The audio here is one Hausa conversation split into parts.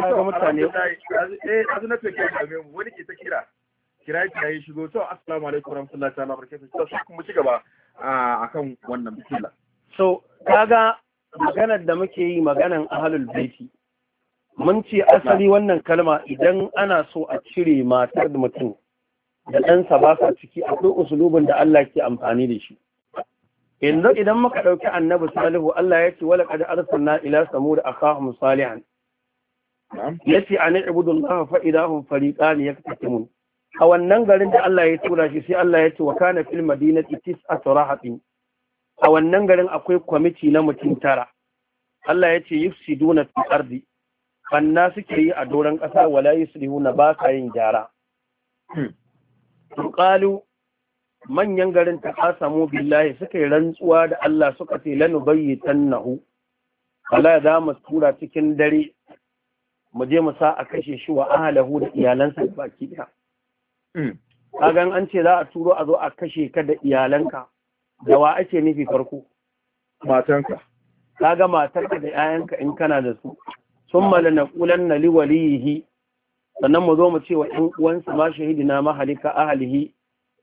kaga mutane eh azu na take game mu wani ke ta kira kira ki yayi shigo to assalamu alaikum warahmatullahi ta'ala barakatuh to sai kuma ci gaba akan wannan bismillah so kaga maganar da muke yi maganar ahlul baiti mun ce asali wannan kalma idan ana so a cire matar da mutum da ɗansa ba sa ciki akwai usulubin da Allah ke amfani da shi yanzu idan muka ɗauki annabi salihu Allah ya ce wala qad arsalna ila samud akahum salihan yace ani ibudullah fa idahum fariqan mun. a wannan garin da Allah ya tura shi sai Allah ya ce wa kana fil madinati tis'atu rahatin a wannan garin akwai kwamiti na mutum tara Allah ya ce yufsiduna fil ardi banna suke yi a doron ƙasa wala yuslihuna ba ka yin gyara hmm. Tuƙalu manyan garin ta kasamu billahi suka rantsuwa da Allah suka ce lanubayyitannahu Allah za mu tura cikin dare mu je mu sa a kashe shi wa ahalahu da iyalansa baki daya kagan an ce za a turo a zo a kashe ka da iyalanka da wa ake nufi farko matanka kaga matarka da 'ya'yanka in kana da su sun mala na ƙulan na liwalihi sannan mu zo mu ce wa 'yan uwansa ma na mahalika ahalihi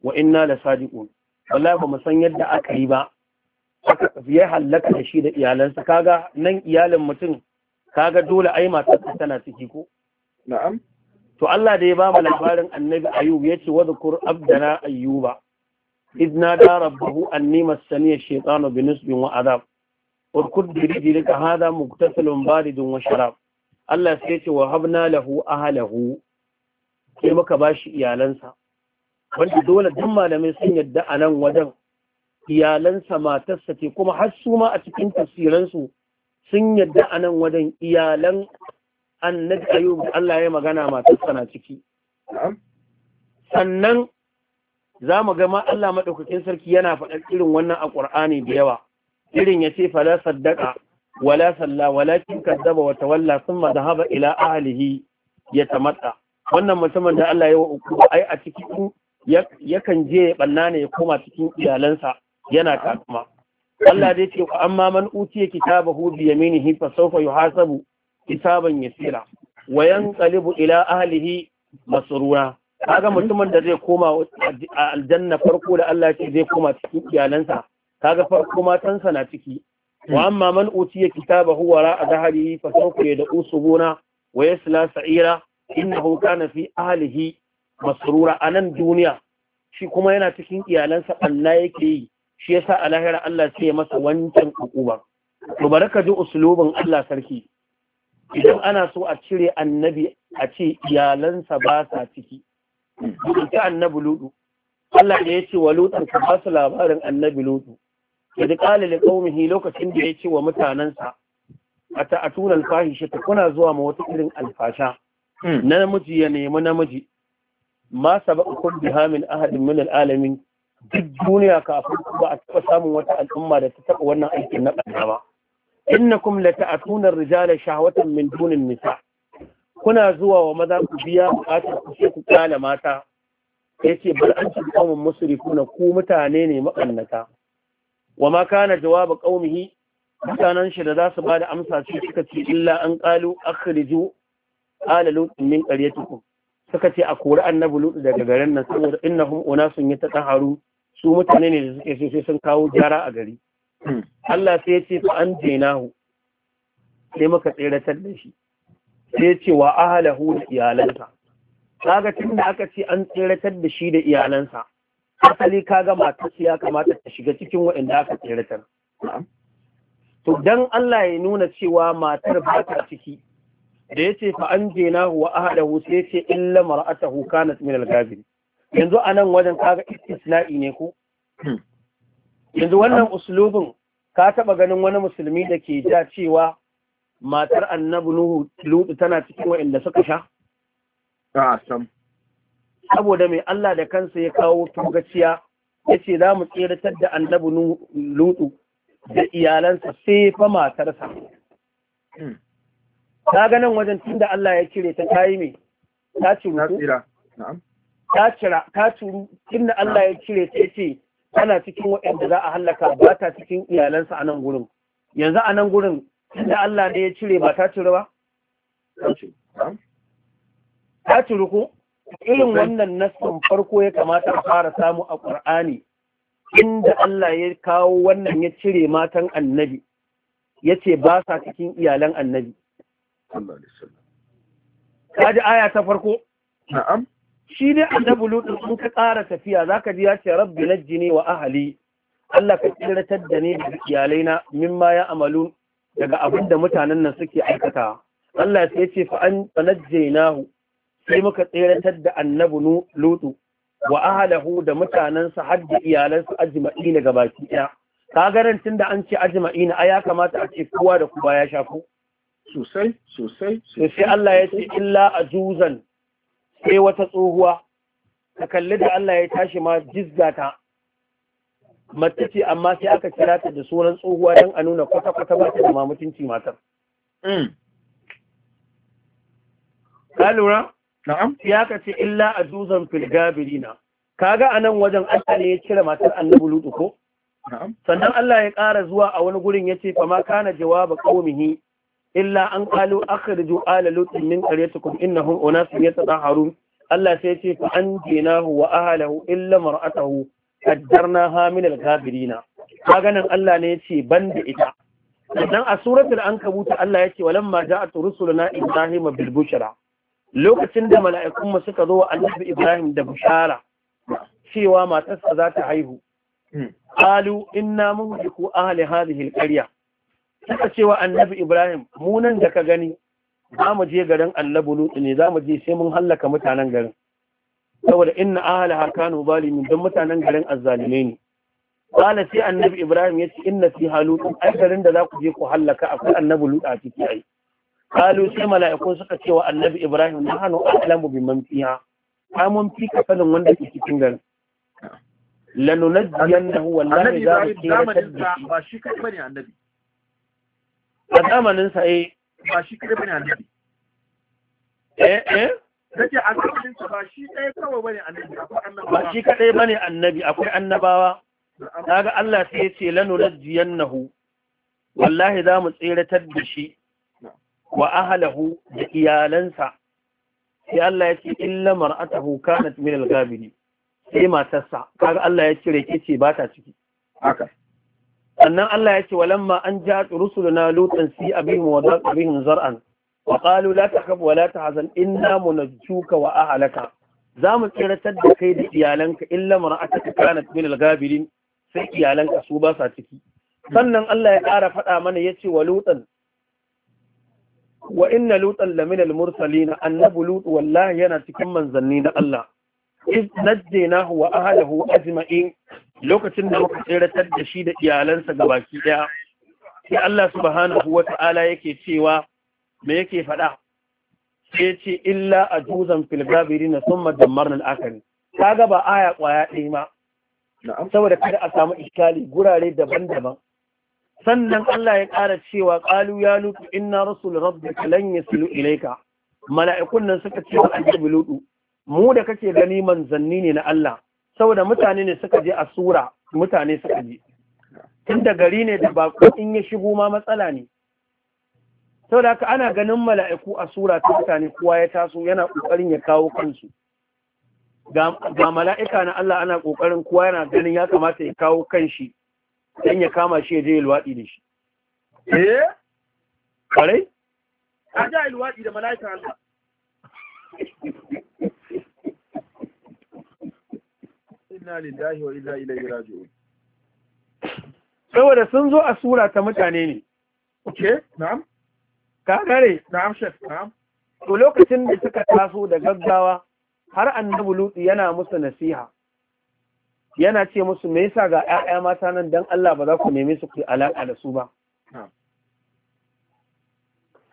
wa inna da sadiqun wallahi ba mu san yadda aka yi ba aka ya hallaka da shi da iyalansa kaga nan iyalin mutum kaga dole ai matar tana ciki ko na'am to Allah da ya ba mu labarin annabi ayub yace wa zkur abdana ayyuba idna da rabbahu anni massani ash-shaytanu bi nisbin wa adab diri bi rijlika hadha muktasilun baridun wa sharab Allah sai ce wa habna lahu ahlahu sai muka bashi iyalansa wanda dole duk malamai sun yadda a nan wajen iyalansa matarsa ce kuma har su ma a cikin tafsiransu sun yadda a nan wajen iyalan annabi ayub Allah ya magana masu na ciki sannan za mu ga ma Allah maɗaukakin sarki yana faɗar irin wannan a ƙur'ani da yawa irin ya ce fala saddaka wala salla walakin kazzaba wa tawalla thumma dhahaba ila ahlihi yatamatta wannan mutumin da Allah ya wa uku ai a cikin yakan je ya banna ne ya koma cikin iyalansa yana takama Allah dai ce wa amma man utiya hu bi yaminihi fa sawfa yuhasabu kitaban yasira wa yanqalibu ila ahlihi masrura kaga mutumin da zai koma a aljanna farko da Allah ce zai koma cikin iyalansa kaga farko matansa na ciki wa amma man utiya kitabahu wara azharihi fa sawfa yad'u subuna wa yasla sa'ira innahu kana fi ahlihi masrura anan duniya shi kuma yana cikin iyalansa Allah yake yi shi yasa a lahira Allah sai ya masa wancan ukuba to ka ji usulubin Allah sarki idan ana so a cire annabi a ce iyalansa ba sa ciki ita annabi ludu Allah da ya ce wa lutan ka ba su labarin annabi ludu idan qala li qaumihi lokacin da ya ce wa mutanansa ata'atuna ta kuna zuwa ma wata irin alfasha hmm. Na namiji ya nemi namiji ma sabaqakum biha min ahadin min alalamin duk duniya kafin ba a taɓa samun wata al'umma da ta taɓa wannan aikin na ƙarya ba innakum lata'atuna ar-rijala shahwatan min dunin nisa kuna zuwa wa maza ku biya bukatar ku sai ku kana mata yace bal an ci qaumun musrifuna ku mutane ne maƙannata wa ma kana jawabu qaumihi mutanen shi da za su bada amsa su suka ce illa an qalu akhriju ala lutin min qaryatikum suka ce a kori annabi lutu daga garin nan saboda innahum unasun yatahharu su mutane ne da suke so sai sun kawo gyara a gari hmm. Allah sai ya ce fa an jenahu sai muka tseratar da shi sai ya ce wa Hu da iyalansa kaga tun da aka ce an tseratar da shi da iyalansa asali kaga mata ya kamata ta shiga cikin waɗanda aka tseratar to dan Allah ya nuna cewa matar ba ta ciki da ya ce fa an jenahu wa Hu sai ya ce illa mar'atahu kanat min al-gabirin yanzu anan nan wajen kaga istisna'i ne ko yanzu wannan uslubin ka taɓa ganin wani musulmi da ke ja cewa matar annabi nuhu lutu tana cikin wa'inda suka sha saboda mai Allah da kansa ya kawo tugaciya ya ce za mu tseratar da annabi lutu da iyalansa sai fa matarsa ta hmm. ganin wajen tun da Allah ya cire ta kayi mai ta ce ta cira ta turu inda Allah ya cire ta ce, ana cikin waɗanda za a hallaka ba ta cikin iyalansa a nan gurin yanzu a nan gurin inda Allah ne ya cire ba ta cire ba ta cire ko irin wannan nassin farko ya kamata a fara samu a Qur'ani inda Allah ya kawo wannan ya cire matan annabi ya ce ba sa cikin iyalan annabi. ji aya ta farko? Na'am. shi dai annabi lutu in ka ƙara tafiya zaka ji ya ce rabbi jini wa ahali. Allah ka tsiratar da ni na iyalaina mimma ya amalu daga abin da mutanen nan suke aikata Allah sai ya ce fa an najjaynahu sai muka tsiratar da annabi lutu wa ahalahu da mutanansa har da iyalansa ajma'ina gabaki ɗaya ka garantin da an ce ajma'ina ya kamata a ce kowa da kowa ya shafo sosai sosai sosai Allah ya ce illa azuzan sai wata tsohuwa ka kalli da Allah ya tashi ma jizgata mace ce amma sai aka kira ta da sunan tsohuwa don a nuna kwata-kwata ba ta da mamutunci matar. Mm. Ka lura? Na'am. Ya ka ce illa a duzan filgabirina. ga a nan wajen Allah ya cire matar annabu Lutu ko? Sannan Allah ya ƙara zuwa a wani gurin ya ce fama kana jawaba qaumihi illa an qalu akhriju ala lutin min qaryatikum innahum unasun yatahharun Allah sai ce fa anjinahu wa ahlihi illa mar'atahu qaddarnaha min al-ghabirina kaga Allah ne yace banda ita dan a suratul ankabuta Allah yace walamma ja'at rusuluna ibrahima bil bushra lokacin da mala'ikun mu suka zo wa annabi Ibrahim da bushara cewa matarsa za ta haihu hmm. qalu inna muhliku ahli hadhihi al-qarya suka cewa annabi ibrahim nan da ka gani za mu je garin annabi ne za mu je sai mun hallaka mutanen garin saboda inna ahla kanu zalimin don mutanen garin azzalime ne qala sai annabi ibrahim ya ce inna fi halutun ai garin da za ku je ku hallaka akwai annabi lutu a ciki ai qalu sai mala'iku suka cewa annabi ibrahim nahnu a'lamu biman fiha ai mun fi ka sanin wanda ke cikin garin lanunajjiyannahu wallahi za mu kira ba shi kai bane annabi a zamanin sa eh ba shi karfin annabi eh, eh? ba shi kai kawai bane annabi akwai annabawa ba shi kai bane annabi akwai annabawa kaga Allah sai ya ce lanulajjiyannahu wallahi za mu tseratar da shi wa ahalahu da iyalansa sai Allah ya ce illa mar'atahu kanat min al-ghabini sai matarsa kaga Allah ya cire ke ce ba ta ciki sannan Allah ya ce walamma an ja rusuluna lutan si abihim wa daqa bihim zar'an wa qalu la takhaf wa la tahzan inna munajjuka wa ahlaka zamu tsiratar da kai da iyalanka illa mar'ataka kanat min al sai iyalanka su ba sa ciki sannan Allah ya ƙara faɗa mana ya wa lutan wa inna lutan Laminal al-mursalin annabu lut wallahi yana cikin manzanni na Allah iz najjaynahu wa ahlihi lokacin da muka tseratar da shi da iyalansa ga baki ɗaya sai Allah subhanahu wa ta'ala yake cewa me yake faɗa sai ce illa a juzan filgabiri na sun madammar nan akari ta gaba aya ƙwaya ɗaya ma saboda kada a samu iskali gurare daban-daban sannan Allah ya ƙara cewa ƙalu ya lutu inna rasul rabbika lan yasilu ilaika mala'ikun nan suka ce wa annabi lutu mu da kake gani manzanni ne na Allah saboda mutane ne suka je a sura mutane suka je tun da gari ne da bako in ya shigo ma matsala ne saboda haka ana ganin mala'iku a sura ta mutane kowa ya taso yana ƙoƙarin ya kawo kansu ga mala'ika na Allah ana ƙoƙarin kowa yana ganin ya kamata ya kawo kanshi don ya kama shi ya je luwaɗi da shi eh kare a ja luwaɗi da mala'ika Allah saboda sun zo a sura ta mutane ne okay na'am ka gare na'am shek na'am to lokacin da suka taso da gaggawa har annabi lutu yana musu nasiha yana ce musu me yasa ga 'ya'ya mata nan dan Allah ba za ku neme su ku alaka da su ba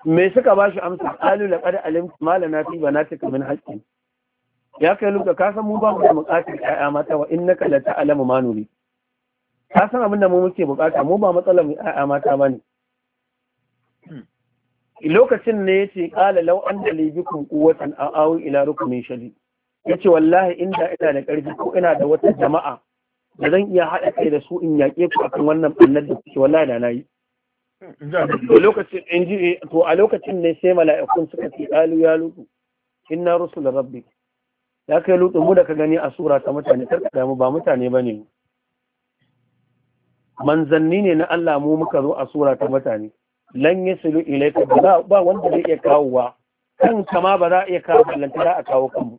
me suka ba shi amsa da laqad alimtu ma lana fi banatika min haƙƙi. ya kai luka ka san mu ba mu da bukatar ƴaƴa mata wa innaka la ta'lamu ma nuri ka san abin da mu muke bukata mu ba matsalar mu ƴaƴa mata bane lokacin ne yace qala law an dali bikum quwwatan aw awi ila rukmin shadi yace wallahi inda ina da karfi ko ina da wata jama'a da zan iya haɗa kai da su in yaƙe ku akan wannan annar da kuke wallahi da nayi to a lokacin ne sai mala'ikun suka ce qalu ya lutu inna rusul rabbika ya kai lutu mu da ka gani a sura ta mutane karka damu ba mutane ba ne manzanni ne na Allah mu muka zo a sura ta mutane lan yasilu ilayka ba wanda zai iya kawowa kan kama ba za a iya kawo ballanta za a kawo kanmu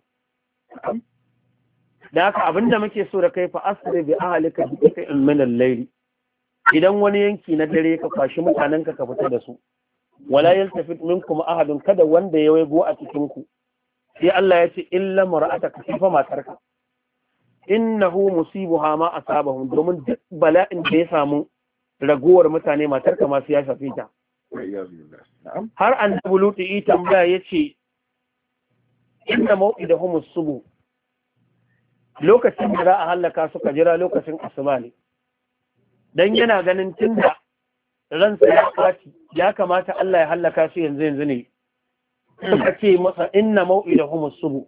da haka abinda muke so da kai fa asri bi ahlika bi qit'in min al-layl idan wani yanki na dare ka kwashi mutanenka ka fita da su wala yaltafit minkum ahadun kada wanda ya waigo a cikin ku sai Allah ya ce in illa mar'ataka sifa matarka innahu hama ma asabahum domin bala'in da ya samu ragowar mutane matarka ma sai ya shafe ta har an lutu yi tambaya yace inna maw'idahum as-subuh lokacin da za a suka jira lokacin asuba ne dan yana ganin tunda ransa ya kwaci ya kamata Allah ya halaka su yanzu yanzu ne suka hmm. ce masa inna da humus, subu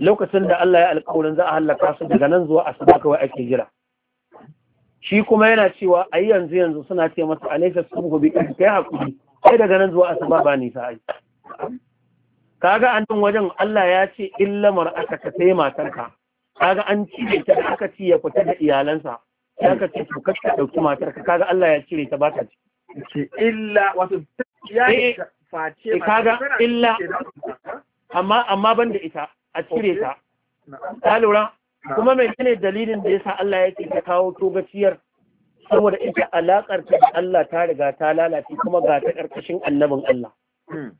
lokacin da Allah ya alƙawarin za a halaka su daga nan zuwa asuba kawai ake jira shi kuma yana cewa yi yanzu yanzu suna ce masa alaysa subhu bi kai haƙuri, sai daga nan zuwa asuba ba nisa yi kaga an nan wajen Allah ya ce illa mar'aka ka sai matarka kaga an cire ta aka ci ya fita da iyalansa ya ka ce to kaka dauki matarka kaga Allah ya cire ta ba ta ci illa wato ya eh, face eh, kaga illa amma banda ita a cire ta ta lura kuma menene dalilin da yasa Allah yake ta kawo togaciyar saboda ita alakar ta da Allah ta riga ta lalace kuma ga ta karkashin annabin Allah hmm.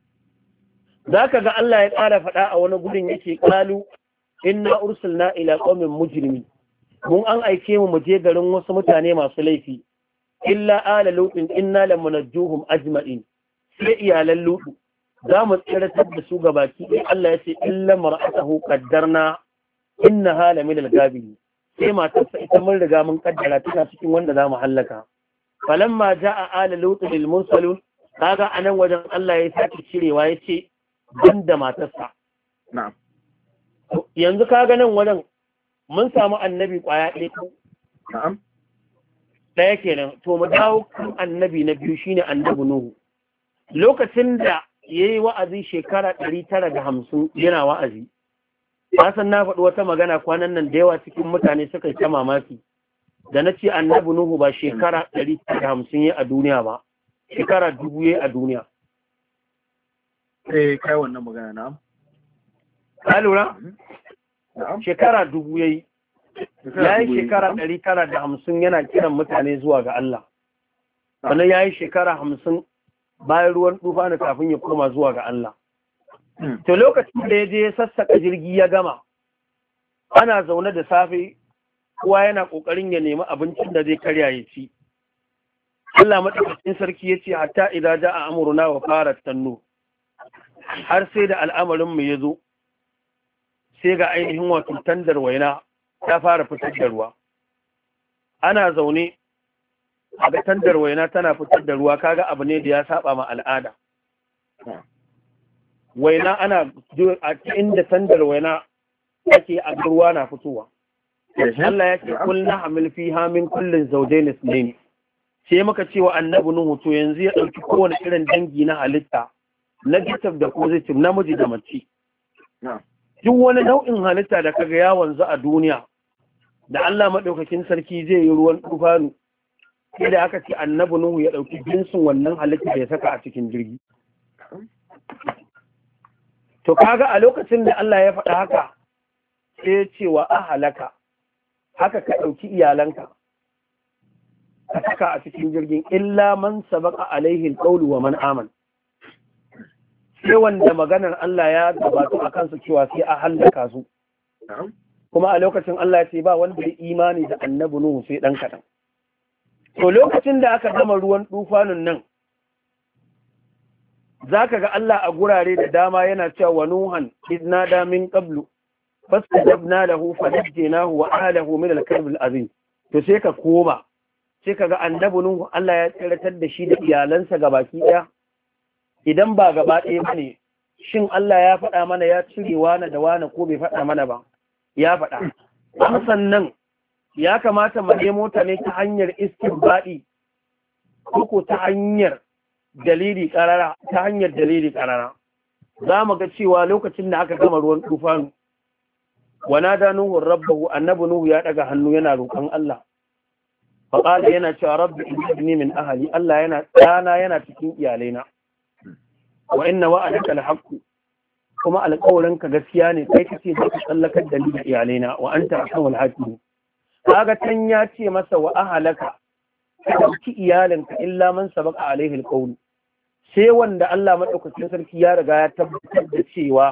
zaka ga Allah ya ƙara faɗa a wani gudun yake kalu inna ursilna ila qaumin mujrimin mun an aike mu mu garin wasu mutane masu laifi illa ala lutin inna lamunajjuhum ajma'in sai iyalan lutu za mu tsiratar da su gabaki in Allah ya ce illa kaddarna na innaha hala al-gabi sai matarsa ita mun riga mun ƙaddara tana cikin wanda za mu hallaka ja a ala lutu lil mursalun kaga anan wajen Allah ya sake cirewa ya ce, ban da matarsa na'am yanzu kaga nan wajen mun samu annabi kwaya ɗaya ko ɗaya kenan to mu dawo kan annabi na biyu shine annabi nuhu lokacin da ya yi wa'azi shekara ɗari tara da hamsin yana wa'azi san na faɗi wata magana kwanan nan da yawa cikin mutane suka yi ta mamaki da na ce annabi nuhu ba shekara ɗari tara da hamsin ya a duniya ba shekara dubu ya a duniya eh kai wannan magana na ka lura shekara dubu ya yi ya yi shekara ɗari tara da hamsin yana kiran mutane zuwa ga Allah wani ya yi shekara hamsin bayan ruwan tufana kafin ya koma zuwa ga Allah to lokacin da ya je ya sassaka jirgi ya gama ana zaune da safe kowa yana ƙoƙarin ya nemi abincin da zai karya ya ci Allah matakacin sarki ya ce hatta ja a amurna wa fara tannu har sai da al'amarin mu ya zo sai ga ainihin wato tandar waina ta fara fitar da ruwa ana zaune a da tandar waina tana fitar da ruwa kaga abu ne da ya saba ma al'ada waina ana a inda tandar waina ake a ruwa na fitowa Allah ya ce kulna hamil fiha min kullin zawjayn ne. sai muka ce wa annabi nuhu to yanzu ya ɗauki kowane irin dangi na halitta na negative da positive namiji da mace duk wani nau'in halitta da kaga ya wanzu a duniya da Allah maɗaukakin sarki zai yi ruwan tufanu sai da aka ce annabi nuhu ya ɗauki jinsin wannan halitta da ya saka a cikin jirgi to kaga a lokacin da Allah ya faɗa haka sai ya ce wa ahalaka haka ka ɗauki iyalanka ka saka a cikin jirgin illa man sabaka alaihin ƙaulu wa man aman sai wanda maganar Allah ya gabatu a kansu cewa sai a hallaka su kuma a lokacin Allah ya ce ba wanda ya imani da annabi Nuhu sai ɗan kaɗan. to lokacin da aka gama ruwan dufanun nan za ka ga Allah a gurare da dama yana cewa "Wa nuhan idnada min qablu fastajabna lahu fanajjaynahu wa ahlihi min al-karb al-azim to sai ka koma sai ga, annabi nuhu Allah ya tsiratar da shi da iyalansa ga baki ɗaya. idan ba gaba ɗaya bane shin Allah ya faɗa mana ya cire na da wani ko bai faɗa mana ba ya faɗa amsan nan ya kamata mu nemo ta ne ta hanyar istinbadi ko ta hanyar dalili karara ta hanyar dalili karara za mu ga cewa lokacin da aka gama ruwan tufanu wana da nuhu rabbahu annabi nuhu ya daga hannu yana roƙon Allah Baƙala yana cewa rabbi ibni min ahli Allah yana dana yana cikin iyalaina wa inna wa'adaka alhaq kuma alƙawarinka gaskiya ne kai kace za tsallakar da ni da iyalaina wa anta ahkamul hakim kaga tan ya ce masa wa ahalaka ka dauki iyalinka illa man sabaka alaihi alqawl sai wanda Allah madaukakin sarki ya riga ya tabbatar da cewa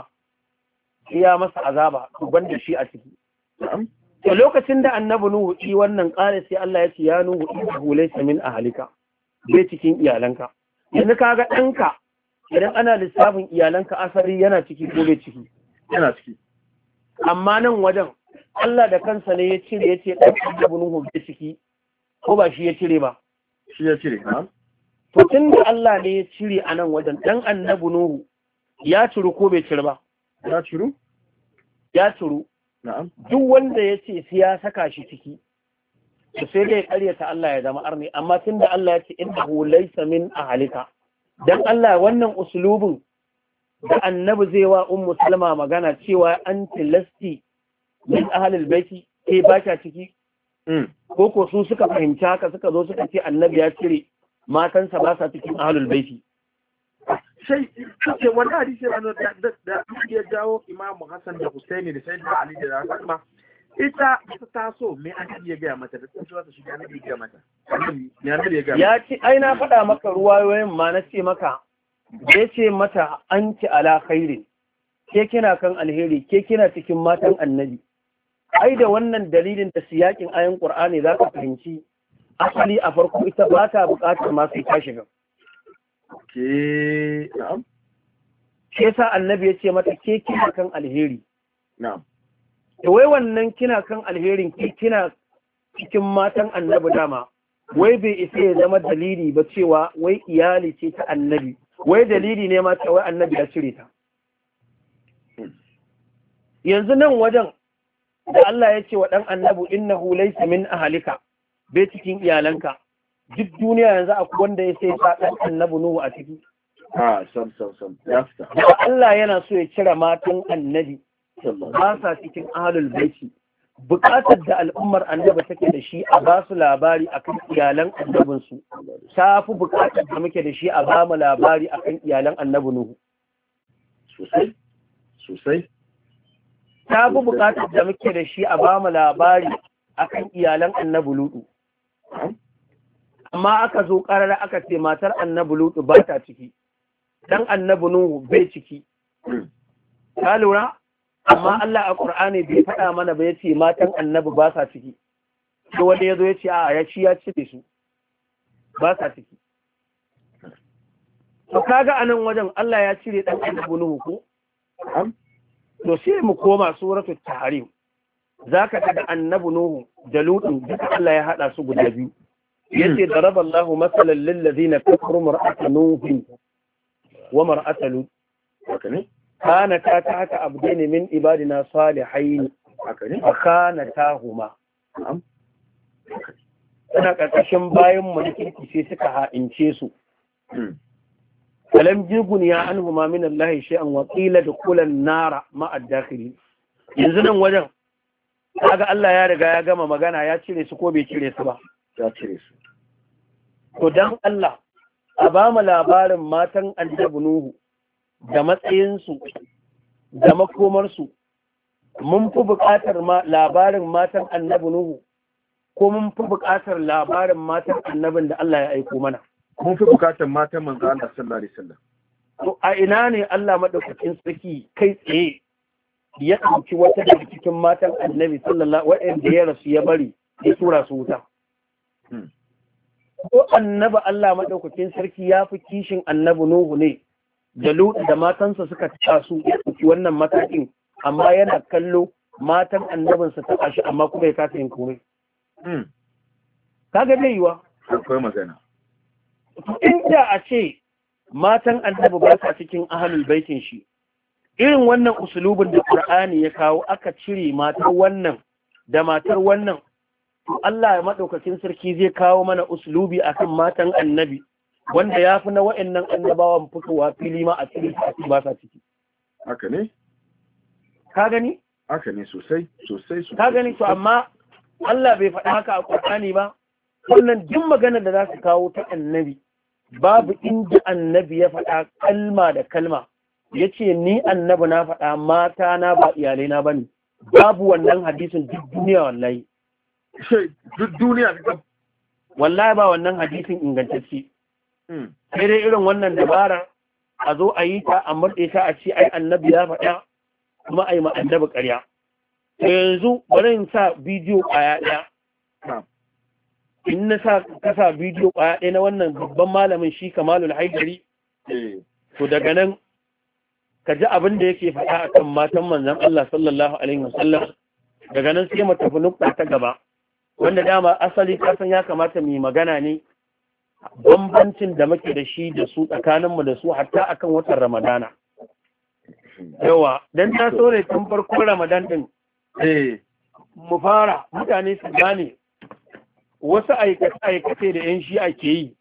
ya masa azaba to banda shi a ciki to lokacin da annabi nuhu yi wannan ƙara sai Allah ya ce ya nuhu ku laysa min ahalika bai cikin iyalanka yanzu kaga ɗanka idan ana lissafin iyalanka asali yana ciki ko bai ciki yana ciki amma nan wajen Allah da kansa ne ya cire ya ce ɗan annabi hulɗe ciki ko ba shi ya cire ba shi ya cire ha to tunda Allah ne ya cire a nan wajen ɗan Annabu Nuhu ya ciru ko bai cire ba ya ciru ya ciru na'am duk wanda ya ce sai ya saka shi ciki to sai dai ƙaryata Allah ya zama arni amma tunda Allah ya ce innahu laysa min ahlika dan Allah wannan usulubin da annabi zai wa ummu salama magana cewa anti lasti min ahalil baiti ke ba kya ciki mm. ko ko su suka fahimci haka suka zo suka ce annabi ya cire matansa ba sa cikin ahalul baiti sai kace wani hadisi rano da ya jawo imamu hassan da husaini da sai da ali da rahma ita ta taso me an ya gaya mata da sun ta shiga mata ya gaya mata ya ci ai na faɗa maka ruwa, ruwayoyin ma na ce maka ya ce mata anti ala khairin ke kina kan alheri ke kina cikin matan annabi ai da wannan dalilin da siyakin ayan qur'ani za ka fahimci asali a farko ita ba ta buƙatar ma sai shiga ke na'am ke sa annabi ya ce mata ke kina kan alheri na'am da wai wannan kina kan alherin ke kina cikin matan annabi dama wai bai isa ya zama dalili ba cewa wai iyali ce ta annabi wai dalili ne ma cewa annabi ya cire ta hmm. yanzu nan wajen da Allah ya ce wa ɗan annabu innahu hulai min ahalika bai cikin iyalanka duk duniya yanzu akwai wanda ya sai ɗan annabu nuhu a ciki Allah yana so ya cire matan annabi ba sa cikin ahalul baiti bukatar da al'ummar annabi take da shi a ba su labari akan iyalan annabinsu ta fi bukatar da muke da shi a ba mu labari akan iyalan annabi nuhu sosai sosai ta bi bukatar da muke da shi a bamu labari a kan iyalan annabu Ludu. amma aka zo karara aka ce matar annabu Ludu ba ta ciki dan annabu nuhu bai ciki Ta lura amma Allah a Qur'ani bai faɗa mana ba yace matan Annabu ba sa ciki to wanda yazo yace a ya ci ya ci da su ba sa ciki to kaga anan wajen Allah ya cire dan annabu nuhu ko to sai mu koma suratul tahrim zaka ga annabi nuhu da lutun duka Allah ya hada su guda biyu yace daraba Allah masalan lil ladina kafaru mar'atu nuhu wa mar'atu lut kana ta ta haka abdaini min ibadina salihain kana ta huma tana karkashin bayan mu kirki sai suka ha'ince su hmm. alam ya an huma min Allah shay'an wa qila nara ma yanzu nan wajen kaga Allah ya riga ya gama magana ya cire su ko bai cire su ba ya cire su to dan Allah a ba mu labarin matan annabi Nuhu da matsayinsu da makomarsu mun fi buƙatar labarin matan annabi Nuhu ko mun fi buƙatar labarin matan annabin da Allah ya aiko mana mun fi bukatar matan manzo Allah sallallahu alaihi wasallam to a ina ne Allah madaukakin sarki kai tsaye ya dauki wata daga cikin matan annabi sallallahu alaihi waɗanda ya rasu ya bari ya tura su wuta hmm. ko annabi Allah madaukakin sarki ya fi kishin annabi Nuhu ne da Lutu da matansa suka su ya ɗauki wannan matakin amma yana kallo matan annabinsa ta ƙashi amma kuma ya kasa yin kore hmm. kaga dai yiwa akwai magana inda a ce matan annabi ba sa cikin ahalul baitin shi irin wannan usulubin da Qur'ani ya kawo aka cire matar wannan da matar wannan to Allah ya madaukakin sarki zai kawo mana usulubi akan matan annabi wanda ya fi na wa'annan annabawan fitowa fili ma a cikin su ba sa ciki haka ne ka gani haka ne sosai sosai sosai ka gani to amma Allah bai faɗa haka a Qur'ani ba wannan duk magana da za su kawo ta annabi babu inda annabi ya faɗa kalma da kalma ya ce ni annabi na faɗa mata na ba iyalai na bane babu wannan hadisin duk duniya wallahi duk ba wannan hadisin ingantacce hmm. sai dai irin wannan dabara a zo a yi ta a murɗe ta a ce ai annabi ya faɗa kuma ai ma annabi ƙarya yanzu bari in sa bidiyo a ɗaya in na sa kasa bidiyo kwaya ɗaya na wannan babban malamin shi kamalul haidari eh. to daga nan ka ji abin da yake faɗa a kan matan manzan Allah sallallahu alaihi wasallam daga nan sai mu tafi nukta ta gaba wanda dama asali kasan ya kamata mu yi magana ne bambancin da muke da shi da su tsakaninmu da su hatta akan watan ramadana yawa dan ta so ne tun farkon ramadan din eh. mu fara mutane su gane wasu aikace-aikace da 'yan shi ake yi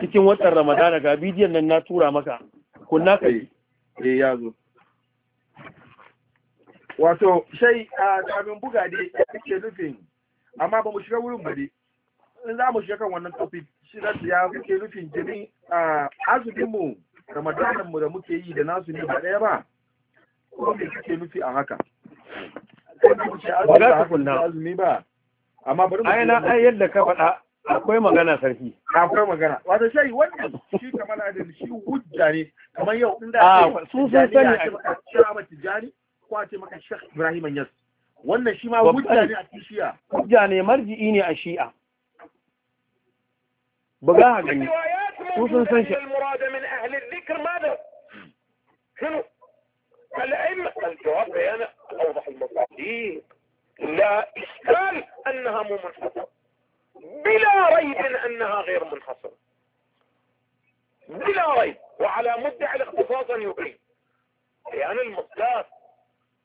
cikin watan ramadana ga bidiyon nan na tura maka kunna ka yi eh, eh ya zo wato shai a damin buga ne ya ke nufin amma ba mu shiga wurin ba in za mu shiga kan wannan tafi shi za su ya ke nufin jini a azubinmu ramadananmu da muke yi da nasu ne ba ɗaya ba ko me kake nufi a haka ba za ka kunna azumi ba amma bari mu ai yadda ka faɗa akwai magana sarki akwai magana wato shai wannan shi kamar adali shi hujja ne kamar yau inda ake sun sun sani a cewa tijani ko a ce maka Sheikh Ibrahim Yas wannan shi ma hujja ne a cikin shi'a hujja ne marji'i ne a shi'a ba ga gani sun sun san shi المراد من اهل الذكر ماذا شنو الائمه الجواب انا اوضح المطلق لا إشكال أنها مو منحصرة بلا ريب أنها غير منحصرة بلا ريب وعلى مدعي الاختصاص أن يبين بيان يعني المصداق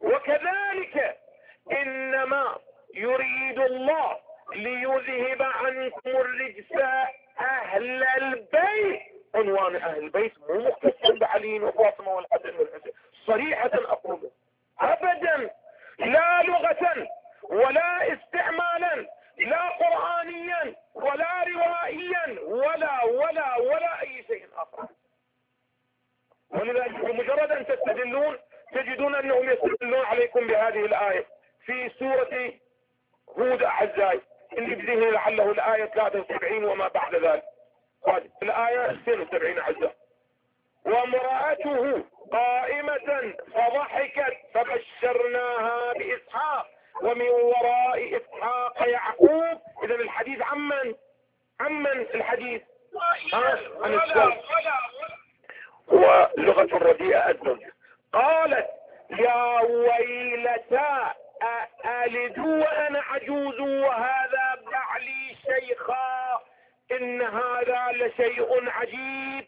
وكذلك إنما يريد الله ليذهب عنكم الرجس أهل البيت عنوان أهل البيت مو مختص بعلي وفاطمة والحسن والحسين صريحة أقول أبدا لا لغة ولا استعمالا لا قرآنيا ولا روائيا ولا ولا ولا أي شيء آخر ولذلك بمجرد أن تستدلون تجدون أنهم يستدلون عليكم بهذه الآية في سورة هود أعزائي اللي بذهن لعله الآية 73 وما بعد ذلك طيب، الآية 72 أعزائي وامرأته قائمة فضحكت فبشرناها بإسحاق ومن وراء إسحاق يعقوب إذا الحديث عمن عمن الحديث عن الزوج ولغة الرديئة أذن قالت يا ويلتا ألد وأنا عجوز وهذا بعلي شيخا إن هذا لشيء عجيب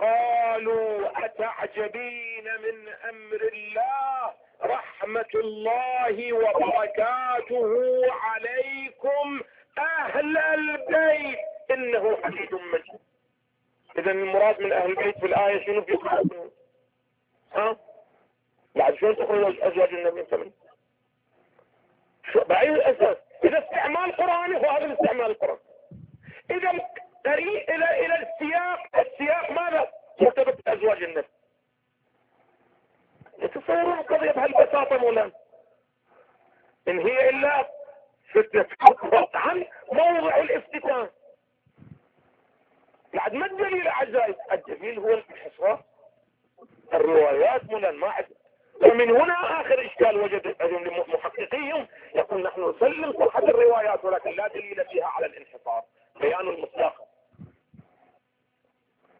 قالوا أتعجبين من أمر الله رحمة الله وبركاته عليكم أهل البيت إنه حميد مجيد إذا المراد من أهل البيت في الآية شنو في ها؟ بعد شلون تخرج أزواج النبي صلى الله بأي أساس؟ إذا استعمال قرآني هو هذا الاستعمال القرآني إذا قريب إلى إلى السياق السياق ماذا؟ مرتبط بأزواج النبي تصوروا القضية بهالبساطة مولانا ان هي الا عن موضع الافتتان بعد ما الدليل اعزائي الدليل هو الانحصار الروايات مولانا ما عدل ومن هنا اخر اشكال وجد محققيهم يقول نحن نسلم صحة الروايات ولكن لا دليل فيها على الانحصار بيان المصداق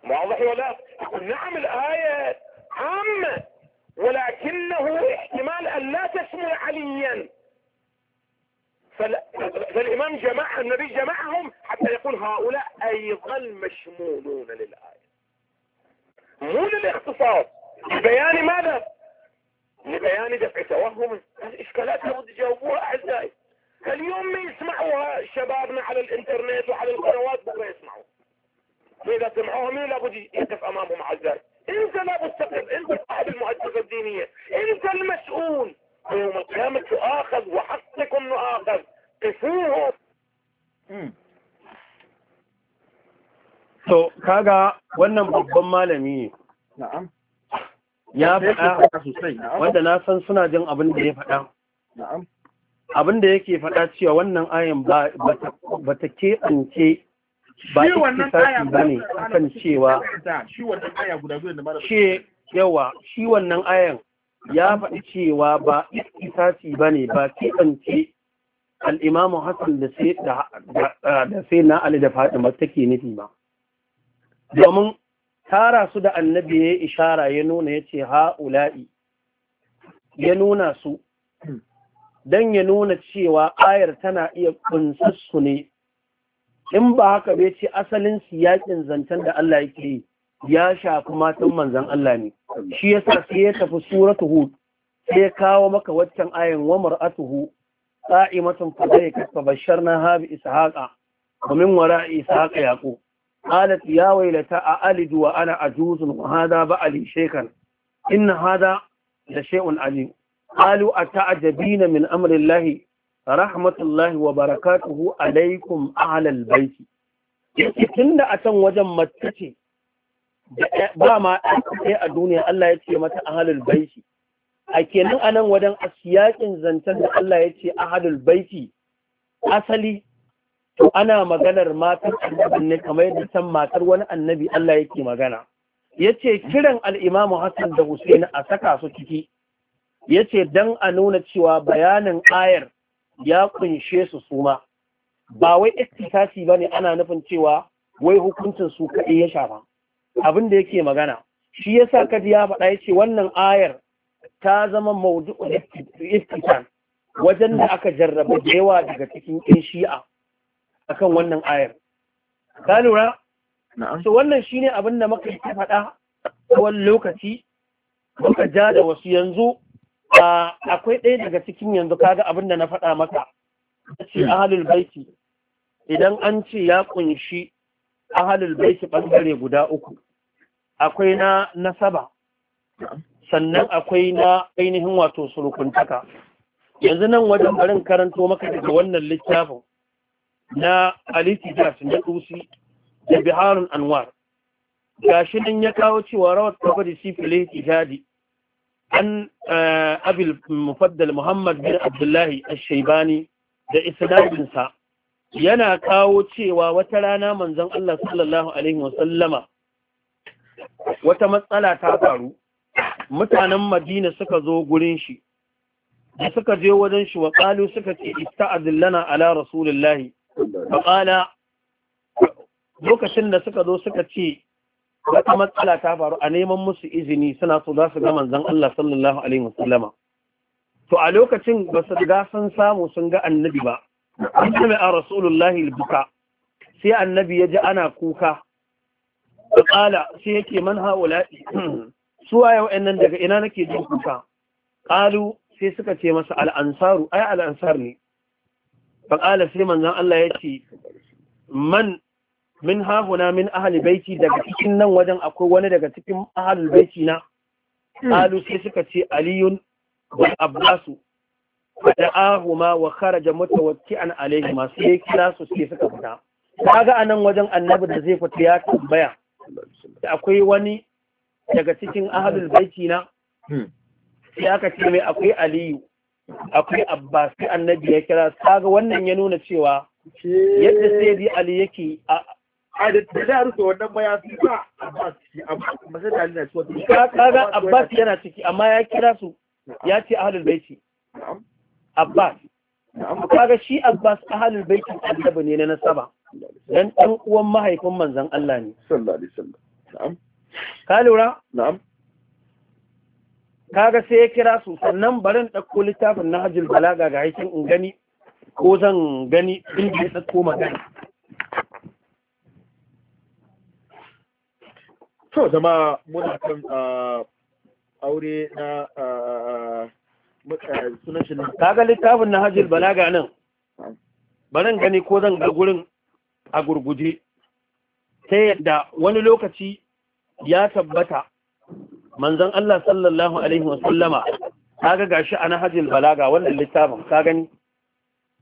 واضح ولا نعم الآية عامة ولكنه احتمال أن لا تسمي عليا فالإمام جمع النبي جمعهم حتى يقول هؤلاء أيضا مشمولون للآية مو للاختصاص لبيان ماذا؟ لبيان دفع توهم الإشكالات لابد يجاوبوها أعزائي اليوم ما يسمعوها شبابنا على الإنترنت وعلى القنوات بكرة يسمعوها فإذا سمعوها مين لابد يقف أمامهم أعزائي انت لا مستقل انت صاحب المؤسسه الدينيه انت المسؤول ويوم القيامه تؤاخذ وحقكم نؤاخذ قفوه So, kaga wannan babban malami ne. Ya faɗa sosai, wanda na san suna jin abin da ya faɗa. Abin da yake faɗa cewa wannan ayin ba ta keɓance ba iktisasi ba ne a kan cewa ce yawa shi wannan ayan ya faɗi cewa ba iktisasi ba ne ba keɓance al'imamu hassan da sai na ali da fatima take nufi ba domin tara su da annabi ya ishara ya nuna ya ce ha'ula'i ya nuna su don ya nuna cewa ayar tana iya su ne in ba haka bai ce asalin siyakin zancen da Allah yake yi ya shafi matan manzan Allah ne shi yasa sai ya tafi suratu hud sai kawo maka waccan ayin wa mar'atuhu qa'imatun fa zai kafa basharna ha bi ishaqa wa min wara'i ishaqa yaqub qalat ya waylata a alidu wa ana ajuzun wa ba Ali shaykhan in hadha la shay'un alim qalu ata'jabina min amri rahmatullahi wa barakatuhu alaikum ahlal baiti yake tunda a can wajen mace ce ba ma sai a duniya Allah ya ce mata ahlul baiti a kenan anan wajen asiyakin zancen da Allah ya ce ahlul baiti asali to ana maganar matar annabin ne kamar yadda san matar wani annabi Allah yake magana yace kiran al-Imam Hassan da Hussein a saka su ciki yace dan a nuna cewa bayanin ayar ya kunshe su suma ba wai iktikasi ba ne ana nufin cewa wai hukuncin su kaɗai ya shafa abin da yake magana shi ya sa kadi ya faɗa ya ce wannan ayar ta zama maudu'ul iftitan wajen da aka jarraba da yawa daga cikin ƙin shi'a kan wannan ayar ka lura so wannan shi ne abin da muka yi faɗa wani lokaci muka ja da wasu yanzu akwai ɗaya daga cikin yanzu kaga abin da na faɗa maka ce ahalul baiti idan an ce ya ƙunshi ahalul baiti ɓangare guda uku akwai na nasaba sannan akwai na ainihin wato surukuntaka yanzu nan wajen barin karanto maka daga wannan littafin na aliki jasin na dusi da biharun anwar gashi nan ya kawo cewa rawar tabari sifili tijadi an abil mufaddal muhammad bin abdullahi ash da isnadinsa yana kawo cewa wata rana manzon Allah sallallahu alaihi wasallama wata matsala ta faru mutanen Madina suka zo gurin shi da suka je wajen shi wa qalu suka ce ista'adil lana ala rasulillahi fa qala lokacin da suka zo suka ce wata matsala ta faru a neman musu izini suna so za su ga manzon Allah sallallahu alaihi wasallama to a lokacin ba su ga sun samu sun ga annabi ba Inna sami a rasulullahi buka sai annabi ya ji ana kuka qala sai yake man haula suwaye nan daga ina nake jin kuka qalu sai suka ce masa al'ansaru ai al'ansar ne faƙala sai manzan Allah ya ce man min hahuna min ahali baiti daga cikin nan wajen akwai wani daga cikin ahlul baiti na hmm. qalu sai suka ce aliyun wa abbasu fada'ahuma wa kharaja mutawakki'an alaihima sai kira su sai suka fita kaga anan wajen annabi da zai fita ya tambaya akwai wani daga cikin ahlul baiti na hmm. sai aka ce mai akwai aliyu akwai abbas sai annabi ya kira kaga wannan ya nuna cewa yadda sai ali yake a da da rufe wannan ba ba Abbas ciki na kaga Abbas yana ciki amma ya kira su ya ce ahlul baiti Abbas kaga shi Abbas ahlul baitin annabi ne na nasaba dan dan uwan mahaifin manzon Allah ne sallallahu alaihi wasallam ka lura na'am kaga sai ya kira su sannan barin ɗauko littafin na hajjul balaga ga aikin in gani ko zan gani inda ya ɗauko magana to jama'a muna kan ah, aure na ah, eh, sunan shi kaga littafin na hajjil balaga nan baran gani ko zan ga gurin a gurguje ta yadda wani lokaci ya tabbata manzon Allah sallallahu alaihi wa sallama kaga gashi a na nahajil balaga wannan littafin ka gani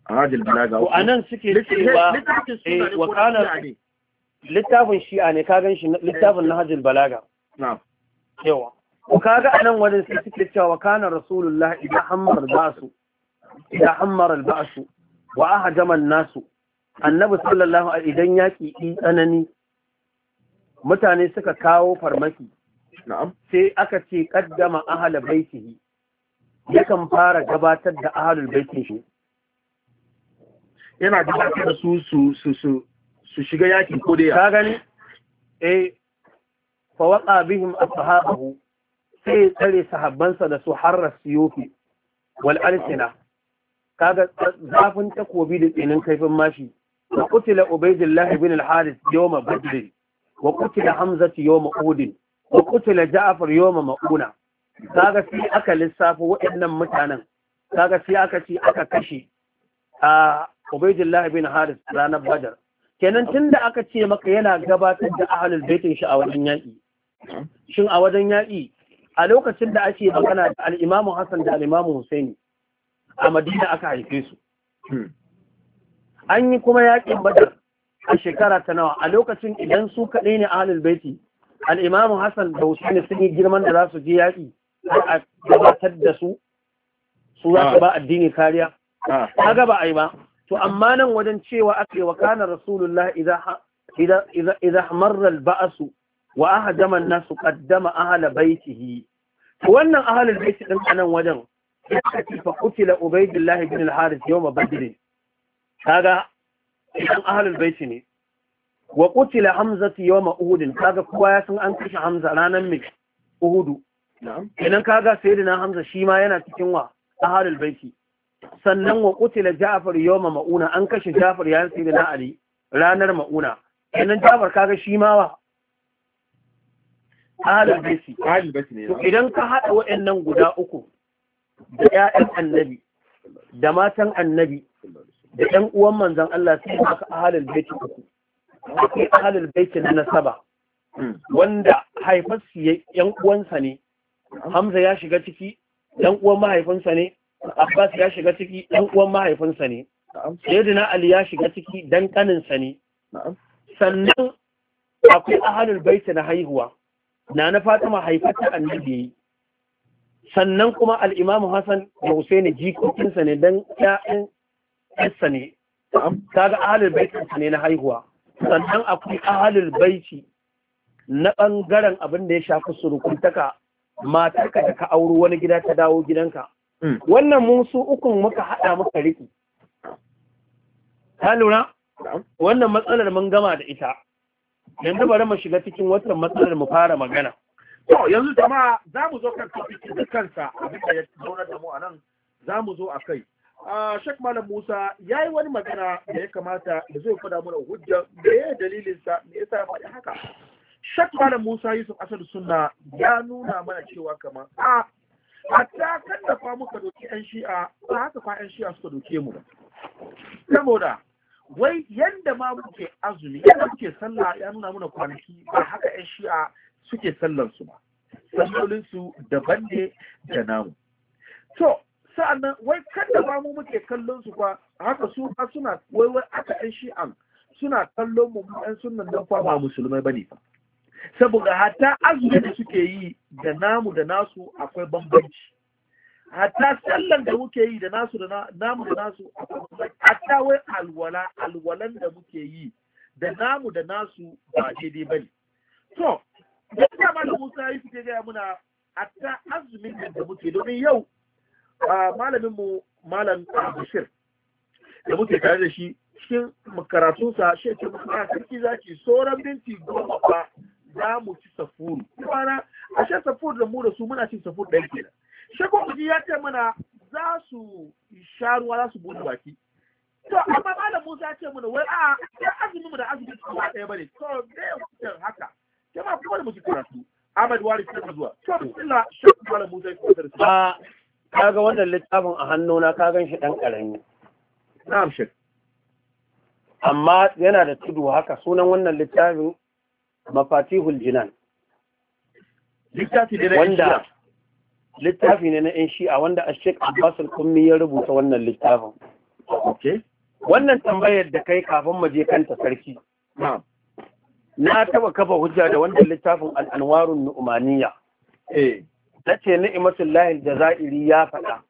nahajil balaga wa nan suke cewa eh, wa kana littafin shi'a ne ka gan shi littafin eh, nahjul balaga yawa ko kaga anan wajen sai suke cewa kana rasulullah idan hammar basu idan hammar albasu wa ahjama nasu annabi sallallahu alaihi idan yaki tsanani mutane suka kawo farmaki na'am sai aka ce kaddama ahla baitihi yakan fara gabatar da ahalul baitihi yana gabatar da su su su su shiga yakin ko da ka gani eh fa waqa bihim ashabahu sai tsare sahabbansa da su harra siyufi wal alsina kaga zafin takobi da tsinin kaifin mashi wa qutila ubaydillah ibn al-harith yawma badr wa qutila hamza yawma uhud wa qutila ja'far yawma mauna kaga sai aka lissafa waɗannan mutanen kaga sai aka ci aka kashe a ah, ubaydillah ibn harith ranar bajar. kenan tun da aka ce maka yana gabatar da ahalul baitin shi a wajen yaƙi shin a wajen yaƙi a lokacin da ake magana da al-Imam Hassan da al-Imam Husaini a Madina aka haife su an yi kuma yaƙin Badar a shekara ta nawa a lokacin idan su kaɗai ne ahalul baiti al-Imam Hassan da Husaini sun yi girman da za su je yaƙi a gabatar da su su za su ba addini kariya ah. ga ba a yi ba to amma nan wajen cewa aka wa kana rasulullah idza marra al-ba'su wa ahdama an-nas qaddama ahla baytihi to wannan ahlul bayti din anan wajen fa qutila ubaydullah bin al-harith yawm badr kaga idan ahlul bayti ne wa qutila hamza yawm Uhudin, kaga kowa ya san an kashe hamza ranan mik Uhudu, idan kaga sayyidina hamza shi ma yana cikin wa ahlul bayti sannan wa kutila Ja'far yawma mauna an kashe Ja'far ya na Ali ranar mauna kenan Ja'far kaga shi ma wa ahlul shi. Ali baiti ne to idan ka hada waɗannan guda uku da ƴaƴan annabi da matan annabi da ɗan uwan manzon Allah sai ka ahalul baiti uku akwai ahalul baiti na nasaba hmm. wanda haifarsu ‘yan uwansa ne, Hamza ya shiga ciki, ‘yan uwan mahaifinsa ne, Abbas ya shiga ciki ɗan uwan mahaifinsa ne sayyidina Ali ya shiga ciki dan kaninsa ne sannan akwai ahalul baiti na haihuwa na na Fatima haifata annabi yi sannan kuma al-Imam Hassan da Husaini jikokinsa ne dan ƴaƴan ƴarsa ne kaga ahalul baitin ne na haihuwa sannan akwai ahalul baiti na ɓangaren abin da ya shafi surukuntaka matarka da ka auro wani gida ta dawo gidanka Hmm. wannan mun su ukun muka haɗa muka riki ta lura wannan matsalar mun gama da ita yanzu bari mu shiga cikin watan matsalar mu fara magana to yanzu jama'a za mu zo kan tafiki kansa abin da ya zaunar da mu a nan za mu zo a kai ah, shek malam musa ya yi wani magana da ya kamata da zai fada mana hujja da ya dalilinsa me yasa ya faɗi haka shek malam musa yusuf asadu sunna ya nuna mana cewa kamar a hatta kan da fa muka doki ƴan shi'a ba haka fa ƴan shi'a suka doke mu ba saboda wai yanda ma muke azumi yanda muke sallah ya nuna muna kwanaki ba haka ƴan shi'a suke sallan su ba sallolin su daban ne da namu to sa'annan wai kan da ba mu muke kallon su ba haka su suna wai wai aka yan shi'an suna kallon mu yan sunnan dan fa ba musulmai bane fa saboda hata azumi da suke yi da namu da nasu akwai bambanci Hata sallan da muke yi da nasu da namu da nasu akwai bambanci wai alwala alwalan da muke yi da namu da nasu ba daidai bane to yadda malam Musa yi suke gaya muna hata azumin da muke domin yau malamin mu malam Bashir da muke tare da shi cikin karatunsa shi ce a ah, sarki zaki sauran minti goma ba za mu ci safuru kwana a shan safuru da mu da su muna cin safuru ɗan kenan kuji ya ce mana za su sha ruwa za su bude baki to amma da Musa ya ce mana wai a ya azumi mu da azumi su ba ɗaya bane to da ya fitar haka ma kuma da muke karatu Ahmad Wari ta zuwa to bismillah shakon malam Musa ya ce su a kaga wannan littafin a hannuna ka gan shi ɗan ƙarami na'am shek amma yana da tudu haka sunan wannan littafin mafatihul jinan da wanda littafi ne na 'yan shi'a wanda a shek abbasul kummi ya rubuta wannan littafin wannan tambayar da kai kafin maje kanta sarki na taba kafa hujja da wannan littafin al'anwarun nu'umaniya eh. na ce ni'imatul da za'iri ya faɗa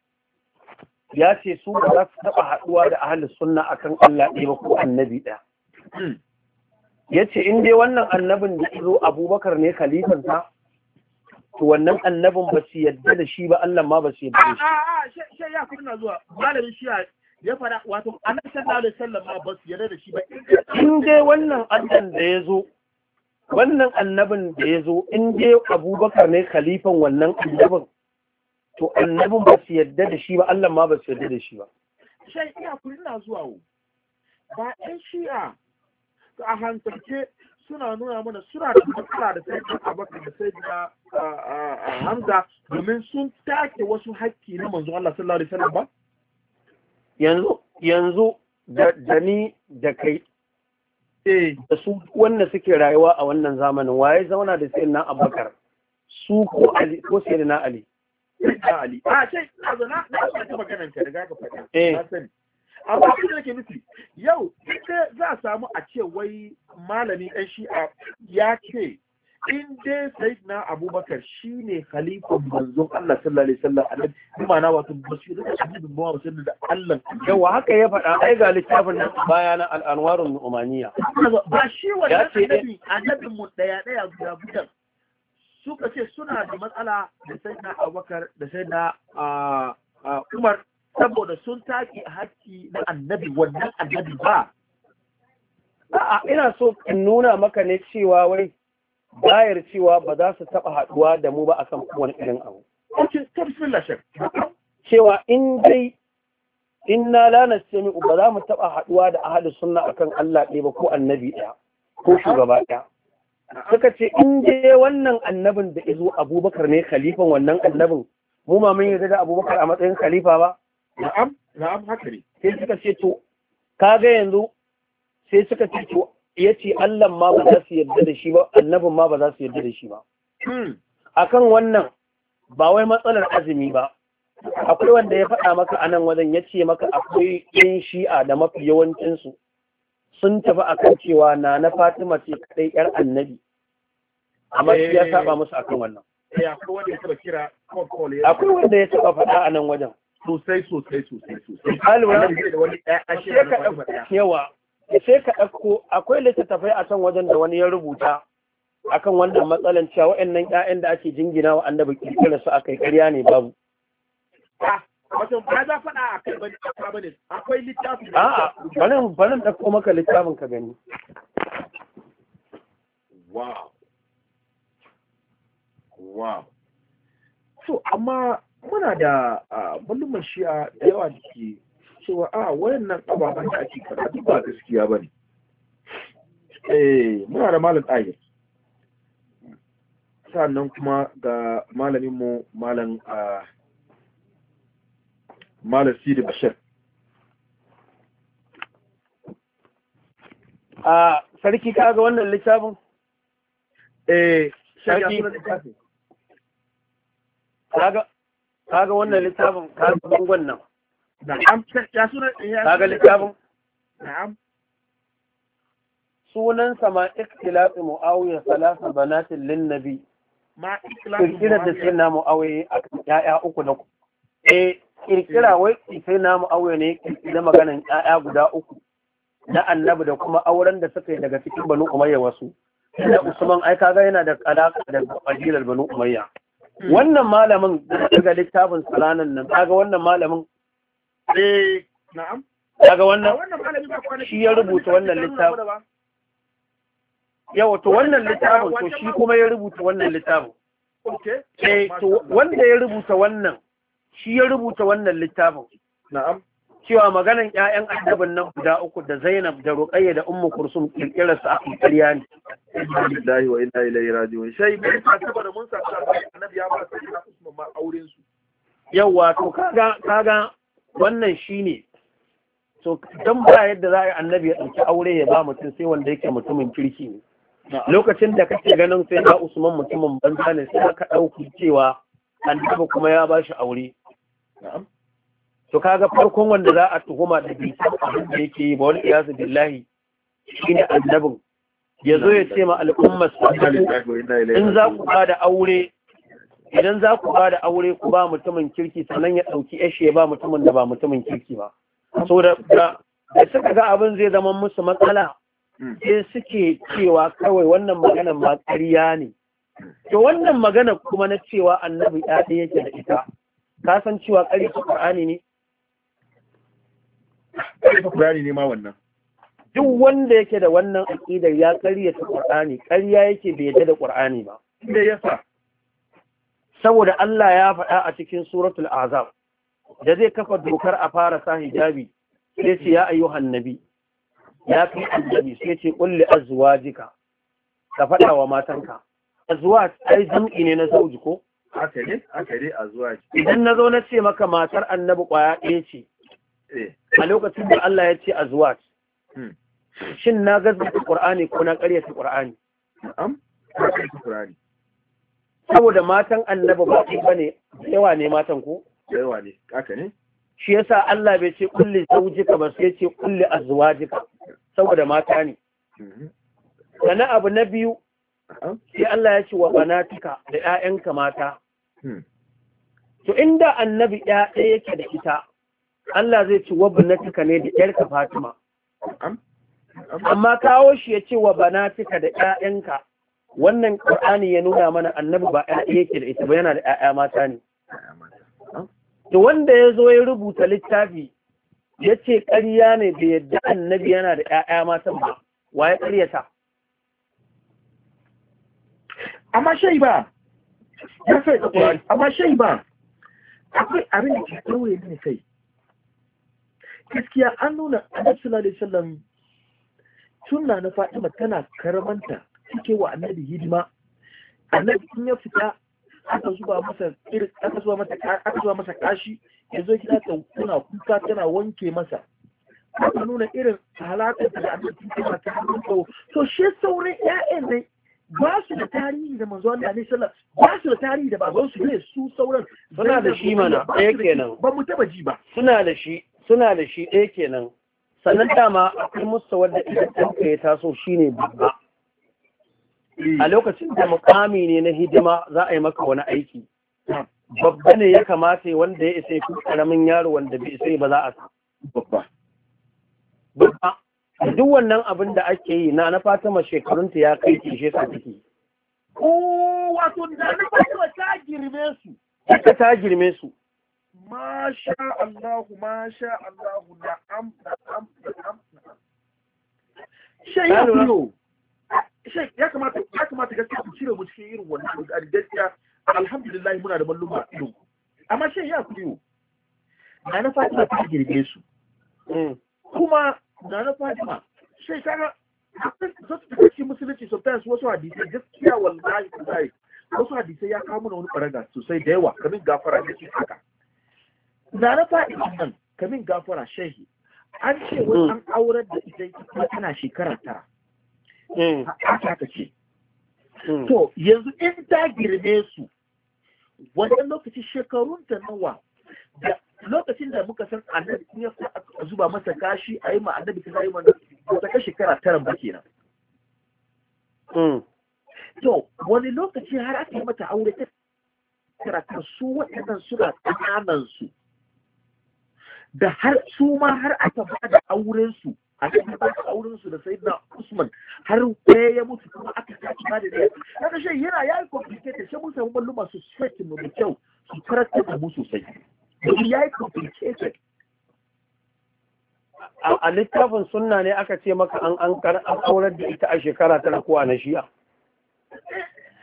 ya ce su ba za su taɓa haɗuwa da ahalin sunna akan Allah ɗaya ko annabi ɗaya hmm. ya ce in dai wannan annabin da zo abubakar ne khalifansa to wannan annabin ba su yadda da shi ba Allah ma ba su yadda da shi a ya na zuwa malamin shi ya fara wato annabi sallallahu alaihi wasallam ma ba su yadda da shi ba in dai wannan addan da ya zo wannan annabin da ya zo in dai abubakar ne khalifan wannan annabin to annabin ba su yadda da shi ba Allah ma ba su yadda da shi ba shai iya na zuwa ba ɗan shi'a su a hantarce suna nuna mana suna da matsala da sai da abakar da sai da hamza domin sun take wasu haƙƙi na manzo Allah sallallahu alaihi wasallam ba yanzu yanzu da ni da kai eh. da su wanda suke rayuwa a wannan zamanin waye zauna da sai na abakar su ko ali ko sai na ali ali a sai na zo na na ta ganin ka riga ka faɗa eh. na sani amma shi da nake nufi yau ita za a samu a ce wai malami ɗan a ya ce in dai na abubakar shi ne khalifan manzon Allah sallallahu alaihi wasallam annabi bi ma'ana wato basu da annabi ba ba da Allah yawa haka ya faɗa ai ga littafin nan baya na al-anwarul umaniya ba shi wannan annabi annabi mu daya daya guda guda suka ce suna da matsala da na abubakar da na ah, ah, Umar saboda sun take haƙƙi na annabi wannan annabi ba a'a ina so in nuna maka ne cewa wai bayar cewa ba za su taɓa haɗuwa da mu ba akan kowane irin abu cewa in dai in na la nastami'u ba za mu taɓa haɗuwa da ahli sunna akan Allah ɗaya ba ko annabi ɗaya ko shugaba ɗaya suka ce in dai wannan annabin da izo abubakar ne khalifan wannan annabin mu ma mun yarda da abubakar a matsayin khalifa ba na'am na'am haka ne sai suka ce to kaga yanzu sai suka ce to yace Allah ma ba za su yarda da shi ba annabin ma ba za su yarda da shi ba hmm. akan wannan ba wai matsalar azumi ba akwai wanda ya faɗa maka a nan wajen ya ce maka akwai ɗin shi'a da mafi yawancinsu sun tafi a kan cewa na na fatima ce kaɗai 'yar annabi amma shi ya saba musu akan wannan eh, eh, akwai wanda ya taɓa faɗa a nan wajen sosai sosai sosai sosai yawa sai ka ɗauko akwai littattafai a can wajen da wani ya rubuta akan wannan matsalan cewa wa'annan ƴaƴan da ake jingina wa annabi kirkira su akai ƙarya ne babu ah, wato ba za faɗa a kai bane ba ne akwai littafi a'a bari bari ɗauko maka littafin ka gani wow wow to amma muna da mulmin shi'a da yawa da ke cewa a wayannan ababen da ake karatu duk ba gaskiya ba ne eh, muna da malam ɗahir sannan kuma ga malaminmu malam malam sidi bashir a sarki ka ga wannan littafin eh sarki ka ga kaga wannan littafin kaga bangon nan na'am ya sunan kaga littafin na'am sunan sama ikhtilafi muawiya salasa banatin lin nabi ma da sai na muawiya akan ya'ya uku na ku eh kirkira wai sai na muawiya ne kirkira maganan ya'ya guda uku na annabi da kuma auren da suka yi daga cikin banu umayya wasu da usman ai kaga yana da alaka da kabilar banu umayya wannan malamin daga littafin salanan nan kaga wannan malamin eh na'am kaga wannan shi ya rubuta wannan littafin yawa to wannan littafin to shi kuma ya rubuta wannan littafin eh to wanda ya rubuta wannan shi ya rubuta wannan littafin na'am cewa maganan ƴaƴan annabin nan guda uku da Zainab da Ruqayyah da Ummu Kursum ƙirƙirar su akan ƙarya ne Alhamdulillah wa inna ilaihi raji'un sai bai ta taba da mun sa annabi ya ba sai na Usman ma auren su Yawwa to kaga kaga wannan shine to dan ba yadda za a yi annabi ya dauki aure ya ba mutum sai wanda yake mutumin kirki ne lokacin da kake ganin sai na Usman mutumin banza ne sai aka dauki cewa annabi kuma ya ba shi aure na'am to kaga farkon wanda za a tuhuma da bisan abin da yake yi ba wani iyasu billahi shine annabin ya zo ya ce ma al'ummar in za ku ba da aure idan za ku ba da aure ku ba mutumin kirki sannan ya ɗauki ashe ya ba mutumin da ba mutumin kirki ba so da da suka ga abin zai zama musu matsala sai suke cewa kawai wannan maganar ma ƙarya ne to wannan magana kuma na cewa annabi ɗaya yake da ita ka san cewa ƙarya ta ƙur'ani ne ne ma wannan duk wanda yake da wannan aƙidar ya ta Qur'ani ƙarya yake bai yadda da Qur'ani ba da yasa saboda Allah ya faɗa a cikin suratul azab da zai kafa dokar a fara sa hijabi sai ce ya ayyuhan nabi ya fi annabi sai ce kulli azwajika ka faɗa wa matanka azwaj ai jam'i ne na zauji ko haka ne haka ne azwaj idan na zo na ce maka matar annabi kwaya ɗaya ce a lokacin da Allah ya ce a zuwa, shin na gazzata qur'ani ko na ƙaryata qur'ani na'am saboda matan annaba ba su ne yawa ne matan ku yawa ne haka ne shi yasa Allah bai ce kulli jika ba sai ce kulli azwajika saboda mata ne mhm. sannan abu na biyu sai Allah ya ce wa banatika da ƴaƴanka mata hmm. to inda annabi ya ɗaya yake da ita Allah zai ci wabnatuka ne da yarka Fatima amma kawo shi ya ce wa banatika da ƴaƴanka wannan Qur'ani ya nuna mana annabi ba ƴaƴa yake da ita ba yana da ƴaƴa mata ne to wanda ya zo ya rubuta littafi ya ce ƙarya ne da yadda annabi yana da ƴaƴa mata ba wa ya ƙaryata amma shai ba ya sai amma shai ba akwai abin da ke ɗaure ne kai gaskiya an nuna annabi sallallahu alaihi wasallam sunna na Fatima tana karamanta cike wa annabi hidima annabi in ya fita aka zuba masa aka zuba masa aka zuba masa kashi yazo gida ta kuna kuka tana wanke masa aka nuna irin halaka da annabi tana ta to shi sauran 'ya'yan ne ba su da tarihi da manzo Allah ne sallallahu ba su da tarihi da baban su ne su sauran suna da shi mana ɗaya kenan ba mu taba ji ba suna da shi suna da shi ɗaya kenan sannan dama akwai musta wadda idan ɗanka ya taso shi ne babba a hmm. lokacin da mukami ne na hidima za a yi maka wani aiki babba ne ya kamata wanda ya isa ku karamin yaro wanda bai isa ba za a babba babba duk wannan abin da ake yi na na fatima ta ya kai kishe sa ciki wato da na fatima ta girme su ta girme su masha Allahu masha Allahu da am da am da am Shey ya lura ya kamata ya kamata gaskiya ku cire mu cikin irin wannan da gaskiya alhamdulillah muna da malluma ido amma shey ya kuyo na na Fatima ta girbe su mm. kuma na na Fatima shey kaga zai da cikin musulunci sometimes wasu hadisai gaskiya wallahi wallahi wasu hadisai ya kawo mana wani faraga sosai da yawa kamin gafara da shi haka zara fa'ima nan kamin gafara shehi an ce wai hmm. an aurar da ita kuma tana shekara tara hmm. A ta ce hmm. to yanzu in ta girme su wajen lokaci shekarun ta nawa da lokacin da muka san annabi kun a zuba masa kashi a yi ma annabi ta yi mana ta ka shekara tara ba kenan to wani lokaci har aka yi mata aure ta karatar su waɗannan suna ƙananan su da har su ma har aka ba da auren su aka ba da auren su da sayyidina Usman har ɗaya ya mutu kuma aka tashi ba da Ya kaga shi yana yayi complicated shi mun samu malluma su sake mu da kyau su karatu da mu sosai domin yayi complicated a littafin sunna ne aka ce maka an an karar da ita a shekara ta rakuwa na shiya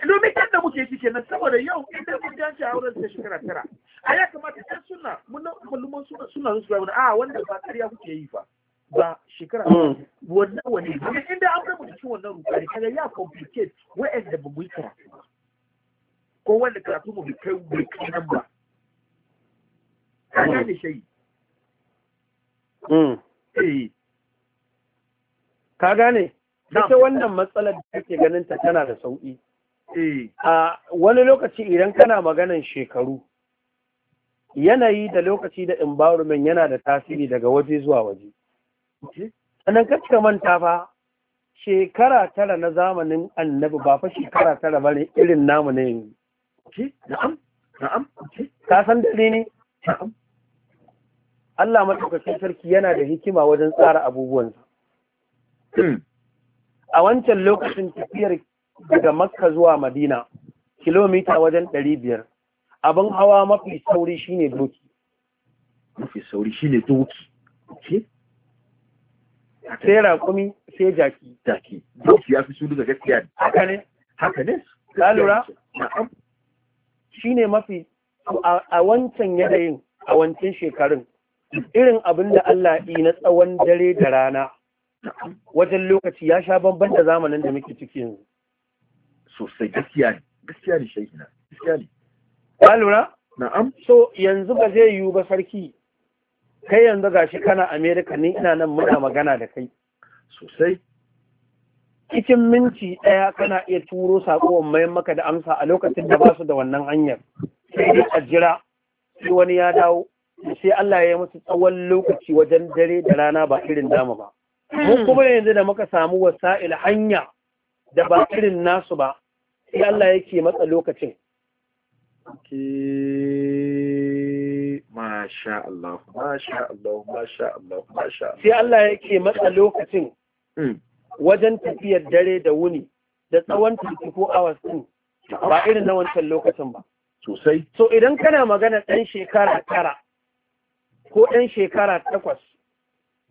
domin kan da muke ciki nan saboda yau idan mun dace a wurin sai shekara tara a ya kamata ɗan suna mun nan malluman suna suna zuwa wani a ah, wanda ba ƙarya kuke yi ba ba shekara mm. wannan wani domin inda an rabu cikin wannan rukari kaga ya complicate da ba mu yi karatu ko wanda karatu mu bai kai nan ba kaga mm. ne shayi mm. eh. ka gane ita wannan matsalar da kake ganin ta tana da sauƙi Eh. a wani lokaci idan kana maganan shekaru yanayi da lokaci da environment yana da tasiri daga waje zuwa waje sannan kacce manta fa shekara tara na zamanin annabi ba fa shekara tara bane irin namu ne yanzu na'am na'am ka san dare ne na'am Allah madaukakin sarki yana da hikima wajen tsara abubuwansa hmm. a wancan lokacin tafiyar daga makka zuwa madina kilomita wajen 500 abin hawa mafi sauri shine doki mafi sauri shine doki sai rakumi sai jaki jaki doki ya fi su duka gaskiya haka ne haka ne ka lura shine mafi a wancan yanayin a wancan shekarun irin abin da Allah yi na tsawon dare da rana wajen lokaci ya sha bambanta da zamanin da muke ciki yanzu sosai gaskiya ne gaskiya ne na gaskiya ne ka lura na'am so yanzu ba zai yiwu ba sarki kai yanzu gashi kana Amerika ne ina nan muna magana da kai sosai cikin minti ɗaya kana iya turo saƙo mayan maka da amsa a lokacin da ba su da wannan hanyar sai dai a jira sai wani ya dawo sai Allah ya yi musu tsawon lokaci wajen dare da rana ba irin dama ba mun kuma yanzu da muka samu wasa'il hanya da ba irin nasu ba sai Allah yake matsa lokacin masha Allah masha Allah masha Allah masha Allah sai Allah yake matsa lokacin hmm. wajen tafiyar dare da wuni da tsawon ko hours din ba irin na wancan lokacin ba sosai so idan kana magana ɗan shekara tara ko ɗan shekara takwas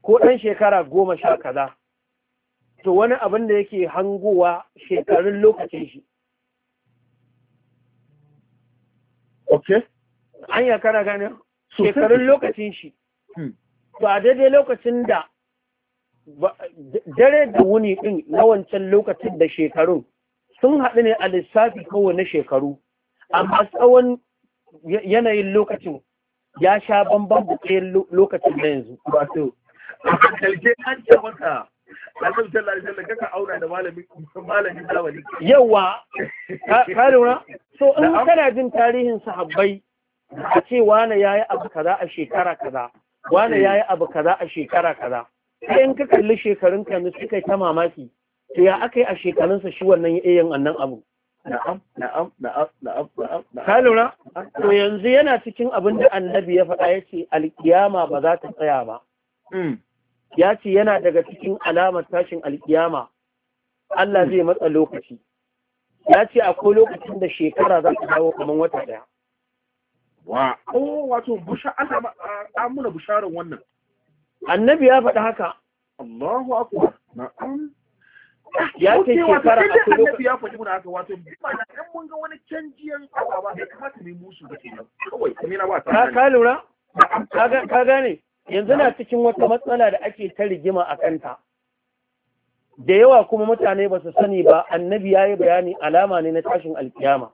ko ɗan shekara goma sha kaza to wani abin da yake hangowa shekarun lokacin shi okay anya kana gane shekarun lokacin shi hmm. ba daidai lokacin da dare da wuni din na wancan lokacin da shekarun sun haɗu ne a lissafi kowane shekaru amma tsawon yanayin lokacin ya sha bambam da lokacin na yanzu. Wato, a kalke an ce maka annabi sallallahu alaihi wasallam kaka auna da malami malamin zamani yawa ka lura so in kana jin tarihin sahabbai a ce wane yayi abu kaza a shekara kaza wane yayi abu kaza a shekara kaza sai in ka kalli shekarun ka ne suka ta mamaki to ya akai a shekarun sa shi wannan yayin annan abu na'am na'am na'am na'am na'am ka lura to yanzu yana cikin abin da annabi ya faɗa yace alkiyama ba za ta tsaya ba hmm. ya ce yana daga cikin alamar tashin alkiyama Allah zai matsa lokaci ya ce akwai lokacin da shekara za ta dawo kamar wata daya wa oh wato busha Allah an amuna busharin wannan annabi ya faɗa haka Allahu akbar na'am ya ce shekara akwai lokaci ya faɗi mun haka wato idan mun ga wani canjiyan Allah ba sai kamata mu musu da kenan kawai na ba ta ka lura ka ka gane yanzu na cikin wata matsala da ake ta rigima a kanta da yawa kuma mutane ba su sani ba annabi ya yi bayani alama ne na tashin alkiyama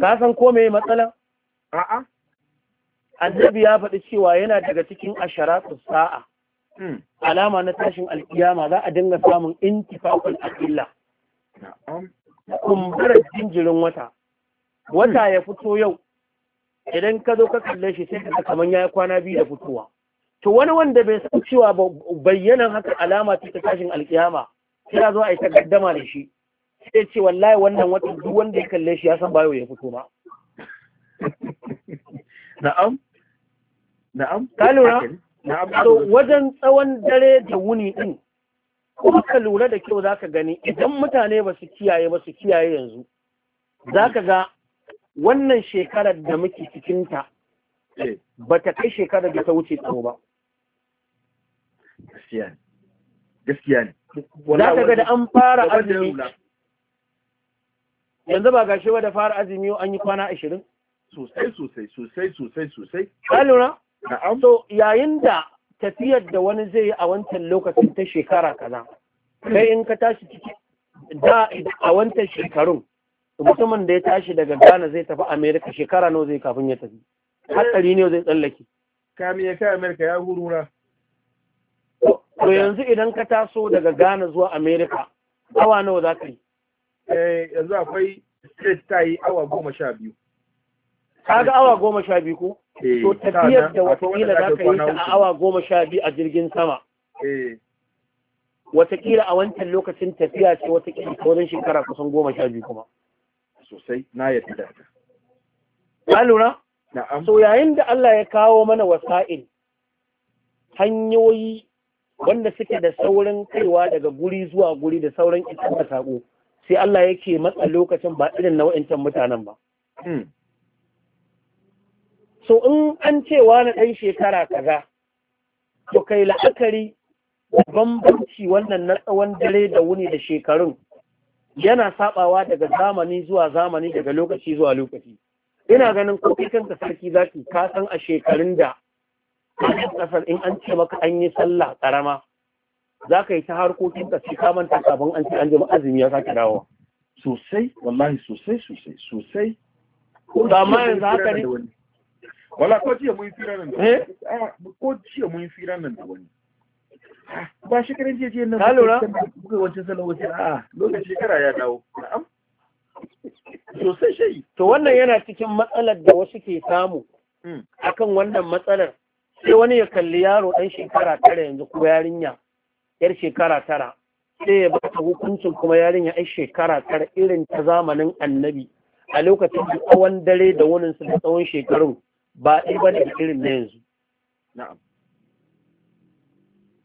ka san ko me matsala a'a annabi ya faɗi cewa yana daga cikin asharatu sa'a hmm. alama na tashin alkiyama za a dinga samun intifaqul akilla kumbarar jinjirin wata wata ya fito yau idan ka zo ka kalle shi sai ka kaman ya kwana biyu da fitowa to wani wanda bai san cewa bayyanan haka alama ce ta tashin alkiyama sai ya zo a yi ta gaddama da shi sai ce wallahi wannan watan duk wanda ya kalle shi ya san bayo ya fito ma na'am na'am ka lura na'am to wajen tsawon dare da wuni din kuma ka lura da kyau zaka gani idan mutane ba su kiyaye ba su kiyaye yanzu zaka ga wannan shekarar da muke cikinta eh. ba ta kai shekarar da ta wuce tsaro ba. Gaskiya ne. Za ka ga da an fara azumi. Yanzu ba gashi ba da fara azumi an yi kwana ashirin? Sosai sosai sosai sosai sosai. Kalura? Na'am. So yayin da tafiyar da wani zai yi a wancan lokacin ta shekara kaza. Kai in ka tashi ciki da a wancan shekarun mutumin da ya tashi daga Ghana zai tafi Amerika shekara nawa zai kafin ya tafi hatsari ne zai tsallake kami ya kai Amerika ya gurura to yanzu idan ka taso daga Ghana zuwa Amerika awa nawa za ka yi eh yanzu akwai state ta yi awa goma sha biyu kaga awa goma sha biyu ko eh, to tafiyar da watakila za ka yi ta a awa goma sha biyu a jirgin sama eh. watakila a wancan lokacin tafiya ce watakila don shekara kusan goma sha biyu kuma sosai na yadda da lura so yayin da Allah ya kawo mana wasa'il hanyoyi wanda suke da saurin kaiwa daga guri zuwa guri da sauran isar da sako sai Allah yake matsa lokacin ba irin na mutanen ba hmm. so in an cewa na ɗan shekara kaza to kai la'akari bambanci wannan na tsawon dare da wuni da shekarun yana sabawa daga zamani zuwa zamani daga lokaci zuwa lokaci ina ganin ko kai kanka sarki zaki ka san a shekarun da a kasar in an ce maka an yi sallah karama za ka yi ta harkokin ka sai ka manta kafin an ce an jima azumi ya sake dawo. sosai wallahi sosai sosai sosai ko ma yanzu haka ne wala ko jiya mun yi firanin da wani ko mun fira nan da wani eh? ah, ba shekaran jiya jiya nan ka lura kuka wancan salon a lokacin shekara ya dawo na'am sosai shayi to wannan yana cikin matsalar da wasu ke samu hmm. akan wannan matsalar sai wani ya kalli yaro ɗan shekara tara yanzu ko yarinya yar shekara tara sai ya ba hukuncin kuma yarinya yar shekara tara irin ta zamanin annabi a lokacin da tsawon dare da wuninsu da tsawon shekarun ba ɗaya ba da irin na yanzu na'am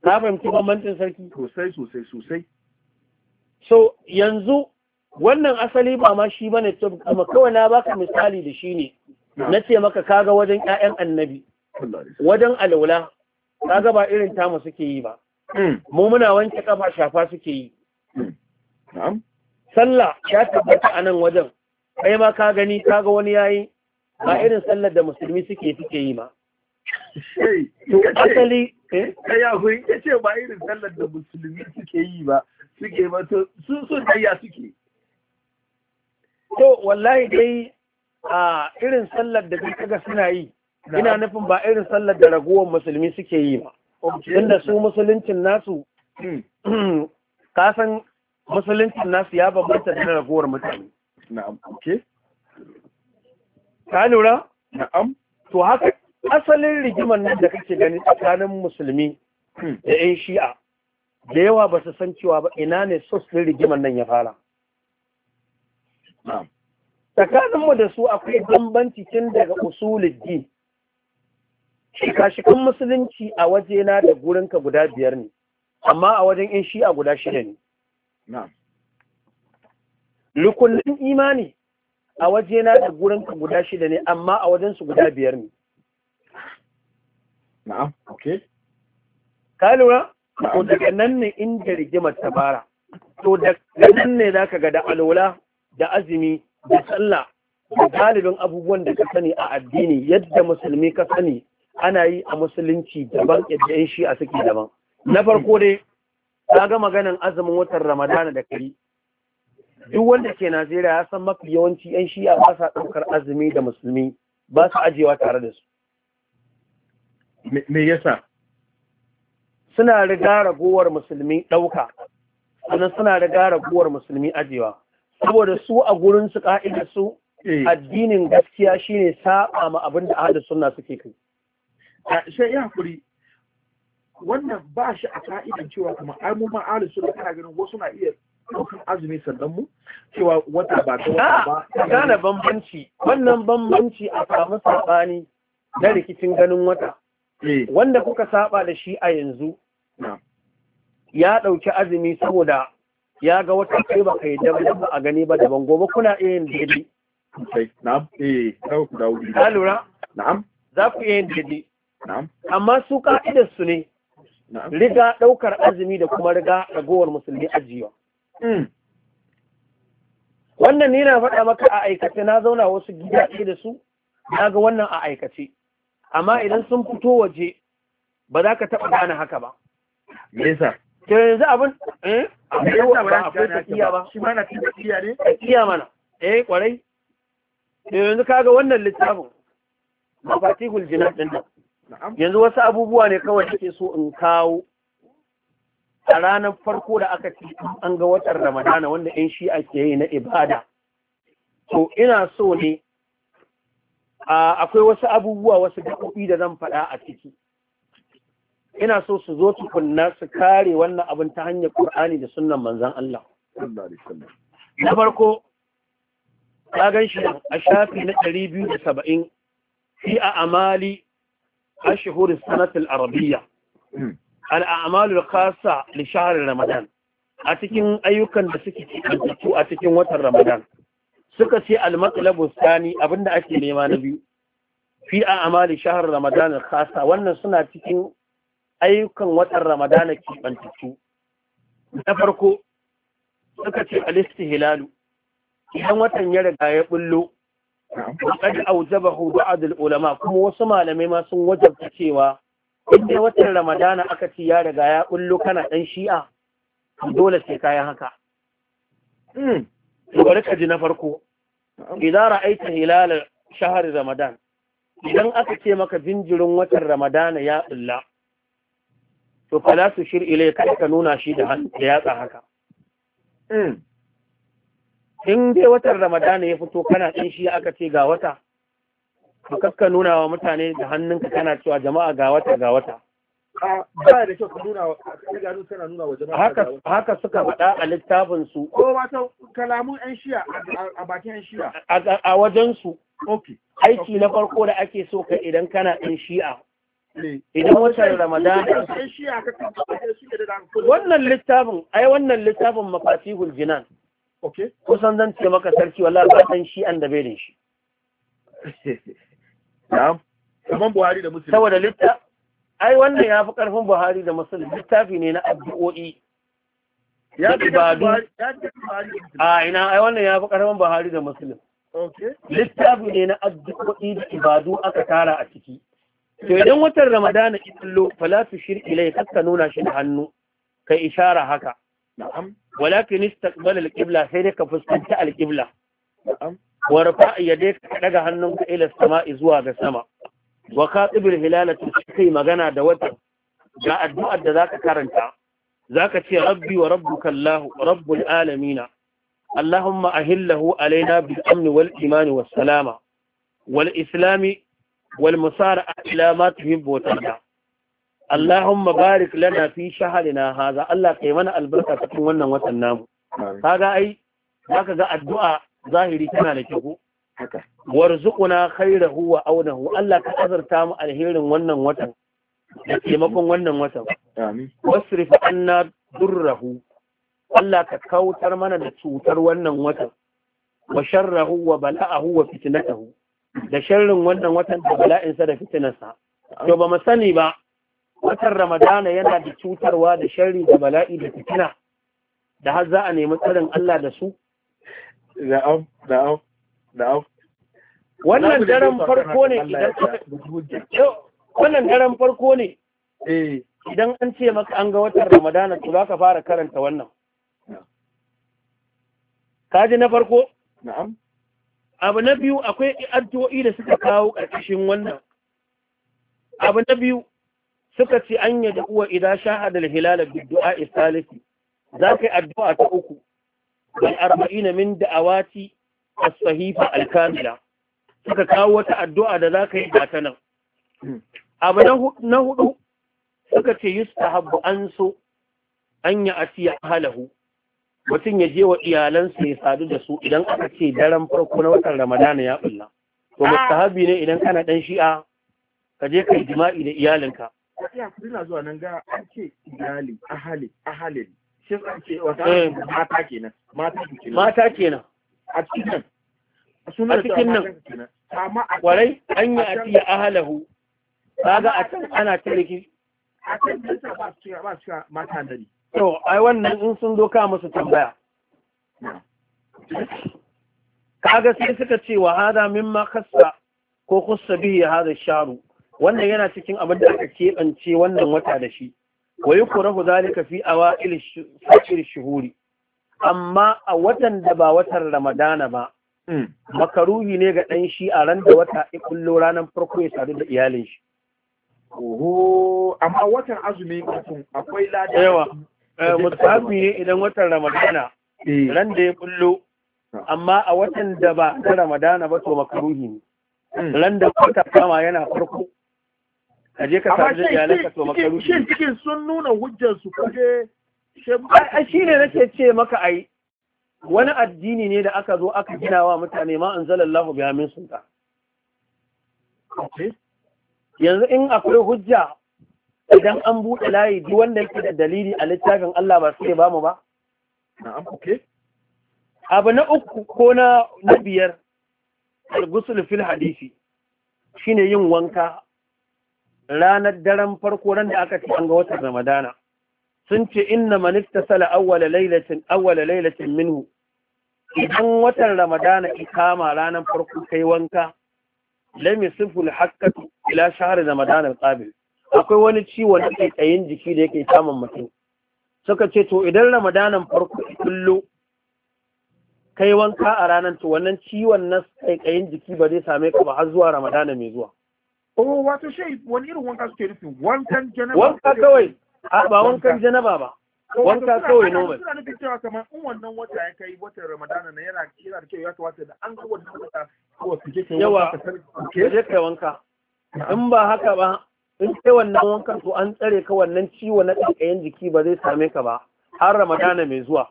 na fahimci bambancin sarki sosai sosai sosai so yanzu wannan asali ba ma shi bane to amma kawai na baka misali da shi ne na ce maka kaga wajen 'ya'yan annabi wajen alaula kaga ba irin tamu suke yi ba hmm. mu muna wanke kafa shafa suke yi hmm. sallah ya tabbata a nan wajen kai ma ka gani kaga wani yayi ba hmm. irin sallar da musulmi suke suke yi ba to asali eh? ka ya kuri ya ce ba irin sallar da musulmi suke yi ba suke ba to sun sun ya suke to wallahi dai a irin sallar da duka ga suna yi ina nufin ba irin sallar da ragowar musulmi suke yi ba inda su musuluncin nasu hmm. kasan musuluncin nasu ya bambanta da ragowar mutane na'am okay ka lura na'am to haka asalin rigimar nan da kake gani tsakanin musulmi da 'yan shi'a da yawa ba su san cewa ba ina ne sos ɗin rigimar nan ya fara tsakaninmu da su akwai bambanci tun daga usulin din shika-shikan musulunci a wajena da gurinka guda biyar ne amma a wajen 'yan shi'a guda shida ne lukullin imani a wajena da gurinka guda shida ne amma a wajensu guda biyar ne na'am okay ka lura ko daga nan ne inda rigimar ta fara to daga nan ne zaka ga da alwala da azumi da sallah da galibin abubuwan da ka sani a addini yadda musulmi ka sani ana yi a musulunci daban yadda yan a suke daban na farko dai ka ga maganan azumin watan ramadana da kari duk wanda ke najeriya ya san mafi yawanci yan shi'a ba sa ɗaukar azumi da musulmi ba su ajewa tare da su me yasa suna riga ragowar musulmi ɗauka sannan suna riga ragowar musulmi ajewa saboda su a gurin su ka'ida eh. su addinin gaskiya shine saba ma abin da ahadu sunna suke kai sai ya hakuri wannan ba shi a ka'idan cewa kuma ai mu ma ahadu sunna kana ganin wasu na iya ɗaukan azumi sannan mu cewa wata ba ta wata ba gane bambanci wannan bambanci a samu sabani na rikicin ganin wata Eh. wanda kuka saba da shi a yanzu ya ɗauki azumi saboda ya ga wata kai ba ka yi ba a gani ba daban gobe kuna iya yin daidai na'am eh, lura za ku iya yin daidai amma su ka'idar su ne riga ɗaukar azumi da kuma riga ragowar musulmi ajiyewa hmm. wannan ni na faɗa maka a aikace na zauna wasu gidaje da su na ga wannan a aikace amma idan sun fito waje ba za ka taɓa gane haka ba me to yanzu abin eh tafiya ba shi ma na tafiya ne tafiya mana eh kwarai to yanzu kaga wannan littafin mafatihul jinan din nan yanzu wasu abubuwa ne kawai take so in kawo a ranar farko da aka ci an ga watan ramadana wanda yan shi ake yi na ibada to ina so ne akwai wasu abubuwa wasu gaɓoɓi da zan faɗa a ciki ina so su zo su kunna su kare wannan abin ta hanyar ƙur'ani da sunnan manzan Allah na farko ta gan shi a shafi na ɗari biyu da saba'in fi a amali a shahurin sanatul arabiya da kasa da shahar ramadan a cikin ayyukan da suke cikin a cikin watan ramadan suka ce al-matlabu abinda ake nema na biyu fi a amali shahar ramadana khasa wannan suna cikin ayyukan watan ramadana kibantattu na farko suka ce alisti hilalu idan watan ya riga ya bullo qad aujaba ba'd al-ulama kuma wasu malamai ma sun wajabta cewa inda watan ramadana aka ci ya riga ya bullo kana dan shi'a dole sai kayan haka hmm. bari ka ji na farko idan ra'aita hilalar shahar ramadan idan aka ce maka jinjirin watan ramadana ya bulla to fala su shir ile kada ka nuna shi da yatsa haka hmm. in dai watan ramadana ya fito kana ɗin shi aka ce ga wata to kakka nuna wa mutane da hannunka kana cewa jama'a ga wata ga wata ba nuna wa gano tana nuna wa jama'a haka suka faɗa a littafin su ko wato kalamun yan shiya a bakin yan shiya a wajen su aiki na farko da ake so ka idan kana yan shi'a eh. idan watan ramadan wannan littafin ai wannan littafin mafatihul jinan kusan zan ce maka sarki wallahi ba san shi'an da bai da shi na'am kaman buhari da saboda littafin ai wannan ya fi ƙarfin buhari da musulun littafi ne na addu'o'i ya fi badu a ina ai wannan ya fi ƙarfin buhari da musulun littafi ne na addu'o'i da ibadu aka tara a ciki to idan watan ramadana ilo falasu tu shir ilai kakka nuna shi da hannu kai ishara haka walakin istaqbal alqibla sai dai ka fuskanta alqibla wa rafa yadayka daga hannunka ila sama'i zuwa ga sama wa kaɗibir hilalatin kai magana da wata ga addu’ar da za ka karanta za ka ce rabbi wa rabbu kallahu rabbul alamina allahumma a hillahu alaina bil amni wal wa salama wal islami wal musara a ilamatu hin botanta allahumma barik lana fi shahalina haza allah kai mana albarka cikin wannan watan namu kaga ai za ka ga addu’a zahiri tana da kyau warzuquna khairahu wa aunahu Allah ka azarta mu alherin wannan watan da taimakon wannan watan amin wasrif anna durrahu Allah ka kautar mana da cutar wannan watan wa sharrahu wa bala'ahu wa fitnatahu da sharrin wannan watan da bala'insa da fitnarsa to ba mu sani ba watan ramadana yana da cutarwa da sharri da bala'i da fitina da har za a nemi tsarin Allah da su na'am na'am wannan daren farko ne eh. idan an ce maka an ga watan ramadana su zaka fara karanta wannan kaji na farko abu na biyu akwai addu'o'i da suka kawo ƙarƙashin wannan abu na biyu suka ce an yi da uwa idan shahada hilala bidu'a du'a isalisi za ka yi addu'a ta uku bil arba'ina min da'awati as-sahifa al-kamila suka kawo wata addu'a da zaka yi ta nan abu na hudu suka ce yustahabbu an so an ya asiya ahlahu mutun ya je wa iyalansa ya sadu da su idan aka ce daren farko na watan ramadana ya bulla to mustahabi ne idan kana dan shi'a ka je kai jima'i da iyalinka ya kuna zuwa nan ga ake iyali ahali ahali shi ake wata eh. mata kenan mata kenan mata kenan a cikin nan a cikin nan kwarai an yi a tiya ahalahu kaga a can ana ta riki a can da ta ba su ba su mata dari to ai wannan in sun zo ka musu tambaya kaga sai suka ce wa hada mimma khassa ko khussa bihi hada sharu wannan yana cikin abin da aka keɓance wannan wata da shi wa yukrahu zalika fi awail shuhuri amma a watan da ba watan ramadana ba hmm. makaruhi ne ga ɗan shi a ran da wata ya kullo ranar farko ya sadu da iyalin shi oho amma watan azumi kafin akwai lada yawa eh, musafi ne idan watan ramadana eh. ran da ya kullo amma a watan da ba ta ramadana ba to makaruhi ne hmm. ran da kwata kama yana farko a je ka sadu da iyalanka to makaruhi ne shin cikin sun nuna hujjar su kaje shi ne nake ce maka ai wani addini ne da aka zo aka gina wa mutane ma anzalallahu biya min yanzu in akwai hujja idan an buɗe layi duk wanda yake da dalili a littafin Allah ba su ba mu ba abu na uku ko na biyar al fil hadisi shine yin wanka ranar daren farko ran da aka ci an ga watan Ramadana sun ce inna manifta sala awwala lailatin awwala lailatin minhu idan watan ramadana ikama ranar farko kai wanka lam yasiful haqqatu ila shahr ramadana alqabil akwai wani ciwon da ke tsayin jiki da yake samun mutum suka ce to idan ramadanan farko kullu kai wanka a ranar to wannan ciwon na tsayin jiki ba zai same ka ba har zuwa ramadana mai zuwa oh wato shi wani irin wanka suke nufi wankan janaba wanka kawai a ba wankan janaba ba wanka kawai normal suna nufin cewa kamar in wannan wata ya kai watan ramadana na yana yana da kyau ya kamata da an ga wannan wata ko su je kai yawa ka kai wanka in ba haka ba in kai wannan wankan to an tsare ka wannan ciwo na kankayen jiki ba zai same ka ba har ramadana mai zuwa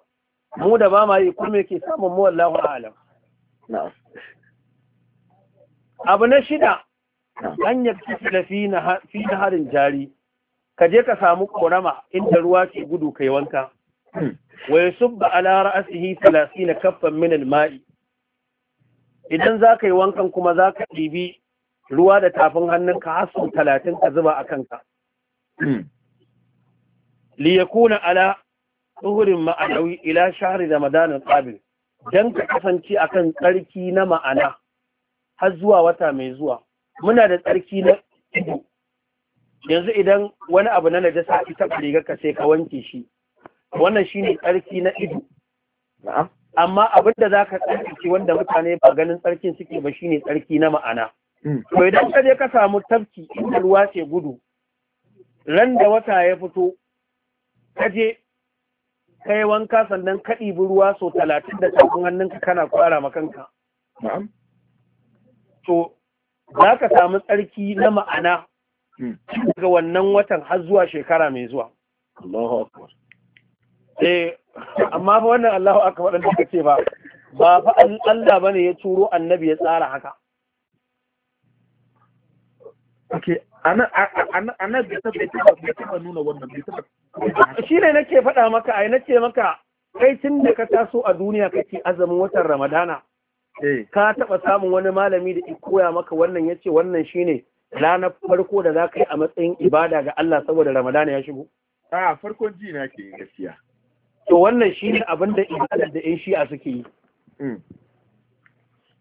mu da ba ma yi kuma ke samun mu wallahu alam abu na shida hanyar tafi na harin jari ka je ka samu ƙorama inda ruwa ke gudu kai wanka wai yusubba ala ra'sihi 30 kaffan min al-ma'i idan za ka yi wankan kuma za ka ɗibi ruwa da tafin hannunka har sau talatin ka zuba a kanka. Liyakuna ala tsuhurin ma'anawi ila shahari da madanin ƙabil, don ka kasance a kan tsarki na ma'ana har zuwa wata mai zuwa. Muna da tsarki na ido, yanzu idan wani abu na najasa ita rigar ka sai ka wanke shi wannan shine tsarki na ido amma abin da zaka tsarki wanda mutane ba ganin tsarkin suke ba shine tsarki na ma'ana hmm. to idan ka je ka samu tafki inda ruwa ce gudu ran da wata ya fito ka je ka yi wanka sannan ka ɗibi ruwa sau talatin da tafin hannunka kana kwara ma kanka to za ka samu tsarki na ma'ana daga wannan watan har zuwa shekara mai zuwa Allahu akbar eh amma fa wannan Allahu akbar din da ce ba ba fa Allah bane ya turo annabi ya tsara haka okay ana ana bai taba bai taba nuna wannan bai taba shi ne nake faɗa maka ai nace maka kai tun da ka taso a duniya kake azumin watan Ramadana eh. ka taɓa samun wani malami da ya koya maka wannan ya ce wannan shi ne. ranar farko da za ka yi a matsayin ibada ga Allah saboda Ramadan ya shigo? A farkon ji na ke gaskiya. To wannan shi ne abin da ibada da ‘yan shi'a suke yi. Mm.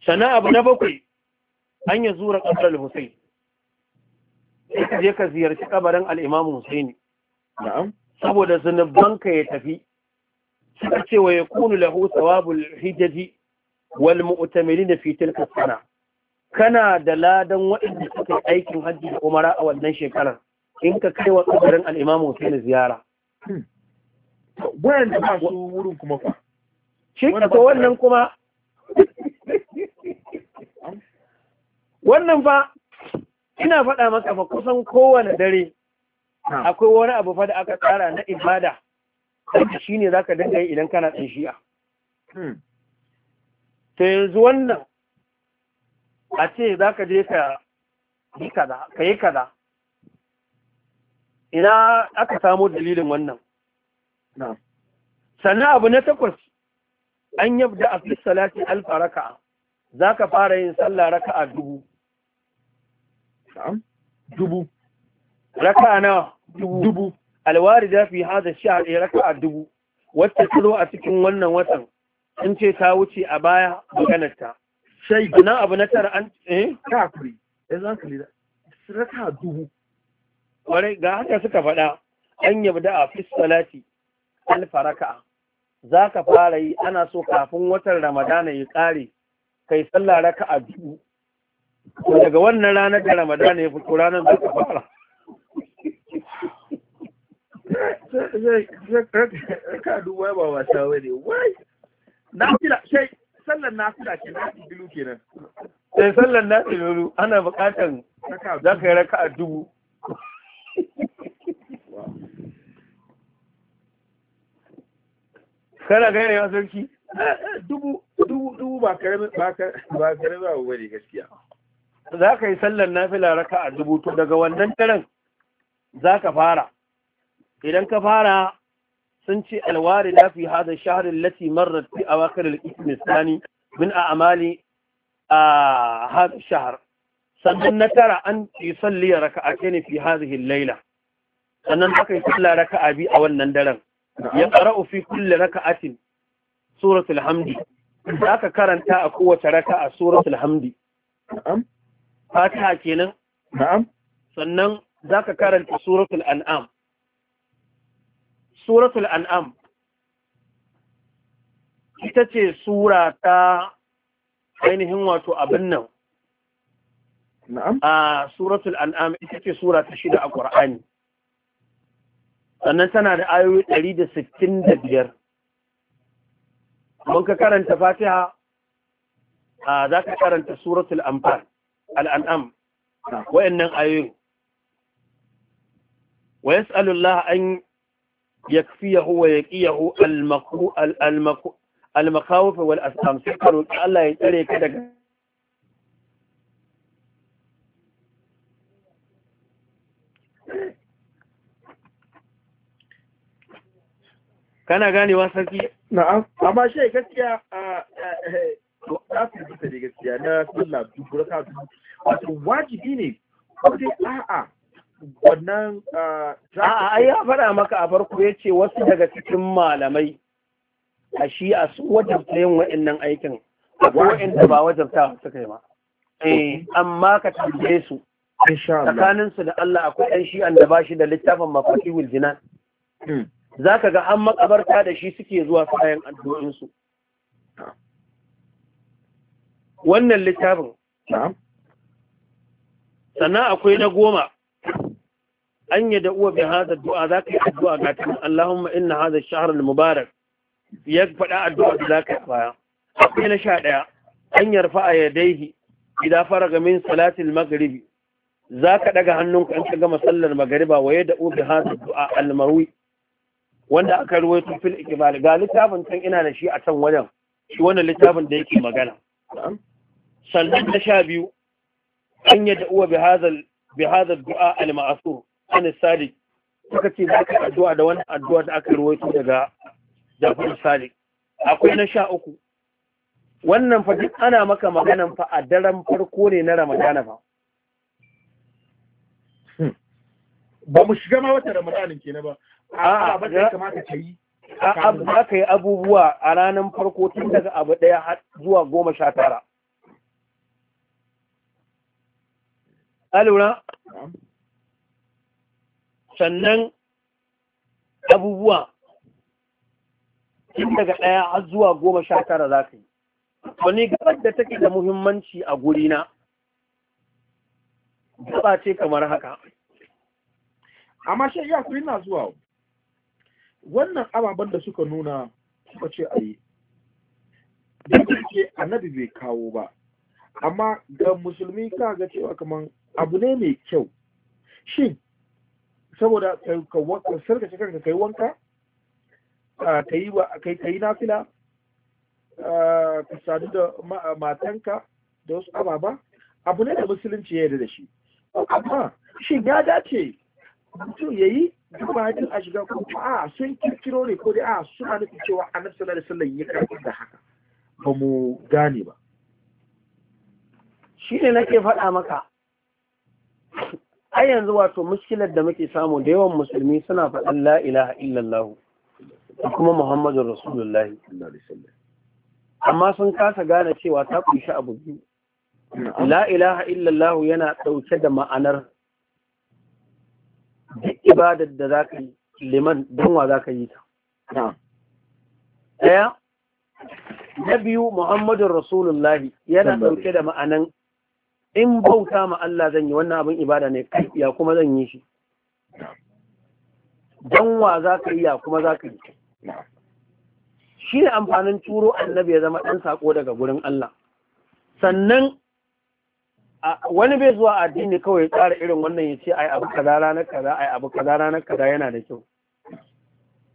Sannan abu na bakwai, an yi zura ƙasar Hussein. Sai ka je ka ziyarci kabarin al'imamu Hussein. Na'am. Saboda ka ya tafi. Suka ce wa ya kunu lahu sawabul hijaji wal mu'tamilina fi fitil kasana. kana da ladan waɗanda suka yi aikin hajji da umara a wannan shekarar in ka kai wa kabarin al'imamu sai na ziyara. da ba su wurin kuma fa. Shi ka wannan kuma wannan fa ina faɗa maka fa kusan kowane dare akwai wani abu fa da aka tsara na ibada ne za ka dinga yi idan kana ɗan shi'a. Hmm. Ta yanzu wannan a ce za ka je ka yi kada, ina aka samu dalilin wannan sannan abu na takwas an yi a fi alfa raka za ka fara yin sallah a dubu dubu raka na dubu alwari da fi hada sha ɗaya raka'a dubu wacce zo a cikin wannan watan in ce ta wuce a baya maganarta sai nan abu na tara an eh kakuri yanzu an raka duhu kwarai ga haka suka faɗa an yabda a fi salati alfa raka'a za ka fara yi ana so kafin watan ramadana ya ƙare kai sallah raka a biyu daga wannan ranar da ramadana ya fito ranar za ka fara raka sai, sai, sai, sai, sai, na sai, sai. sallan nafila ke na bilu kenan sai sallan nafilu ana buƙatan za ka yi raka a dubu kana gane ya sarki eh, eh, dubu dubu dubu ba karamin ba karamin abu bane gaskiya za ka yi sallan nafila raka a dubu to daga wannan daren za ka fara idan ka fara sun ce alwari na fi hada shaharin lati marar fi a wakar al min a amali a hada shahar sannan na tara an yi salliya raka a kene fi hazihin laila sannan aka yi salla raka a bi a wannan daren ya tsara fi kulle raka atin suratul hamdi za ka karanta a kowace raka a suratul hamdi fatiha kenan sannan za ka karanta suratul an'am suratul an'am ita ce sura ta ainihin wato abin nan a suratul an'am ita ce sura ta shida a Ƙur'ani. sannan tana da ayoyi 165 mun ka karanta fatiha a za ka karanta suratul anfal al'an'am wa'annan ayoyi wa yas'alullah an يكفيه ويقيه المخو المخو المخاوف والأسهام سحر الله يتري كده كان غاني واسكي نعم أما شيء كسيا لا تبتدي كسيا لا كلا بقولك هذا واجبيني أوكي آه آه wannan ah, a ya faɗa maka a farko ya ce wasu daga cikin malamai a shi a su wajabta yin wa'annan aikin wa'anda ba wajabta su yi ma eh. amma ka tambaye su tsakanin su da Allah akwai ɗan an da ba shi da littafin mafaki wiljinan hmm. za ka ga an makabarta da shi suke zuwa kayan addu'insu wannan littafin sannan akwai na goma an yi da'uwa bi hada du'a za ka yi addu'a ga ta Allahumma inna hada shahar mubarak ya faɗa addu'a da za ka yi baya akwai na sha ɗaya an yarfa a yadaihi idza faraga min salatil maghribi za ka ɗaga hannunka in ka gama sallar magariba wa ya da'u bi hada du'a marwi wanda aka ruwaito fil ikbal ga littafin can ina da shi a can wajen shi wannan littafin da yake magana sannan na sha biyu an yi da'uwa bi hada bi hada du'a al-ma'sur Anis sadiq suka ce za ka addu'a da wani addu'a da aka rawaito daga Jafar Sadiq akwai na sha uku wannan fa duk ana maka maganan fa a daren farko ne na Ramadana fa hmm. ba mu shiga ma wata Ramadanin na ba a ba kamata ka yi a'a ba ka yi abubuwa a ranar farko tun daga abu daya zuwa goma sha tara alura sannan abubuwa tun daga ɗaya zuwa goma sha tara za ka yi wani gabar da take da muhimmanci a gurina gaba ce kamar haka amma shi ya kuri na zuwa wannan ababen da suka nuna suka ce a yi ce annabi bai kawo ba amma ga musulmi ka ga cewa kamar abu ne mai kyau shin saboda ka sarkace kanka kai wanka ka yi kai kai nafila ka sadu da matanka da wasu ababa abu ne da musulunci ya yarda da shi amma shin ya dace mutum ya yi gabanin a shiga ko a sun kirkiro ne ko dai a suna nufin cewa annabi sallallahu da wasallam ya karfi da haka ba mu gane ba Shi ne na ke faɗa maka ai yanzu wato muskilar da muke samu da yawan musulmi suna faɗin la ilaha illallah da kuma muhammadun rasulullah amma sun kasa gane cewa ta kunshi abu biyu la ilaha illallah yana ɗauke da ma'anar duk ibadar da za ka yi liman don wa za ka yi ta ɗaya na biyu muhammadun rasulullah yana ɗauke da ma'anar. in bauta ma Allah zan yi wannan abin ibada ne kai ya kuma zan yi shi dan wa za ka yi ya kuma za ka yi shi ne amfanin turo annabi ya zama ɗan saƙo daga gurin Allah sannan wani bai zuwa addini kawai tsara irin wannan ya ce ai abu kaza ranar kaza ai abu kaza ranar kaza yana da kyau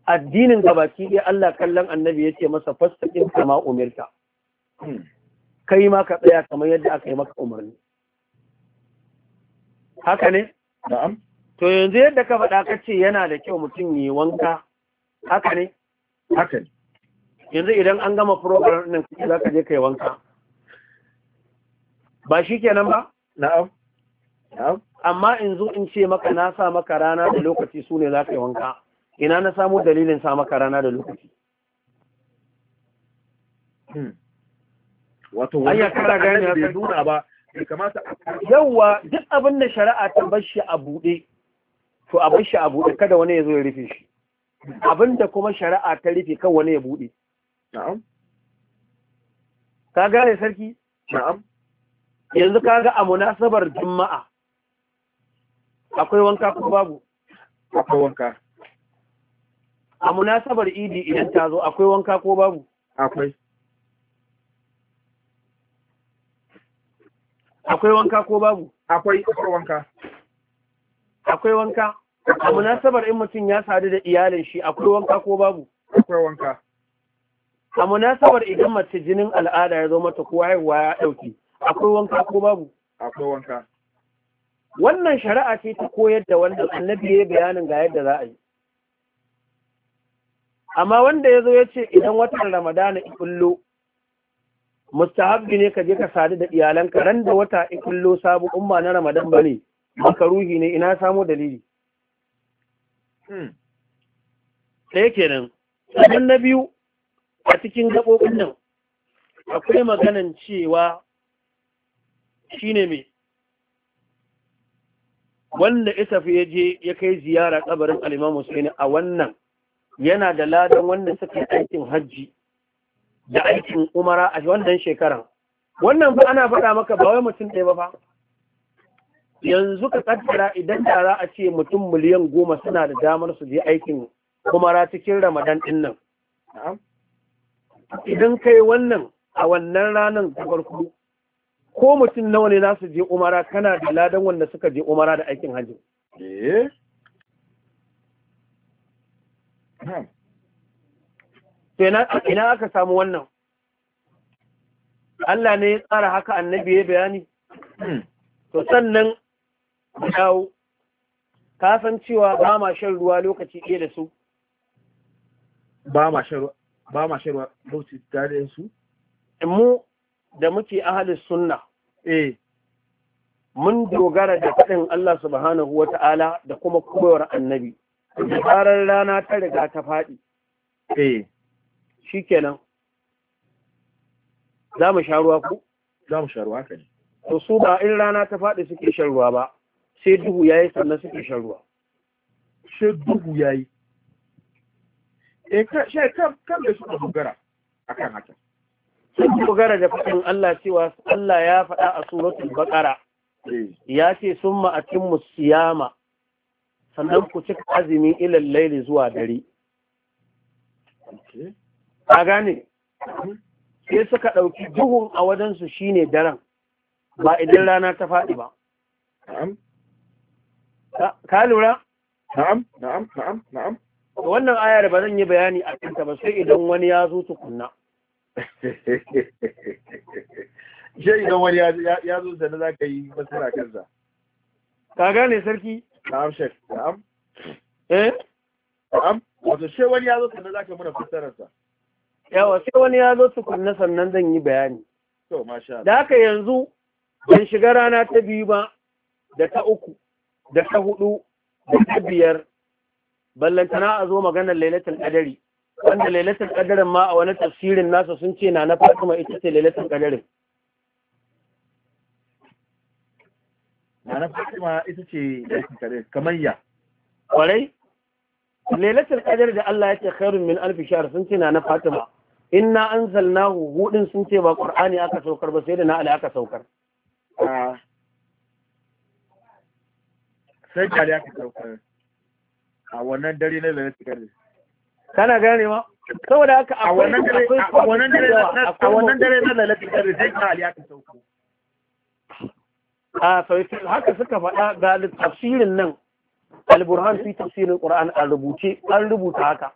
addinin baki ya Allah kallon annabi ya ce masa fastaqim kama umirta hmm. kai ma ka tsaya kamar yadda aka yi maka umarni haka ne na'am to yanzu yadda ka faɗa ka ce yana da kyau mutum yi wanka haka ne haka ne yanzu idan an gama program nan kake za ka je ka yi wanka ba shi kenan ba na'am na'am amma in zo in ce maka na sa maka rana da lokaci su ne za ka yi wanka ina na samu dalilin sa maka rana da lokaci hmm. wato wani kara gani ya nuna ba yawwa duk abin da shari'a ta bar shi a buɗe to a bar shi a buɗe kada wani ya zo ya rufe shi abin da kuma shari'a ta rufe kan wani ya buɗe ka gane sarki yanzu ka ga a munasabar juma'a akwai wanka ko babu akwai wanka a munasabar idi idan ta zo akwai wanka ko babu akwai akwai wanka ko babu akwai akwai wanka akwai wanka a munasabar in mutum ya sadu da iyalin shi akwai wanka ko babu akwai wanka a munasabar idan mace jinin al'ada ya zo mata ko haihuwa ya dauki akwai wanka ko babu akwai wanka wannan shari'a ce ta koyar da wannan annabi ya bayanin ga yadda za a yi amma wanda ya zo ya ce idan watan ramadana ya kullo mustahabbi ne ka je ka sadu da iyalanka ran da wata in kullo sabu umma na ramadan bane ruhi ne ina samo dalili hmm. ɗaya kenan sannan na biyu a cikin gaɓoɓin nan akwai maganan cewa shine mai wanda isa ya je ya kai ziyara kabarin Alimamu Hussein a wannan yana da ladan wanda suka aikin hajji da aikin umara a wannan shekaran wannan fa ana faɗa maka ba wai mutum ɗaya ba yanzu ka kaddara idan da za a ce mutum miliyan goma suna da damar su je aikin umara cikin ramadan ɗin nan idan kai wannan a wannan ranar ta farko ko mutum nawa ne za su je umara kana da ladan wanda suka je umara da aikin hajji eh. ina aka samu wannan Allah ne ya tsara haka annabi ya bayani to sannan dawo ka san cewa ba ma shan ruwa lokaci ɗaya da su ba ma shan ruwa ba ma shan ruwa lokaci da su mu da muke ahalin sunna eh mun dogara da faɗin Allah subhanahu Ta'ala da kuma koyar annabi da tsarar rana ta riga ta faɗi eh shi kenan za mu sharuwa ku? za mu sharuwa ka ne to su ba in rana ta faɗi suke shan ruwa ba sai duhu ya yi sannan suke shan ruwa sai duhu ya yi e eh, kan da suka dogara kan haka sun dogara da faɗin Allah cewa Allah ya faɗa a suratul baƙara. Eh. ya ce sun ma'akin musiyama sannan ku cika azumi ilal laili zuwa dare a gane sai suka ɗauki duhun a wajensu shine daren ba idan rana ta faɗi ba ka lura? na'am na'am na'am na'am wannan ayar ba zan yi bayani a kanta ba sai idan wani ya zo tukunna sai idan wani ya zo da na za ka yi masana kansa ka gane sarki na'am shek na'am eh na'am wato sai wani ya zo da na za ka muna fassararsa yawa sai wani ya zo tukunna sannan zan yi bayani da haka yanzu ban shiga rana ta biyu ba da ta uku da ta hudu da ta biyar ballantana a zo maganar lailatul qadari wanda lailatul qadarin ma a wani tafsirin nasa sun ce na na Fatima ita ce lailatul qadarin na Fatima ita ce lailatul qadarin kamar ya kwarai lailatul qadar da Allah ya ce khairun min alfi shahr sun ce na na Fatima inna anzalnahu hudin sun ce ba qur'ani aka saukar ba sai da na ali aka saukar ah. sai da aka saukar a wannan dare na lalata kare kana gane ma saboda haka a wannan dare a wannan dare a wannan dare na lalata tsikar sai da ali aka saukar ah, a sai haka suka faɗa ga tafsirin nan al-burhan fi tafsirin qur'an a rubuce an rubuta haka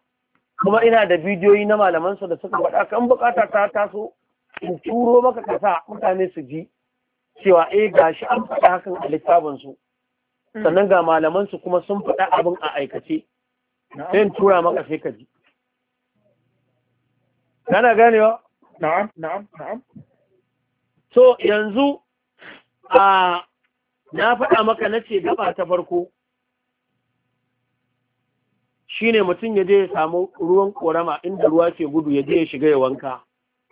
kuma ina da bidiyoyi na malamansa da suka faɗa kan bukata ta taso in turo maka kasa mutane su ji cewa eh gashi an faɗa hakan a littafin su hmm. sannan ga malaman su kuma sun faɗa abin a aikace sai in tura maka sai ka ji kana ganewa na'am na'am na'am so yanzu a na faɗa maka na ce gaba ta farko shine mutum ya je ya samu ruwan korama inda ruwa ke gudu ya je ya shiga ya wanka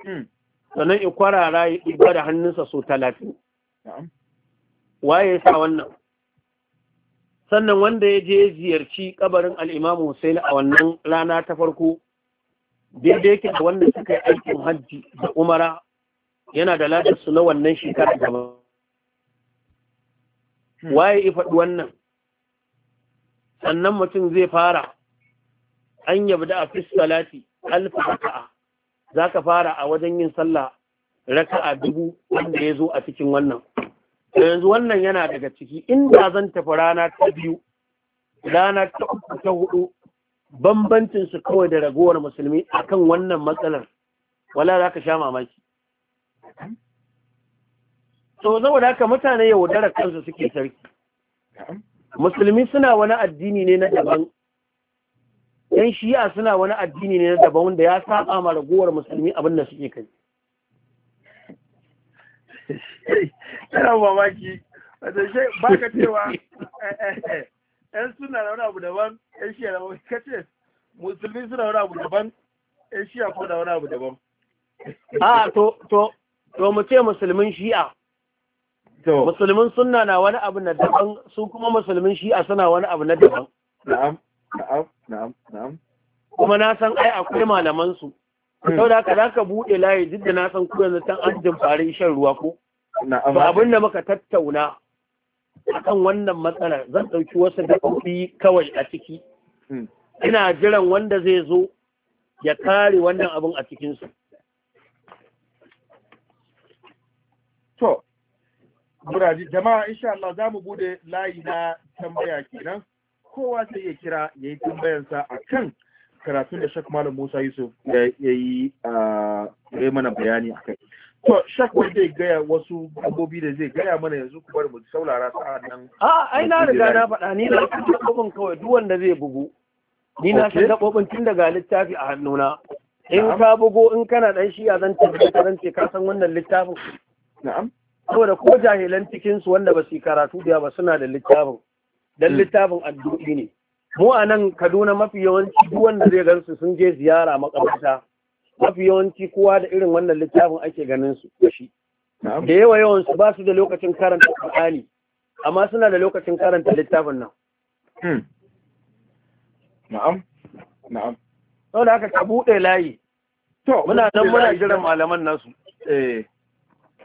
hmm. sannan ya kwarara ya ɗiba da hannunsa so talatin waye ya sa wannan sannan wanda ya je ziyarci kabarin al'imamu Hussein a wannan rana ta farko daidai yake da wanda suka yi aikin hajji da umara yana da ladarsu na wannan shekara gaba hmm. waye ya faɗi wannan sannan mutum zai fara an yabda a fisalati alfa raka'a za ka fara a wajen yin sallah raka'a dubu wanda ya zo a cikin wannan yanzu wannan yana daga ciki inda zan tafi rana ta biyu rana ta uku ta hudu bambancin su kawai da ragowar musulmi akan wannan matsalar wala za ka sha mamaki so saboda haka mutane yaudarar kansu suke sarki musulmi suna wani addini ne na daban yan shi'a suna wani addini ne na daban wanda ya saba ma ragowar musulmi abin da suke kai yana mamaki wata shi ba ka cewa eh, eh, eh, yan suna da wani abu daban yan shiya da wani kace musulmi suna wani abu daban yan shi'a ko da wani abu daban a to to to mu ce musulmin shi'a musulmin sunna na wani abu na daban su kuma musulmin shi'a suna wani abu na daban na'am kuma na san ai akwai malaman su hmm. sau da ka bude layi duk da na san ku yanzu tan an dimfari shan ruwa ko Ba abin da muka tattauna akan wannan matsalar zan ɗauki wasu da kawai a ciki hmm. ina jiran wanda zai zo ya kare wannan abin a cikinsu to jama'a insha Allah za mu bude layi na tambaya kenan. kowa sai ya kira ya yi tambayansa a kan karatun da Shak Malam Musa Yusuf ya yi a mana bayani a kai. To, Shak wani zai gaya wasu abubuwa da zai gaya mana yanzu ku da mu saurara ta nan. A, ai na riga na faɗa ni na san gaɓoɓin kawai duk wanda zai bugu. Ni na san gaɓoɓin tun daga littafi a hannuna. In ka bugo in kana ɗan shiya zan tafi ka zan ce ka san wannan littafin. Na'am. Saboda ko jahilan cikinsu wanda ba su karatu da ba suna da littafin. dan mm. littafin addu'i ne mu a nan Kaduna mafi yawanci duk wanda zai su sun je ziyara makabarta mafi yawanci kowa da irin wannan littafin ake ganin su da shi da yawa yawan su ba su da lokacin karanta Qur'ani amma suna da lokacin karanta littafin nan hmm. na'am na'am saboda haka ka bude layi to muna nan muna jiran malaman nasu eh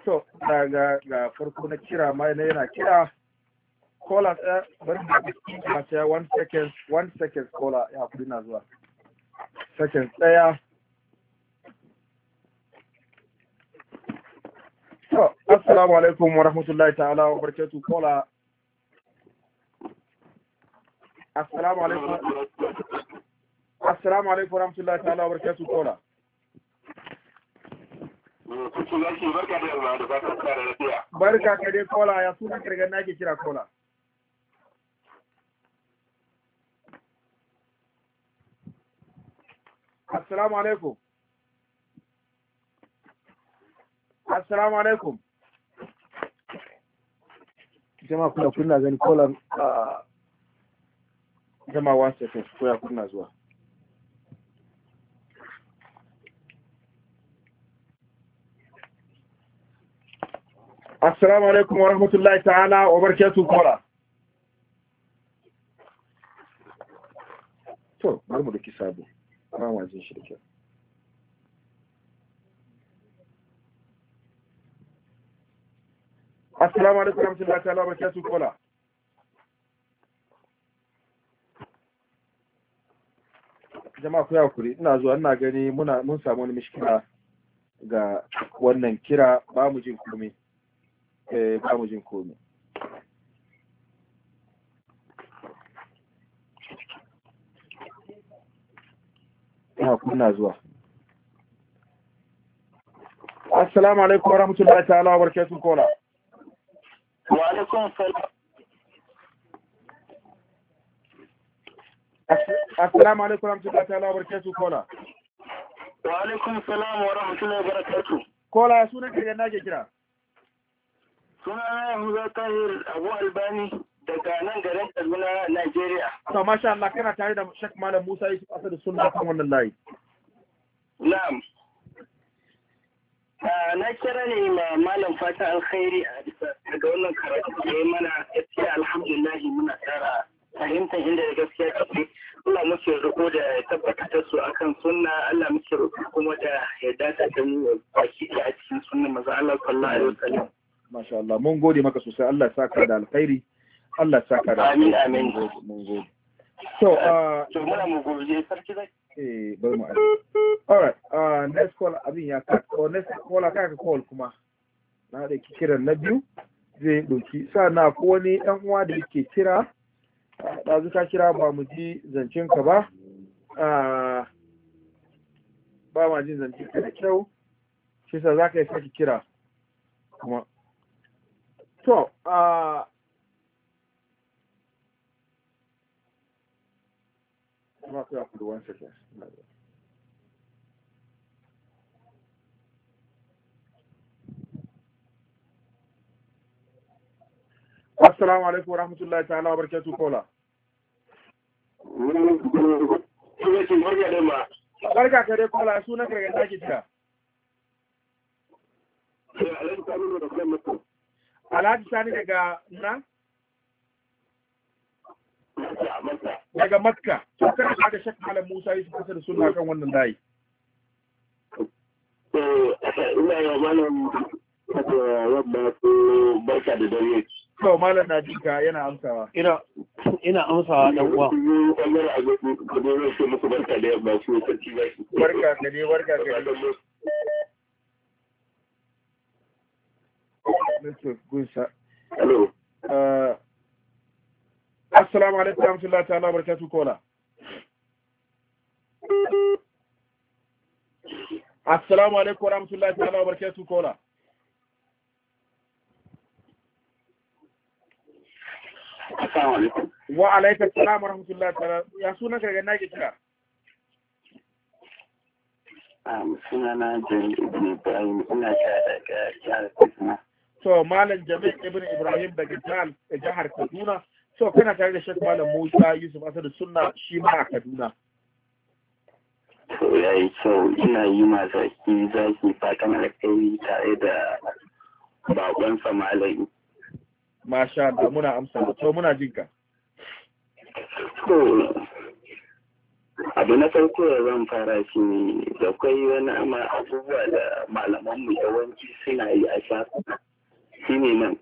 to ga ga farko na kira ma yana kira kola ɗaya eh, bari da ba ta one second one second kola ya kuri na zuwa second ɗaya to assalamu alaikum wa rahmatullahi ta'ala wa barakatuh kola assalamu alaikum assalamu alaikum wa rahmatullahi ta'ala wa barakatuh kola Barka ka dai kola ya sunan kirgan nake kira kola. assalamu alaikum assalamu alaikum jama'a kuna kuna gani kolan jama'a one second kuna kuna zuwa assalamu alaikum wa rahmatullahi ta'ala wa barakatuh kola to bari mu da sabo haram wajen jin shi da kyau assalamu alaikum warahmatullahi ta'ala barakatuh kola jama'a ku ya kuri ina zuwa ina gani muna mun samu wani mishkila ga wannan kira ba mu jin komai eh ba mu jin komai nasiha kuna zuwa assalamu alaikum wa rahmatullahi ta'ala wa barakatuh kola wa alaikum salam assalamu alaikum wa rahmatullahi ta'ala wa barakatuh kola wa alaikum salam wa rahmatullahi wa barakatuh kola sunan ka na nake kira sunan ya huza yi abu albani daga nan garin Kaduna, Najeriya. To masha Allah kana tare da Sheikh Malam Musa kasa da Sunna kan wannan layi. Na'am. Ah, na kira ne ma malam fata alkhairi a daga wannan karatu da ya mana gaskiya alhamdulillah muna tsara fahimtar inda da gaskiya take Allah muke roƙo da tabbata su akan sunna Allah muke roƙo kuma da yarda ta da mu baki a cikin sunna maza Allah sallallahu alaihi wasallam masha Allah mun gode maka sosai Allah ya saka da alkhairi Allah sa ka da amin amin mun so eh, uh to muna mu gode sarki zai eh bari mu all right uh next call abin ya ka ko oh, next call ka ka call kuma na da kiran na biyu zai doki na ko wani dan uwa da yake kira ah, ɗazu ka kira ba mu ji zancen ka ba ah, ba ma jin zancen ka da kyau shi sa za ka yi sake kira kuma to a ah, I'm not going to one Assalamu alaikum wa rahmatullahi ta'ala wa kola. Barka ka dai kola daga daki Alhaji Sani daga na? daga matka, to kana da shakka Malam Musa suka da sunna kan wannan layi eh, ina yi malam yadda ku barka da dare to malam na jinka yana amsawa ina ina amsawa uwa a barka da yamma barka ka ne السلام عليكم ورحمة الله تعالى وبركاته كولا السلام عليكم ورحمة الله تعالى وبركاته كولا السلام عليكم وعليك السلام ورحمة الله تعالى يا سونا كيف ينعي كتلا أم سونا نجل ابن إبراهيم إنا جالك جالك كتنا تو مال الجميع ابن إبراهيم بجال جهر كتونا so kana tare da shek malam musa yusuf asadu sunna shi ma a kaduna So kyau ina yi ma zaki zaki fatan kai tare da bakon samalai. masha da muna amsa da to muna jin ka So abu na farko da zan fara shi ne da kwai wani abubuwa da malamanmu yawanci suna yi a shafi shi ne nan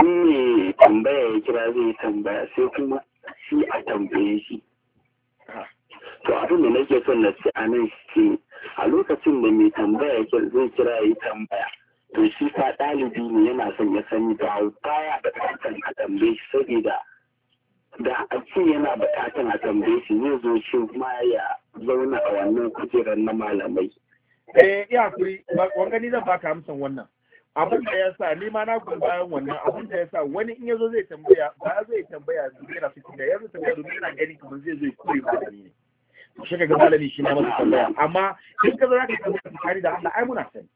in ne tambaya ya kira zai tambaya sai kuma shi a tambaye shi to abin da nake son na ci a nan shi a lokacin da mai tambaya zai kira ya yi tambaya to shi fa ɗalibi ne yana son ya sani da baya buƙatar a tambaye shi saboda da a ce yana buƙatar a tambaye shi zai zo shi kuma ya zauna a wannan kujerar na malamai. Eh, ya kuri, wangani zan baka amsan wannan. abin da ya sa ni ma na goyi bayan wannan abin da ya sa wani in yazo zai tambaya ba zai tambaya na fitina Yanzu ta tambaya domin yana gani kamar zai zai kure malami ne to shi kaga malami shi ma masa tambaya amma in ka zaka tambaya tsakani da Allah ai muna sani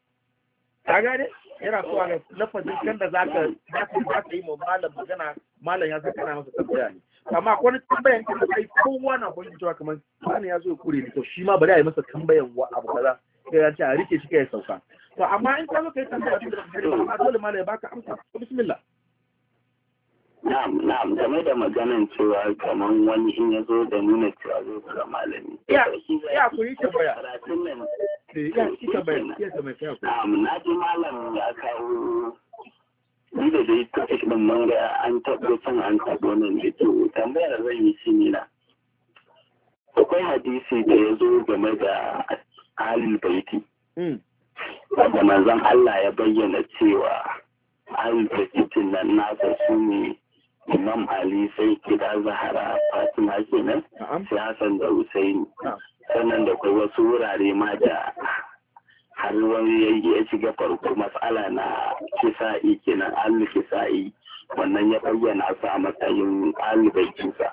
ka gane yana so a lafazin kan da zaka zaka zaka yi ma malam magana malam ya san kana masa tambaya ne amma akwai tambayan kan da kai kowa na gwajin cewa kamar wani ya zo ya kure ni to shi ma bari a yi masa tambayan wa abu kaza sai ya ce a rike shi kai sauka to amma in ka zo kai tambaya abin da dole mala ya baka amsa bismillah na'am na'am game da maganan cewa kamar wani in ya zo da nuna cewa zai kula malami ya ya ku yi tambaya ya ki tambaya ya tambaya ya ku na'am na ji malam ya kawo ni da dai topic din manga an tabo san an taɓo nan da to tambayar zan yi shi ne na akwai hadisi da ya zo game da alil baiti hmm. wanda manzon Allah ya bayyana cewa an tafitin nan nasa su ne Imam Ali sai kida Zahara Fatima kenan sai Hassan da Husaini sannan da kai wasu wurare ma da har wani ya shiga farko matsala na kisa'i kenan allu kisa'i wannan ya bayyana su a matsayin alibaikinsa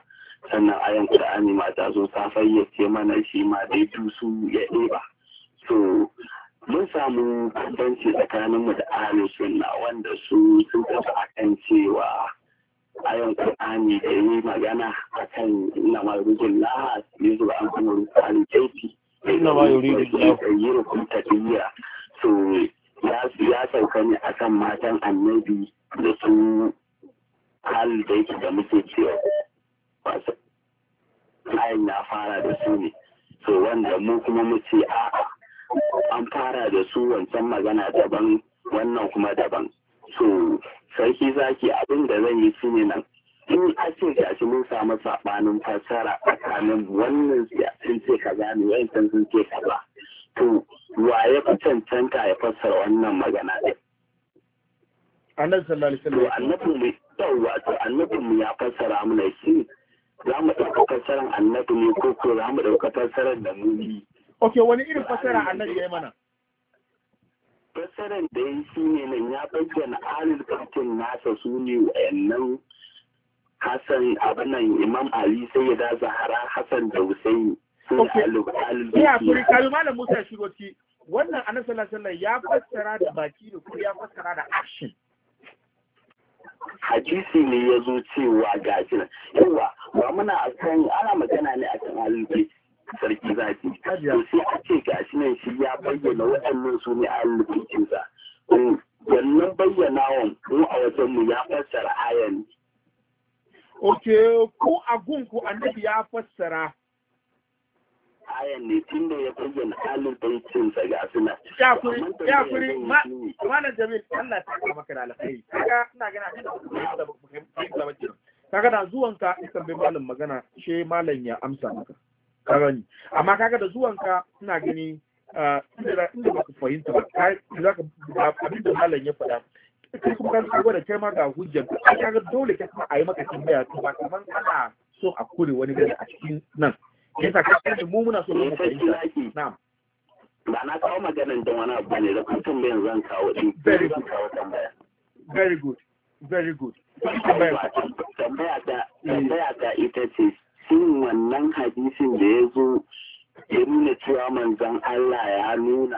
sannan ayan Qur'ani ma ta zo ta fayyace mana shi ma dai su ya ɗeba so mun samu tsakanin mu da ahlus sunna wanda su sun tafi akan cewa ayon Qur'ani da yi magana akan inna ma yuridullah yuzu an kuma rubutu kaifi inna ma yuridullah yurukum tadiyya so ya ya sauka ne akan matan annabi da su hal da yake da muke cewa ayin ya fara da su ne so wanda mu kuma mu ce a'a an fara da su wancan magana daban wannan kuma daban so sarki zaki abin da zan yi shi ne nan in a ce gashi mun samu sabanin fassara tsakanin wannan sun ce kaza ne wayancan sun ce kaza to wa ya fi cancanta ya fassara wannan magana ne? annabi sallallahu alaihi wasallam annabi ne to annabi mu ya fassara mana shi za mu ɗauka fassarar annabi ne ko ko za mu ɗauka fassarar da mu yi ok wani irin fasara nan ya yi mana fasaran da ya shi ne nan ya bayyana alil kaftin nasa su ne wayannan Hassan abinan Imam Ali sai ya da hara Hassan da Hussein Ya kuri kalu malam Musa shigo wannan a nasa alaihi ya fassara da baki da kuma ya fassara da action hadisi ne ya zo cewa gashi yawa wa muna kan ana magana ne akan alibi sarki za zaki to sai a ce ga shi nan shi ya bayyana waɗannan su ne a lukuncinsa wannan bayyanawan mu a wajenmu ya fassara ayan Oke, ko a gunku annabi ya fassara. Ayan ne tun da ya bayyana halin baitinsa ga suna. Ya kuri, ya kuri malam Jamil, Allah ta kama maka da alkhairi. Kaga ina gana abin da kuka yi da bakin. Kaga da zuwanka isan bai malam magana, she malam ya amsa maka. karani amma kaga da zuwanka ina gani ah, inda ba ku fahimta ba za ka abin da malam ya faɗa kai kuma kan kago da kai ma ga hujjar ka kaga dole ka kuma ayi maka tambaya to ba kaman ana so a kure wani gari a cikin nan kai ka kai mu muna so mu fahimta na'am ba na kawo maganan da wani abu ne da kun tambayan zan kawo din very good very good very good tambaya da eh. tambaya da ita ce shin wannan hadisin da ya zo ya nuna cewa manzon Allah ya nuna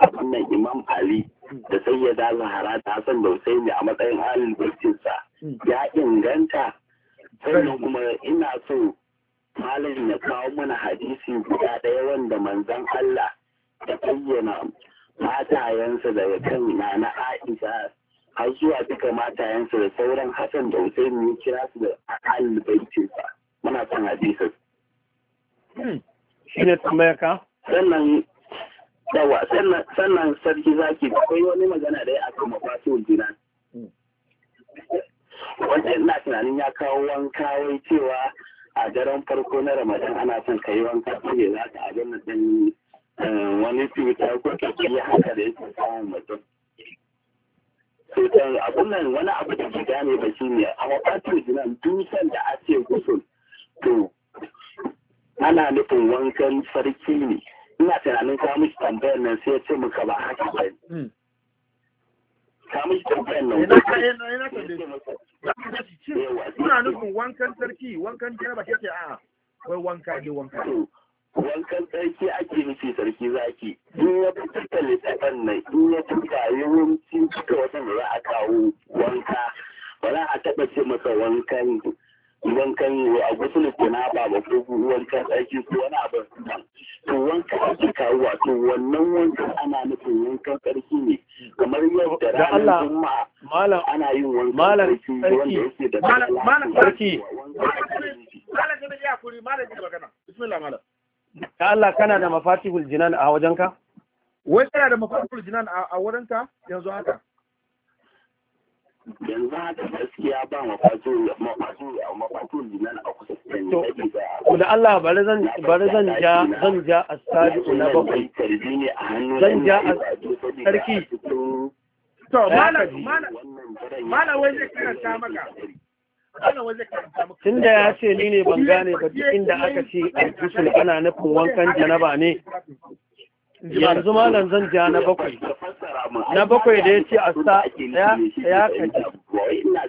wannan Imam Ali da Sayyida Zahara da Hassan da Husaini a matsayin halin barcinsa ya inganta sannan kuma ina so malam ya kawo mana hadisi guda ɗaya wanda manzon Allah ya bayyana matayensa daga kan na Aisha har zuwa duka matayensa da sauran Hassan da Husaini ya kira su da halin barcinsa. muna son hadisin hmm. shi ne tambayar ka sannan yawa sannan sarki zaki akwai wani magana da ya aka mafasu jina hmm. wanda ina tunanin ya kawo wanka wai cewa a daren farko na ramadan ana son ka yi wanka ne za ka abin da ɗan eh, wani cuta ko kake haka da yake samun mutum cutar eh, abun nan wani abu da ke gane ba shi ne a mafasu jina dusan da ake gusul to ana nufin wankan sarki ne ina tunanin ka miki tambayar nan sai ya ce muka ba haka ba hmm. ka miki tambayar nan ina nufin wankan sarki wankan jaraba ke ce a wai wanka ne wanka wankan sarki ake nufi sarki zaki in ya fita littafan nan in ya fita wasan da za a kawo wanka ba za a taɓa ce masa wankan idan kan yi a gusul na ba ba ko kan tsaki ko wani abin to wankan ake kawo to wannan wankan ana nufin wankan tsarki ne kamar yau da ranar juma'a ana yin wankan tsarki wanda malam tsarki malam ya kuri malam bismillah malam ta Allah kana da mafatihul jinan a wajenka wai kana da mafatihul jinan a wurinka yanzu haka yanzu haka gaskiya ba a kusa to da Allah zan zan ja zan ja astadi na bakwai zan ja sarki ya ce ni ne ban gane ba duk inda aka ce a ana nufin wankan janaba ne yanzu malam zan ja na bakwai na bakwai da ya ce a sa ya kaji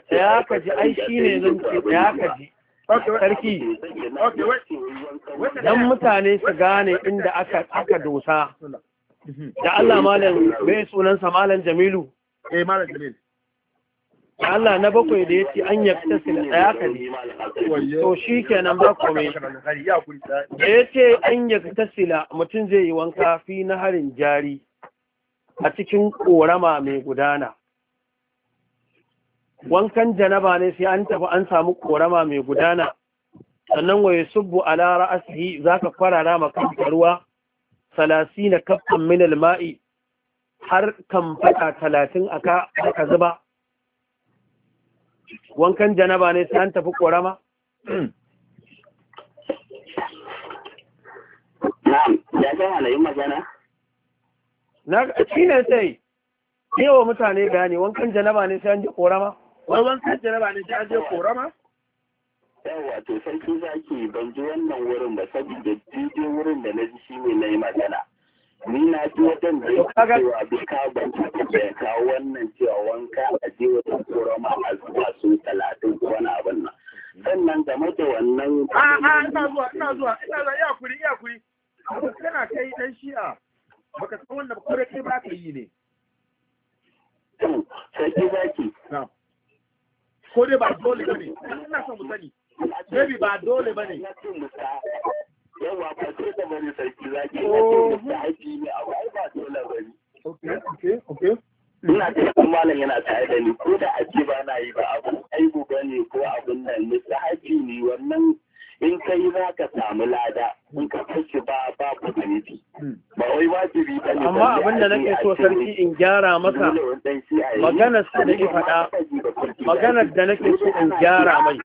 ya kaji ai shi ne zan ce ya kaji sarki don mutane su gane inda aka dosa mm-hmm. da Allah malam bai sunansa malam Jamilu eh malam Jamilu Allah na bakwai da ya ce an ta sila ɗaya ka ne to shi nan ba kome da ya ce an ta sila mutum zai yi wanka fi na harin jari a cikin ƙorama mai gudana wankan janaba ne sai an tafi an samu ƙorama mai gudana sannan waye subbu ala ra'asihi zaka farara maka ruwa na kafin min alma'i har kan faɗa talatin aka aka zuba wankan janaba ne sai an tafi ƙorama? Na shi ne sai, yi wa mutane gane wankan janaba ne sai an je ƙorama? Wai wankan janaba ne sai an je ƙorama? Yawa, to sarki zaki ban ji wannan wurin ba, da daidai wurin da na ji shi ne na yi magana. ni na ji wajen da ya kawo abin kawo da ya kawo wannan cewa wanka a je wajen kurama a zuwa su talatin ko wani abin nan sannan game da wannan a'a ah, ah, ina zuwa ina zuwa ina zuwa iya kuri iya kuri kana kai dan shi'a baka san wanda ba kore kai ba ka yi ne sai ki zaki ko dai ba dole ba ne, ina son mu sani baby ba dole ba ne. yawa ba ce da bari sarki zaki na ce da haifi ne a wai ba dole bane okay okay okay ina ta malam yana tare da ni ko da a ce ba na yi ba abun aibu bane ko abun nan ne haifi ne wannan in ka yi za ka samu lada in ka kashe ba ba ku da nufi ba wai wajibi ba ne amma abin da nake so sarki in gyara maka maganar da nake faɗa maganar da nake so in gyara mai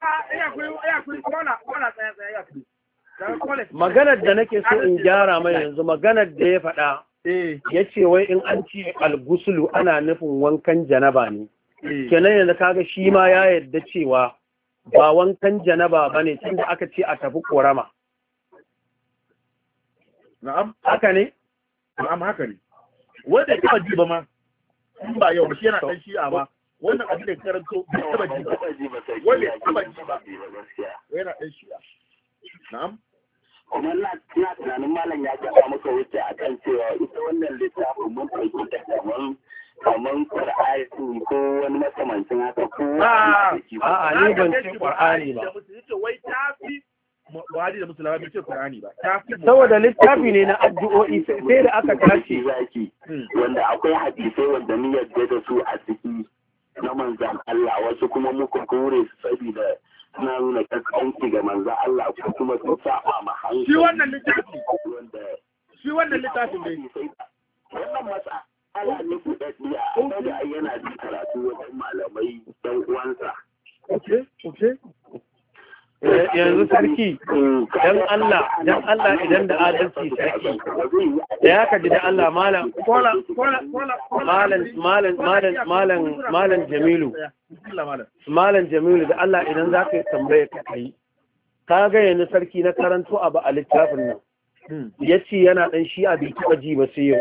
maganar da nake so in gyara mai yanzu maganar da ya faɗa eh. ya ce wai in an ce algusulu ana nufin wankan janaba ne eh. kenan yanzu kaga shi ma ya yarda cewa ba wankan janaba ba ne tun da aka ce a tafi korama na'am haka ne na'am haka ne wanda ya ji ba ma in ba yau shi yana ɗan shi'a ba wannan abin da karanto ba ji ba wanda ya ji ba yana ɗan shi'a na'am kuma na na tunanin malam ya kafa maka wuce a kan cewa ita wannan littafin mun ɗauki ta kamar kamar qur'ani ko wani makamancin haka ko a'a ni ban ce qur'ani ba wai tafi Buhari da Musulama bai ce Qur'ani ba. Saboda littafi ne na addu'o'i sai da aka tashi. Hmm. Wanda akwai hadisai wanda mun yadda da su a ciki na manzan Allah wasu kuma muka kore su saboda suna nuna kaskanci ga manzo Allah ko kuma su saba a hankali shi wannan littafi shi wannan littafin dai wannan masa Allah ne ku da dadiya annabi yana karatu wajen malamai dan uwansa okay okay Eh, yanzu sarki dan Allah dan Allah idan da adalci sarki da ya kaji da Allah malam kola kola kola malam malam malam malam malam Jamilu malam Jamilu da Allah idan za ka tambaye ka kai ka ga yanzu sarki na karanto abu a littafin nan hmm. yace yana dan shi a bai ji ba sai yau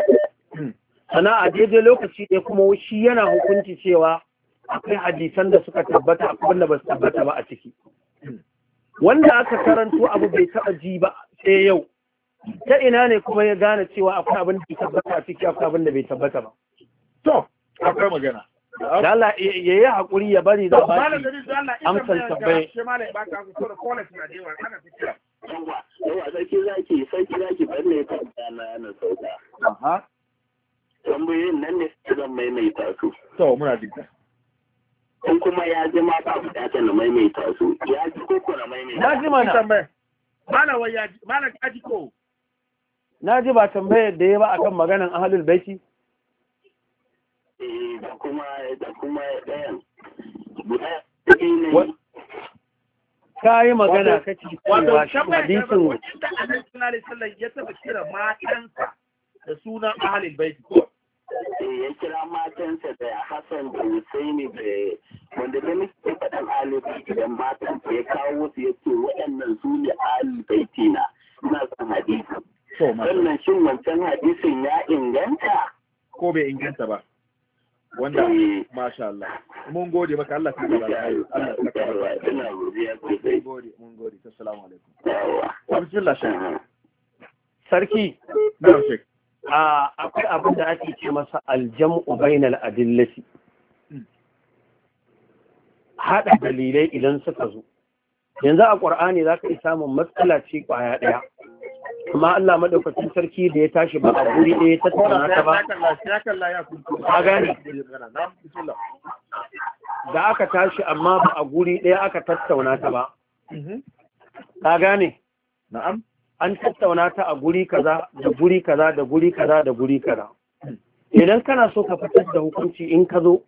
hmm. sana a daidai lokaci ne kuma shi yana hukunci cewa akwai hadisan da suka tabbata akwai wanda ba su tabbata ba a ciki wanda aka karanto abu bai taɓa ji ba sai yau ta ina ne kuma ya gane cewa akwai abin da bai tabbata a ciki akwai abin da bai tabbata ba to akwai magana Allah ya yi haƙuri ya bari da ba shi amsan tabbai. Tambayoyin nan ne zan maimaita su. To, muna dinka. in kuma ya ji ma ba bukatar na maimaita su ya ji ko ko na maimaita na ji mana mana wai ya ji mana ka ji ko na ji ba tambayar da ya ba akan maganan ahlul baiti eh da kuma da kuma ɗayan guda ne ka yi magana kake cewa hadisin ya taɓa kira matansa da sunan ahlul baiti Eh, ya kira matansa da Hassan da Husaini da wanda da muke faɗan alibai idan matan ya kawo su ya ce waɗannan su ne tina na san hadisi. Sannan shin wancan hadisin ya inganta? Ko bai inganta ba. Wanda eh. masha Allah. Mun gode maka Allah ta kara rayu. Allah ta kara rayu. Ina godiya sosai. Mun gode, mun gode. Assalamu alaikum. Yawa. Bismillah shekara. Sarki. Na shekara. akwai abin da ake ce masa aljam'u bainal adillati haɗa dalilai idan suka zo yanzu a ƙwar'ani za ka yi samun matsala ce ƙwaya ɗaya amma Allah madaukakin sarki da ya tashi ba a guri ɗaya ta tattauna ta ba ka gane da aka tashi amma ba a guri ɗaya aka tattauna ta ba ka gane na'am an tattauna ta a guri kaza da guri kaza da guri kaza da guri kaza idan kana so ka fitar da hukunci in ka zo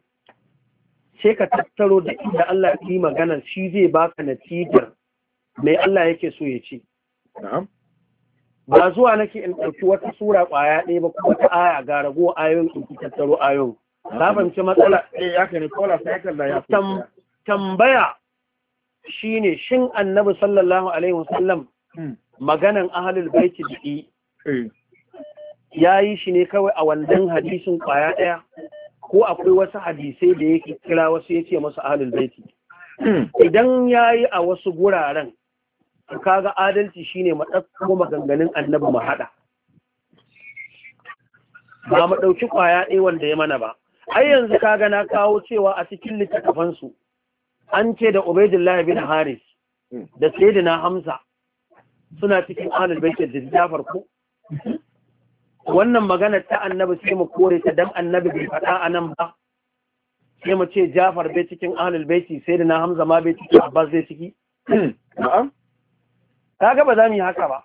sai ka tattaro da inda Allah ya yi magana shi zai baka natijar mai Allah yake so ya ce ba zuwa nake in ɗauki wata sura ƙwaya ɗaya ba kuma ta aya ga rago ayon in ki tattaro ayon na fahimci matsala ya eh, ya kai sai tambaya shine shin annabi sallallahu alaihi wasallam hmm. maganan ahalul baiti jiki ya yi shi ne kawai a wannan hadisin kwaya ɗaya ko akwai wasu hadisai da yake kira wasu ya ce masu ahalul baiti idan ya yi a wasu guraren kaga adalci shine ne ɗauko maganganun annabi mu haɗa ba mu ɗauki kwaya ɗaya wanda ya mana ba ai yanzu kaga na kawo cewa a cikin littattafansu an ce da Ubaidullahi bin Haris da Sayyidina Hamza suna cikin ahlul baitin da jafar farko. wannan magana ta annabi sai mu kore ta dan annabi bai fada a nan ba sai mu ce jafar bai cikin ahlul baiti sai da na hamza ma bai cikin abbas bai ciki na'am kaga ba za mu yi haka ba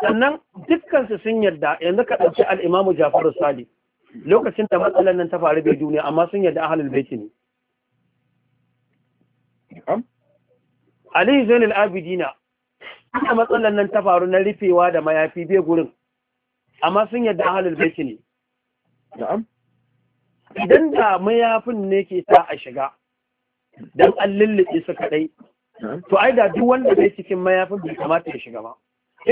sannan dukkan su sun yarda yanzu ka ɗauki al-imamu jafaru sali lokacin da matsalar nan ta faru bai duniya amma sun yarda ahlul baiti ne Aliyu ali zainul abidina haka matsalar nan ta faru na rufewa da mayafi bai gurin amma sun yadda ahalul baiti ne na'am idan da mayafin ne ke sa a shiga don an lullube su kadai to ai da duk wanda bai cikin mayafin bai kamata ya shiga ba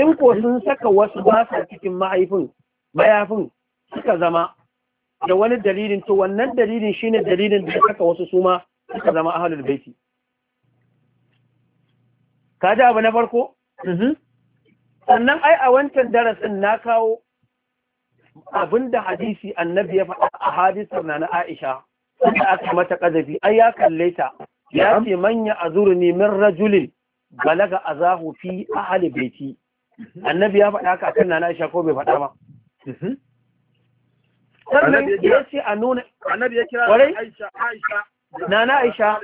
in ko sun saka wasu ba cikin mahaifin mayafin suka zama da wani dalilin to wannan dalilin shine dalilin da saka wasu suma suka zama ahlul baiti kaji abu na farko Mm-hmm. sannan ai a wancan darasin na kawo abinda hadisi annabi ya faɗa a hadisar na na Aisha da aka mata kazafi ai ya kalle ta ya ce manya azuru ne min rajulin balaga azahu fi ahli baiti mm-hmm. annabi ya faɗa haka kan na Aisha ko bai faɗa ba mm-hmm. sannan ya ce a nuna annabi ya kira Aisha Aisha na na Aisha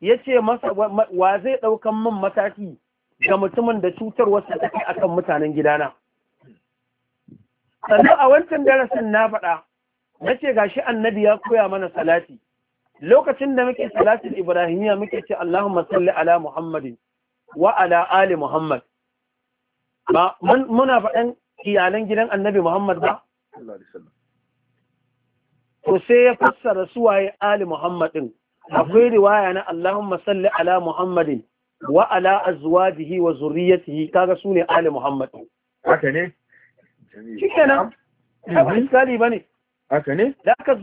ya ce masa wa zai ɗaukan min mataki ga mutumin da cutar wasu take akan mutanen gidana sannan a wancan darasin na faɗa na ce gashi annabi ya koya mana salati lokacin da muke salatin ibrahimiya muke ce Allahumma salli ala muhammadin wa ala ali muhammad ba muna faɗan iyalan gidan annabi muhammad ba to sai ya fassara suwaye ali muhammadin akwai riwaya na Allahumma salli ala muhammadin wa ala azwajihi wa zurriyatihi kaga sune ali muhammad haka ne shikenan ba mhm. iskali bane haka ne da aka sa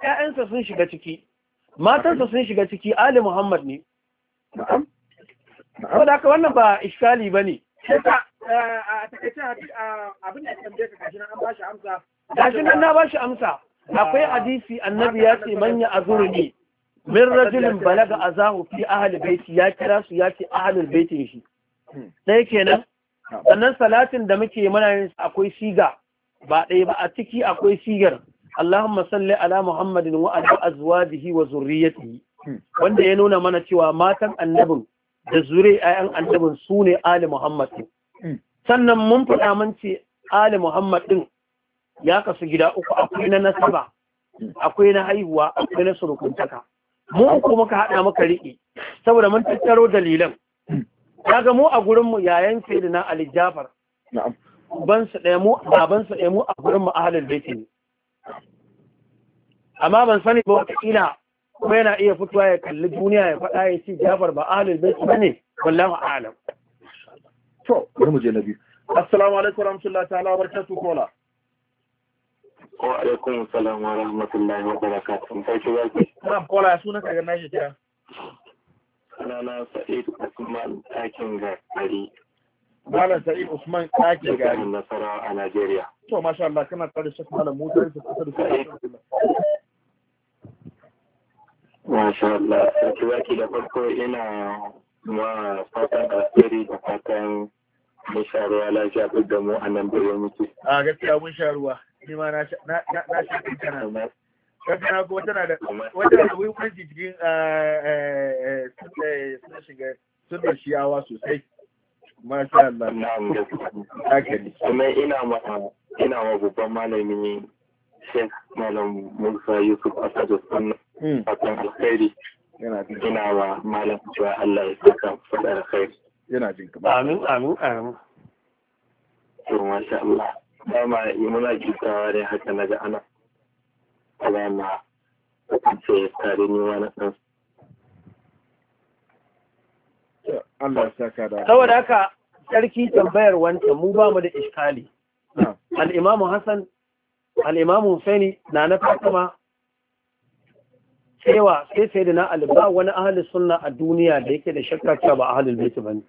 ƴaƴansa sun shiga ciki matansa sun shiga ciki ali muhammad ne na'am saboda da aka wannan ba iskali bane eh, a abin da tambaye ka gashi nan an shi amsa gashi nan na bashi amsa akwai hadisi annabi ya ce manya azurni min rajulin balaga azahu fi ahli baiti ya kira su ya ce ahlul baitin shi sai hmm. kenan hmm. sannan salatin da muke mana yin akwai siga ba ɗaya ba a ciki akwai sigar Allahumma salli ala Muhammadin wa ala azwajihi wa zurriyyatihi hmm. wanda ya nuna mana cewa matan annabin da zure ayan annabin su ne ali Muhammad sannan mun faɗa mun ce ali Muhammad din ya kasu gida uku akwai na nasaba akwai na haihuwa akwai na surukuntaka mu ko muka haɗa maka riƙe. saboda mun tattaro dalilan kaga mu a gurin mu yayan sayyidina Ali Jafar na'am ban su ɗaya mu baban su ɗaya mu a gurin mu ahlul bait ne amma ban sani ba wata ila kuma yana iya fitowa ya kalli duniya ya faɗa ya ce Jafar ba ahlul bait bane wallahu a'lam to bari mu je na biyu assalamu alaikum warahmatullahi ta'ala wa barakatuh kola Wa alaikum salam wa rahmatullahi wa barakatuh. Sai ki zaki. Na'am kola sunan ka ga nashi kira. na Sa'id Usman ɗakin gari. Malam Sa'id Usman ɗakin gari. Nasara a Najeriya. To masha Allah kana tare shi malam Musa da kusa da kusa. Masha Allah, sarki zaki da farko ina ma fatan alheri da fatan mun sha ruwa lafiya duk da mu a nan da muke. A gaskiya mun sha ruwa. ni ma na sha kan tana kankana kuma tana da wata da muhimmanci cikin eh, eh, eh, suna shiga suna shiyawa sosai masha Allah haka ne kuma ina ma ina ma babban malami Sheikh Malam Musa Yusuf Asadu Sunna hmm. fatan alkhairi ina ma malam cewa Allah ya saka fadar alkhairi yana jin kuma amin amin amin to masha Allah dama muna kisawa dai haka na ga ana alama ce ya tare ni wani ɗan Allah saka da saboda haka sarki tambayar wanta mu ba mu da iskali al-imamu Hassan al-imamu Husaini na na Fatima cewa sai sai da na alba wani ahalin sunna a duniya da yake da shakka ba ahalin ta bane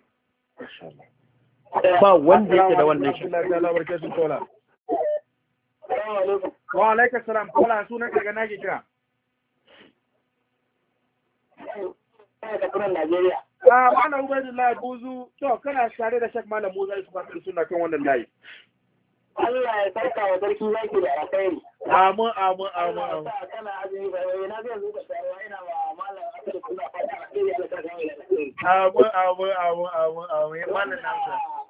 ba wanda yake da wannan shi wa alaika salam kola sunan ka ga nake kira a ah, mana ubaidullahi buzu to kana tare da shek malam buzu ai kuma sunna kan wannan layi Allah ya sarka wa sarki zaki da alkhairi amin amin amin amin kana azumi ba wai eh, na zai zuba sarwa ina wa malam asiri kuma fata alkhairi alkhairi amin amin amin amin malam nan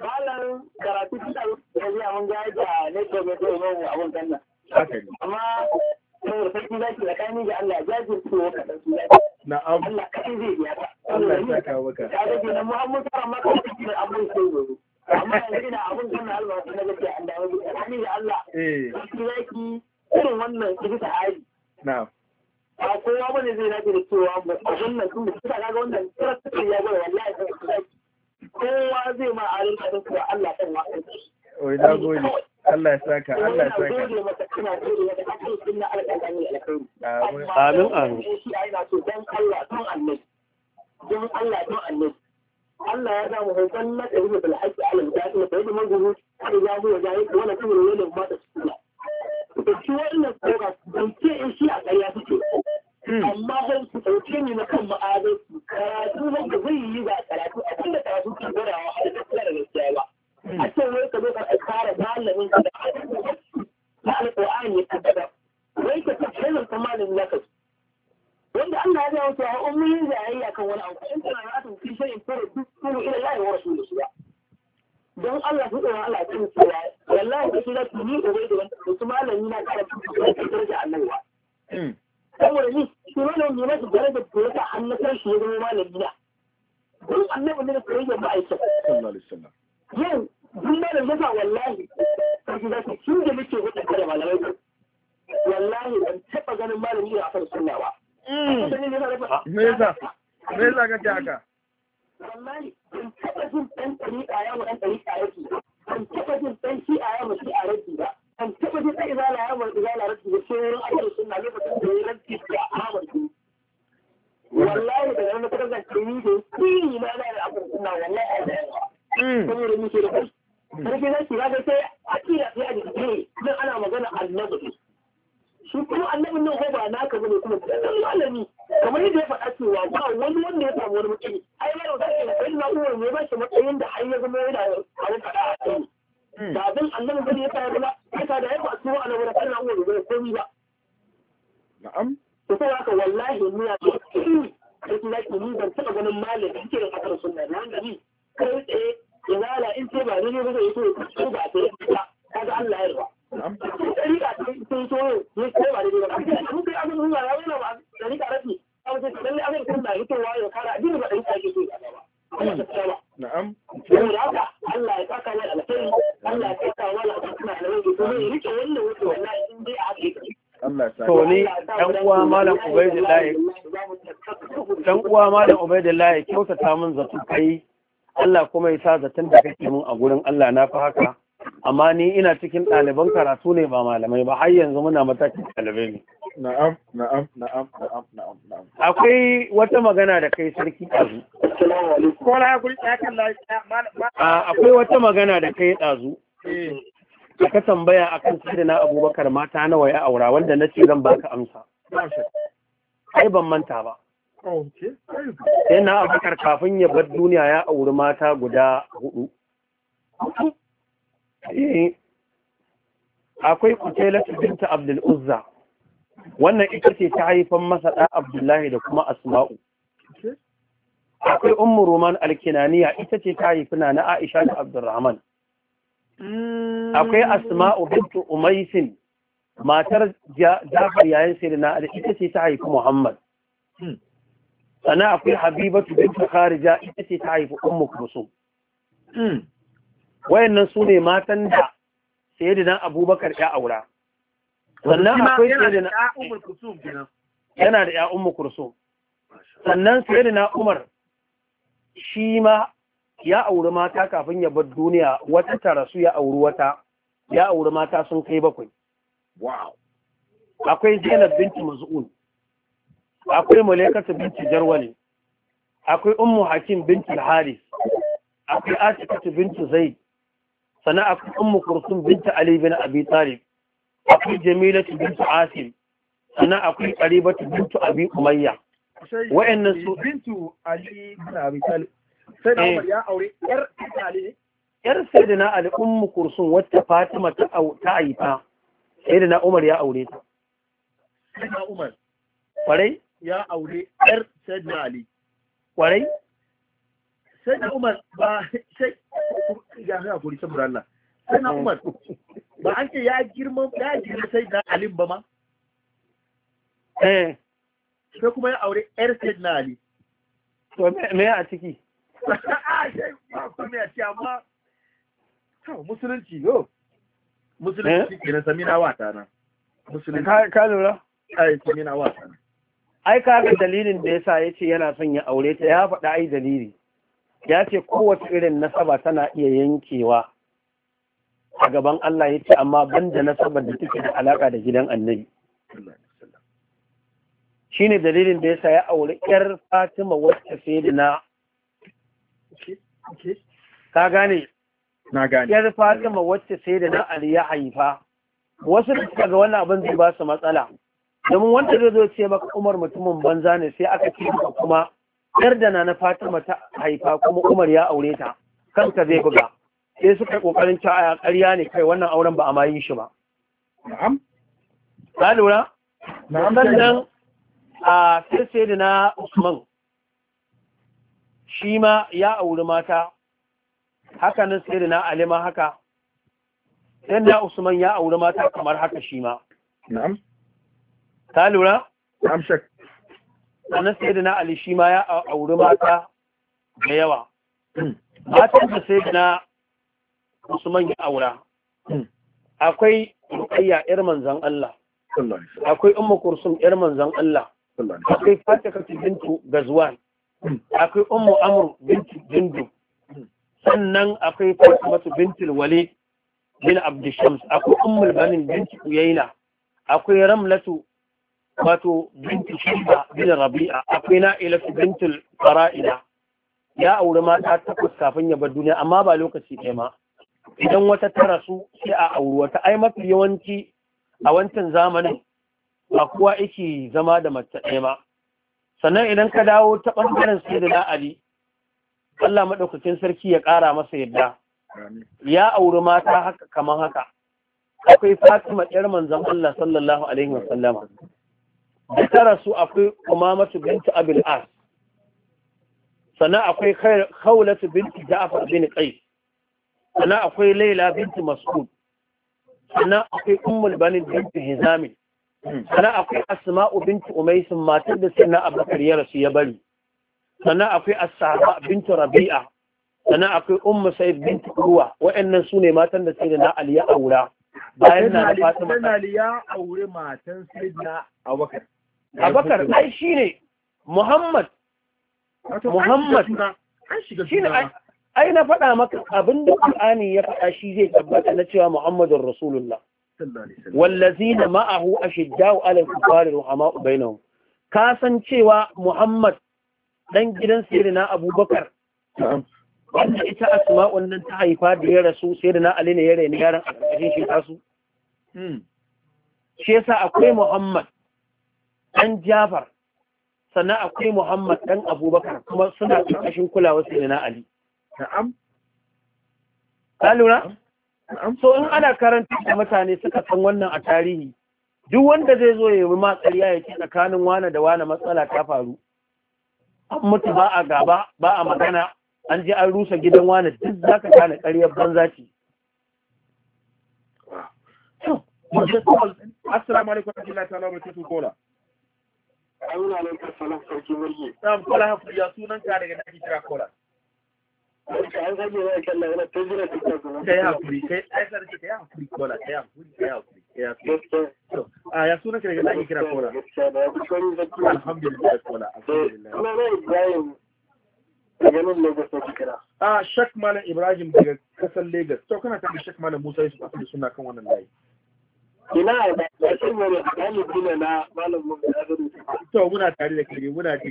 malam karatu shi da ya mun da ne ko ne ko ne abun nan. amma to sarki zaki tsakani da Allah jajirce wa kadan su na'am Allah kai zai biya Allah ya saka maka ka ga ne Muhammad sallallahu da abun sai amma yanzu ina abun kanna Allah sai na gaskiya Allah ya da Allah eh sarki zaki irin wannan kiji ta hali na'am ba kowa bane zai nace da cewa ba wannan da kaga wannan tsara ya ga wallahi sai kowa zai ma a rinka da kuwa Allah kan wasan Oi na Allah ya saka, Allah ya saka. Amin amin. Don Allah don annabi. Allah ya damu hoton na ɗari da bilhaji alam da ya ɗaya da maguru har ya huwa ya yi wani kamar wani da mata su Da shi wannan kowa, ban ce in shi a ƙarya suke. Hmm. amma zan su ɗauke ni na kan ma'adai karatu wanda zai yi ba karatu abin da karatu ke gwada a har da kula da gaskiya ba hmm. a ce wai ka zo ka tsara malamin ka da na alƙur'ani ya kaddara wai ka ce kai zan malamin ya kasu wanda Allah ya ga cewa in mun yi zayayya kan wani abu in kana na ta fi shayin fara duk kuma ila ya yi wasu da shi ba don Allah su tsoron Allah ya cewa wallahi da shi za su yi ubai da wani su malami na kara tuka da nan annabawa saboda ni shi ne ne masu tare da koyata annabar shi ya zama malami na duk annabi ne da koyar ma'aikata sallallahu yau duk da da zafa wallahi kaji da su tun da muke hudu da malamai ko wallahi ban taba ganin malami da afar sunna ba hmm. ah, me yasa me yasa kake haka wallahi ban taba jin dan tariqa ya mu dan tariqa yake ban taba jin ɗan shi a ya mu shi a rabbi ba ban taba jin dan izala ya mu izala rabbi ba sai wurin afar sunna lokacin da ya domin da kiri na da abin kuma wannan hmm. muke da kai hmm. sarki zaki za ka sai a kira sai a nan ana magana annabi shi kuma annabin nan ko ba naka bane kuma dan malami kamar yadda ya faɗa cewa ba wani wanda ya samu wani mutum ai ba da ne ba shi matsayin da har ya zama yana uwa malam ya kyautata min zato kai Allah kuma ya sa zaton da kake min a gurin Allah na fi haka amma ni ina cikin ɗaliban karatu ne ba malamai ba har yanzu muna matakin ɗalibai ne na'am na'am na'am na'am na'am na'am akwai wata magana da kai sarki ɗazu akwai wata magana da kai ɗazu eh. da ka tambaya akan na abubakar mata nawa ya aura wanda na ce zan baka amsa ai ban manta ba sai na abokar kafin ya bar duniya ya auri mata guda hudu eh, akwai kutelatu binta abdul uzza wannan ita ce ta haifan masa abdullahi da kuma asma'u akwai ummu roman alkinaniya ita ce ta haifi na na aisha da abdurrahman mm. akwai asma'u Binta umaisin matar jafar yayin sai da ita ce ta haifi muhammad hmm. sana akwai habibatu bin kharija ita ce ta haifi ummu kulsum hmm. wayannan su ne matan da sayyidinan abubakar ya aura sannan akwai sayyidina ummu kulsum yana da ya ummu kulsum sannan sayyidina umar shi ma ya auri mata kafin ya bar duniya wata tara su ya auri wata ya auri mata sun kai bakwai wow akwai zainab binti maz'un akwai Malekatu binti jarwali akwai ummu hakim binti haris akwai atikatu binti zaid sannan akwai ummu kursum binti ali bin abi talib akwai jamilatu binti asim sannan akwai qaribatu binti abi umayya wa'annan su bintu ali bin abi talib sai da eh. ya aure yar ali yar sayyidina ali ummu kursum wata fatima ta ta sayyidina umar ya aure ta sayyidina umar kwarai ya aure yar na ali kwarai na umar ba sai ya kuri sabu saboda Allah na eh. umar ba an ce ya girma ya girma na ali ba ma eh. sai kuma ya aure yar na ali to me a ciki ya ce amma musulunci yo musulunci eh? kenan samina wata na musulunci ka lura ai samina wata na ai kaga dalilin da yasa yace yana son ya aure ta ya faɗa ai dalili ya ce kowace irin nasaba tana iya yankewa a gaban Allah ya ce amma banda nasabar da take da alaka da gidan annabi shine dalilin da yasa ya aure yar Fatima wacce sai da na ka gane na gane yar Fatima wacce sai da na Ali ya haifa wasu daga suka ga wannan abin zai ba su matsala domin wanda zai zo ce maka umar mutumin banza ne sai aka ce maka kuma yar da na na fatima ta haifa kuma umar ya aure ta kanka zai buga sai suka kokarin ta a ƙarya ne kai wannan auren ba a ma yi shi ba na'am ka lura sannan a sai sai da na usman shi ma ya auri mata haka nan sai da na alima haka sai da usman ya auri mata kamar haka shi ma na'am Ta lura amshak sannan sai da na ali shi ma ya auri mata da yawa matan da sai da na usman ya aura akwai rukayya yar manzan Allah akwai Umma Kursun yar manzan Allah akwai fatika bintu gazwan akwai ummu amr bintu jindu sannan akwai fatimatu bintu walid bin abdushams akwai ummul banin bintu uyaina akwai ramlatu wato binti shida bin rabi'a akwai na'ila Bintu fara'ila ya auri mata takwas kafin ya bar duniya amma ba lokaci ɗaya ma idan wata ta rasu sai a auri wata ai mafi yawanci a wancan zamanin ba kowa yake zama da mace ɗaya ma sannan idan ka dawo ta ɓangaren sai da ali Allah maɗaukakin sarki ya ƙara masa yadda ya auri mata haka kamar haka akwai fatima ƴar manzon Allah sallallahu alaihi sallama da tara su akwai umamatu binti abil as sannan akwai khawlatu binti ja'far bin qais sannan akwai laila binti mas'ud sannan akwai ummul banin binti hizami sannan akwai asma'u binti umays matar da sannan abubakar ya rasu ya bari sannan akwai as-sahaba binti rabi'a sannan akwai ummu sa'id binti ruwa wa'annan sune matan da sayyidina ali ya aura bayan na da fatima sayyidina ali ya aure matan sayyidina abubakar abakar ai shine muhammad muhammad shine ai na faɗa maka abin da qur'ani ya faɗa shi zai tabbata na cewa muhammadur rasulullah wallazina ma'ahu ashiddau 'alal kufari ruhamau bainahum ka san cewa muhammad ɗan gidan sirina abubakar wanda ita asma'un wannan ta haifa da ya rasu sirina ali ne ya reni yaran a ƙarƙashin shi tasu hmm. shi yasa akwai muhammad ɗan jafar sannan akwai muhammad ɗan abubakar kuma suna ƙarƙashin su ne na ali na'am ta lura so in ana karanta da mutane suka san wannan a tarihi duk wanda zai zo ya yi matsari ya ce tsakanin wane da wane matsala ta faru an mutu ba a gaba ba a magana an je an rusa gidan wane duk za ka gane ƙaryar banza ce Assalamu alaikum warahmatullahi ta'ala wa barakatuh kola Amina alaikar salam sarki mulki. Na'am kola ya sunan ka daga nake kira kola. An sake yana kalla yana ta jira ta kai ai sarki kola kai hakuri kai hakuri kai hakuri. A ya sunan ka daga nake kira kola. Alhamdulillah kola. Alhamdulillah. Ibrahim daga nan kira. A Shak Malam Ibrahim daga kasar Lagos. To kana kan Shak Malam Musa Yusuf a suna kan wannan layi. ina ba shi ne galibi ne na malam mun da zuru to muna tare da kai muna ji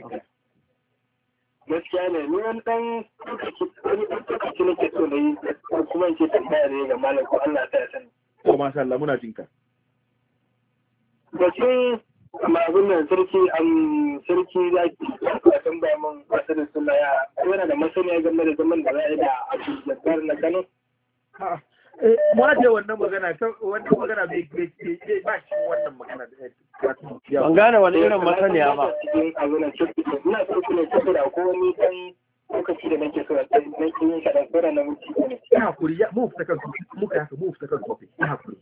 gaskiya ne ni wani dan wani dan lokaci nake so na ne kuma in ce tambaya ne ga malam ko Allah ta sani to masha Allah muna jinka gaskiya magun nan sarki am sarki zaki a tambaya mun masanin sunna ya yana da masaniya game da zaman da za a yi da na Kano mu eh, aje wannan magana wannan magana bai bai ba shi wannan magana da ban gane wani irin masaniya ba ina so ku ne saboda ko wani dan lokaci da nake so da nake yin na ina hakuri ya mu fita muka haka mu fita kan ina hakuri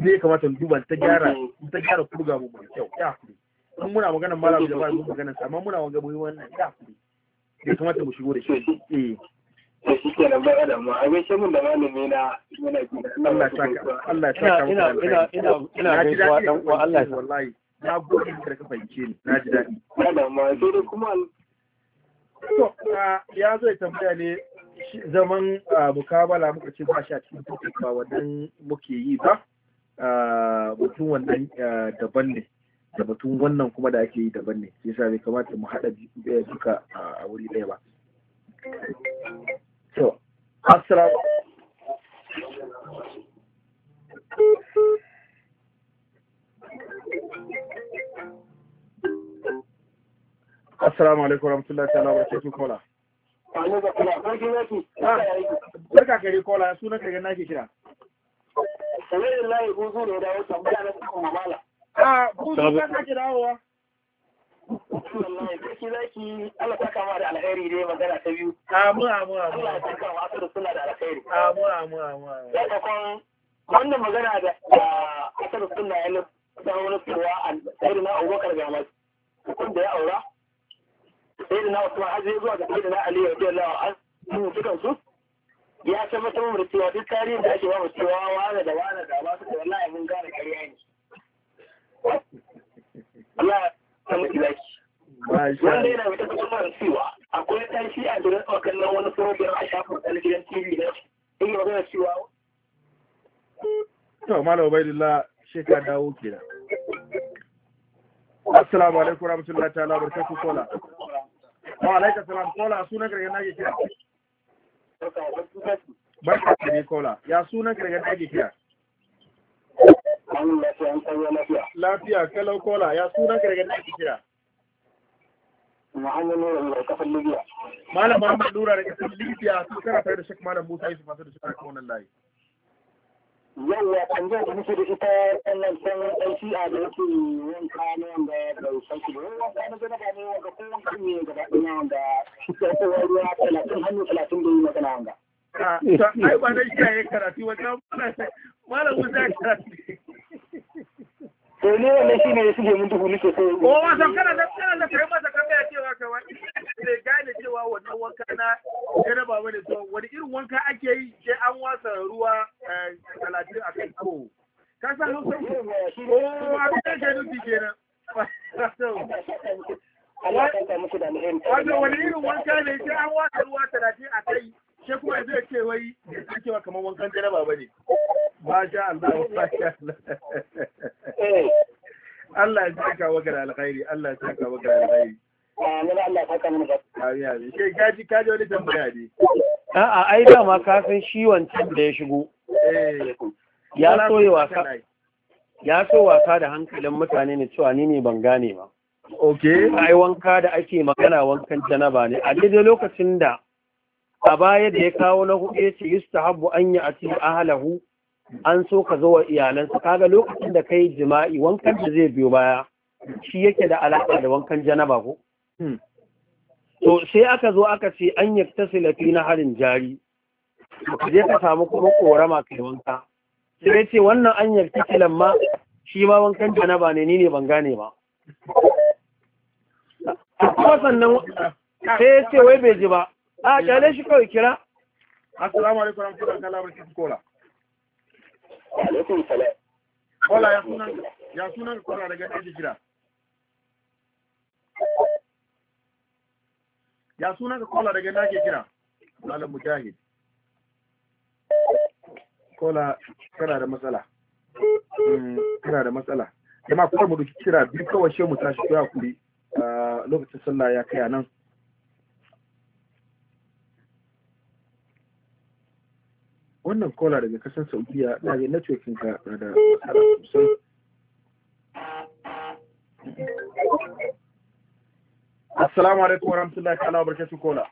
ne ya kamata mu duba ta gyara ta gyara kurga mu mai kyau ina hakuri in muna malam da ba mu magana amma muna wanga mu wannan ina hakuri ya kamata mu shigo da shi eh da shi ke nan bayan a gaishe mun da malami na Allah ya saka Allah ya saka ina ina ina ina dan uwa Allah ya wallahi na gode da ka fahimce ni na ji da sai kuma to ya zo ya tambaya ne zaman mukabala muka ce ba shi a cikin ba wannan muke yi ba mutum wannan daban ne da batun wannan kuma da ake yi daban ne shi yasa bai kamata mu haɗa duka a wuri ɗaya ba to assalamu Assalamu alaikum warahmatullahi ta'ala wa barakatuh kola. Barka kare kola sunan kare na ke kira. Sanayin layi buzu ne da wata bayanan kuma mala. Ah, buzu kan kake dawowa. wallahi sarki da alkhairi dai da da alkhairi wannan magana da asar yana wani an sai na ga masu da ya aura na zuwa ga na su ya ce mata mu cewa duk tarihin da ake ba cewa da da ba su da wallahi mun gane ƙarya ne ta mutu wanda mai cewa akwai ɗan shi a jiran tsakanin nan wani program a shafin ɗan tv na shi yi magana cewa to malam shi ka dawo kenan assalamu alaikum warahmatullahi ta'ala barkatu kola wa alaikum salam kola sunan gargan nake kira barka kola ya sunan gargan nake kira lafiya kalau kola ya sunan ka daga nake kira Muhammad Nura daga kasar Libya Malam Muhammad Nura daga kasar Libya sun karanta da Sheikh Malam Musa Yusuf Masu da shi kan wannan layi yawa tambayar da muke da ita wannan san ɗan shi'a da yake wanka ne wanda bai san shi ba wanka na gaba ne wanda ko wanka ne gaba ɗaya wanda shi ke kowa ruwa talatin hannu talatin da yi magana wanda ah, ai ba dai shi ya karatu wajen malam musa karatu to ne wannan shi ne ya mun duhu nake O ko wasan kana da kana da kai masa kan ya cewa ka wani sai gane cewa wannan wanka na kana ba bane to wani irin wanka ake yi sai an wasa ruwa 30 akan ko ka san hausa shi ne abin da ke Allah ya ta muku da muhimmanci. Wannan wani irin wanka ne sai an wasa ruwa 30 a kai shi kuma zai ce wai da ta wa kamar wankan jaraba ba ne ba sha Allah ba sha Allah eh. Allah ya saka wa gara alkhairi Allah ya saka wa gara alkhairi Amin Allah saka mu da Amin amin shi kaji wani tambaya ne A'a ai dama ka san shi wancan da ya shigo eh. ya so yi wasa ya so wasa da hankalin mutane ne cewa ni ne ban gane ba Ok. ai wanka da ake magana wankan janaba ne a daidai lokacin da a baya da ya kawo na hudu yace yustahabbu an ya ati ahlahu an so ka zo wa iyalansa kaga lokacin da kai jima'i wankan da zai biyo baya shi yake da alaka da wankan janaba ko hmm. to sai aka zo aka ce an yaktasila fi harin jari ka je ka samu kuma korama kai wanka sai ya ce wannan an yaktasila ma shi ma wankan janaba ne ni ne ban gane ba kuma sannan sai ya ce wai bai ji ba a kyale shi kawai kira assalamu alaikum warahmatullahi ta'ala barakatuh kola alaikum salam kola ya sunan ya sunan kola daga ɗaya kira ya sunan ka kola daga nake kira malam mujahid kola kana da matsala hmm, kana da matsala jama'a kuma mu duki kira biyu kawai shemu tashi ya kuri ah, lokacin sallah ya kai nan wannan kola daga kasan saudiya na ga networking ka na da matsala sosai assalamu alaikum wa rahmatullahi ta'ala wa barakatuh kola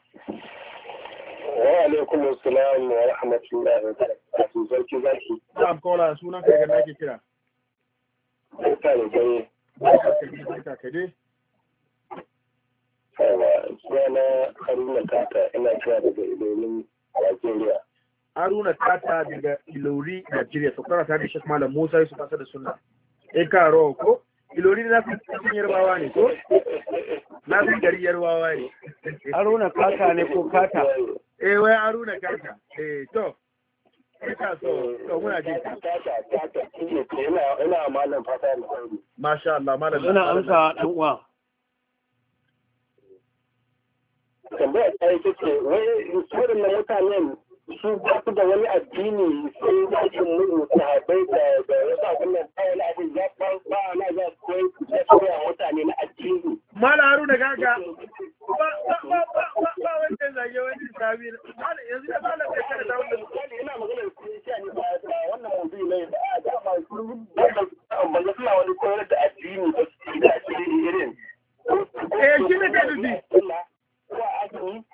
wa alaikum assalam wa rahmatullahi wa barakatuh sarki zaki na'am kola sunan ka ga nake kira barka da dare barka ka dai yawa sunana haruna kaka ina kira daga ilomin Najeriya Haruna Tata daga Ilori Nigeria su karanta da Sheikh Malam Musa Yusuf Fasa da Sunna eh rawa ko Ilori na fi cikin Yarbawa ne ko na fi gari Yarbawa ne Haruna Tata ne ko Kata eh wai Haruna Kata eh to kika so, to muna ji. Ina ina malam fata alƙawari. Masha Allah, malam. Ina amsa dan uwa. Tambaya ta yi ce, wai waɗannan mutanen su ba su da wani addini sai za su mu sahabai da da wasu abin nan ba wani abin za ba ba na za su kai da koya mutane na addini mala haruna gaga ba ba ba ba ba ba wanda zage wani sabi yanzu da mala kai kada da wannan misali ina magana da kuma shi ne ba da wannan mawdu'i ne da da ba su ba da suna wani koyar da addini ba su da addini irin eh shi ne da dubi ko a azumi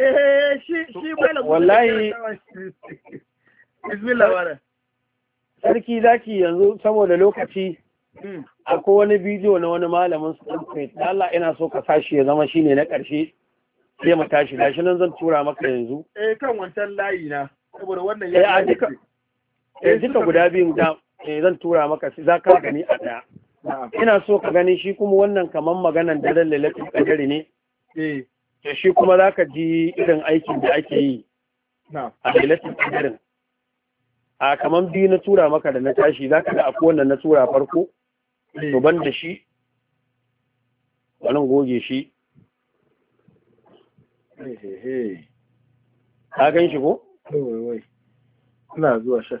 eh, wallahi bismillah wala sarki yanzu saboda lokaci hmm. akwai wani bidiyo na wani malamin su Allah ina so ka sashi ya zama shi ne na ƙarshe sai mu tashi shi nan zan tura maka yanzu eh kan wancan layi na saboda wannan yanzu. Eh, eh duka guda biyu eh zan tura maka za ka gani a daya ina so ka gani shi kuma wannan kaman maganan daren lalatin qadari ne eh to shi kuma za ka ji irin aikin da ake yi a lalatin qadarin a kaman biyu na tura maka da na tashi za ka ga akwai wannan na tura farko eh. to ban da shi wannan goge shi eh, eh, ka gan shi ko? Ina zuwa shan.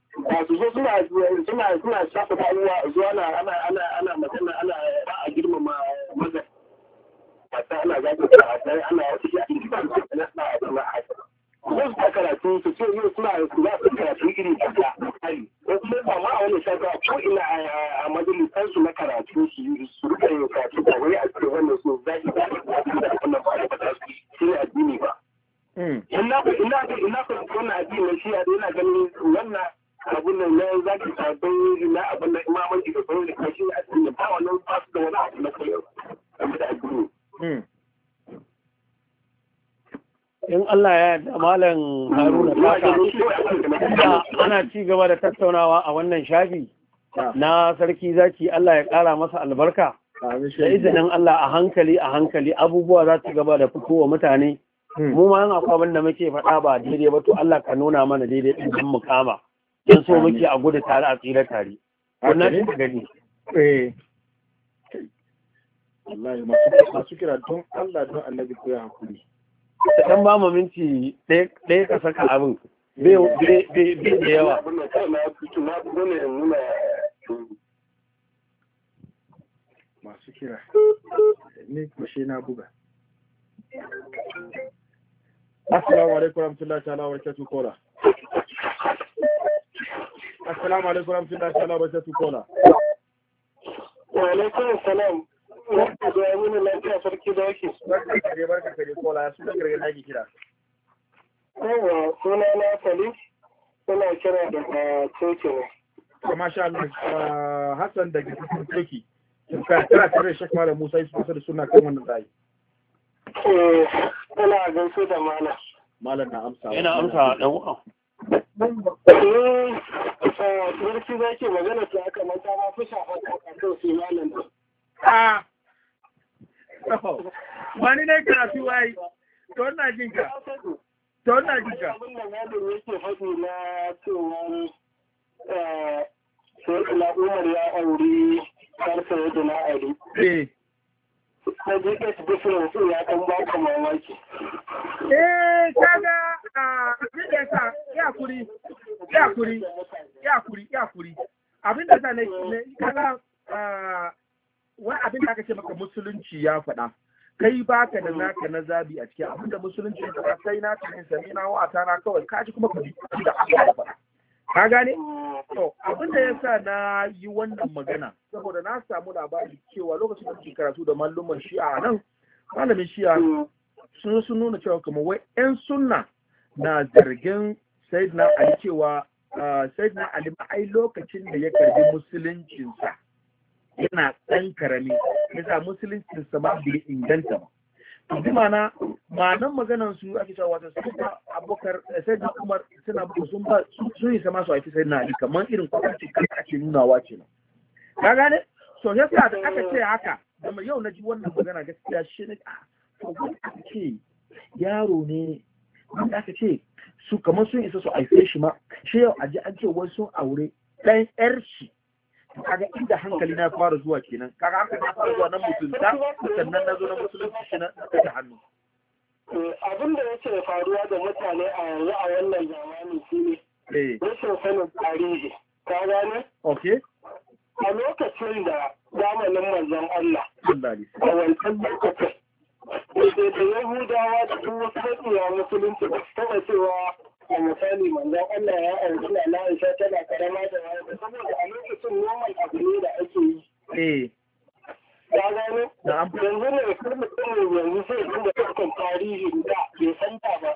ba su zo suna suna suna shafa ruwa zuwa ana ana ana ana magana ana ba a girmama maza wata ana zaka ta ana ana shi ya yi ba na na na ko su ta karatu su ce yau suna za su karatu iri kaza misali ko kuma ba ma a shafa ko ina a majalisan su na karatu su su rika yin karatu ba wai a ce wannan su zaki ba da wannan ba da su sai addini ba ina ku ina ku ina ku wannan shi a yana ganin wannan abin a In Allah ya yarda malam Haruna ta. ana ci gaba da tattaunawa a wannan shafi ah. na sarki zaki Allah ya ƙara masa albarka. Da izinin Allah a hankali a hankali abubuwa za su gaba da fitowa mutane. Hmm. Mu ma yana abin da muke faɗa ba daidai ba to Allah ka nuna mana daidai ɗin mu kama. in so muke a gudu tare a tsira tare wannan shi ka gani eh. wallahi masu kira don Allah don annabi ko ya hakuri da dan ba mu minti ɗaya ka saka abin bai da yawa masu kira ne shi na buga assalamu alaikum warahmatullahi ta'ala wa barakatuh kora assalamu alaikum rahmatullahi ta'ala wa barakatuh wa alaikum assalam barka da yamin lafiya sarki da yake barka da suna na Salik suna kira daga kuma uh, da suna kan wannan eh, ina da malam malam na amsa yana amsa sarki eh, za ke magana ta haka manta ba fi shafa ta kan su malam ba. Ah. A oh. wani ne karatu wai to ina jin ka. To ina jin Abin da malam yake faɗi na cewa eh, Sai Umar ya auri karsa yadda na Ali. na kan mamaki. Eh, kaga a rike sa ya kuri, ya kuri, ya kuri, ya kuri. Abin da aka ce maka musulunci ya faɗa. kai baka da naka na zabi a cikin abin da musulunci ya faɗa kai naka ne sami na na kawai kaji kuma ka bi da aka faɗa. ka gane mm, to abin da ya sa na yi wannan magana saboda na samu labarin cewa lokacin da muke karatu da malluman shi'a nan malamin shi'a sun sun nuna cewa kamar wai yan sunna na zargin sayyidina ali cewa sayyidina ali ma ai lokacin da ya karbi musuluncinsa yana ɗan karami yasa musuluncinsa ma bai inganta ba bi mana ma'anan maganan su ake cewa wato su ba abokar eh, sai da umar suna ba sun ba su yi sama su haifi sai na ali kamar irin kwakwaci kan ake nuna nunawa ne. ka gane so sa da aka ce haka da yau na ji wannan magana gaskiya shi ne ah, a kogon aka ce yaro ne wanda aka ce su kamar sun isa su haife shi ma shi yau a ji an ce wai sun aure ɗan ƴar shi kaga inda hankali na fara zuwa kenan kaga hankali na fara zuwa nan mutunta sannan na zo na musulunci shi na da hannu eh, abin da yake faruwa da mutane a yanzu a wannan zamani shi ne eh. rashin sanin tarihi ka gane okay a lokacin da zamanin manzon Allah a wancan lokacin da Yahudawa da kuma wasu musulunci da su cewa da misali manzon Allah ya auri na Aisha tana karama da wani saboda a lokacin noman abu ne da ake yi. Eh. Ya gano? Yanzu ne kuma mutum yanzu sai dinga ɗaukan tarihin da bai san ta ba.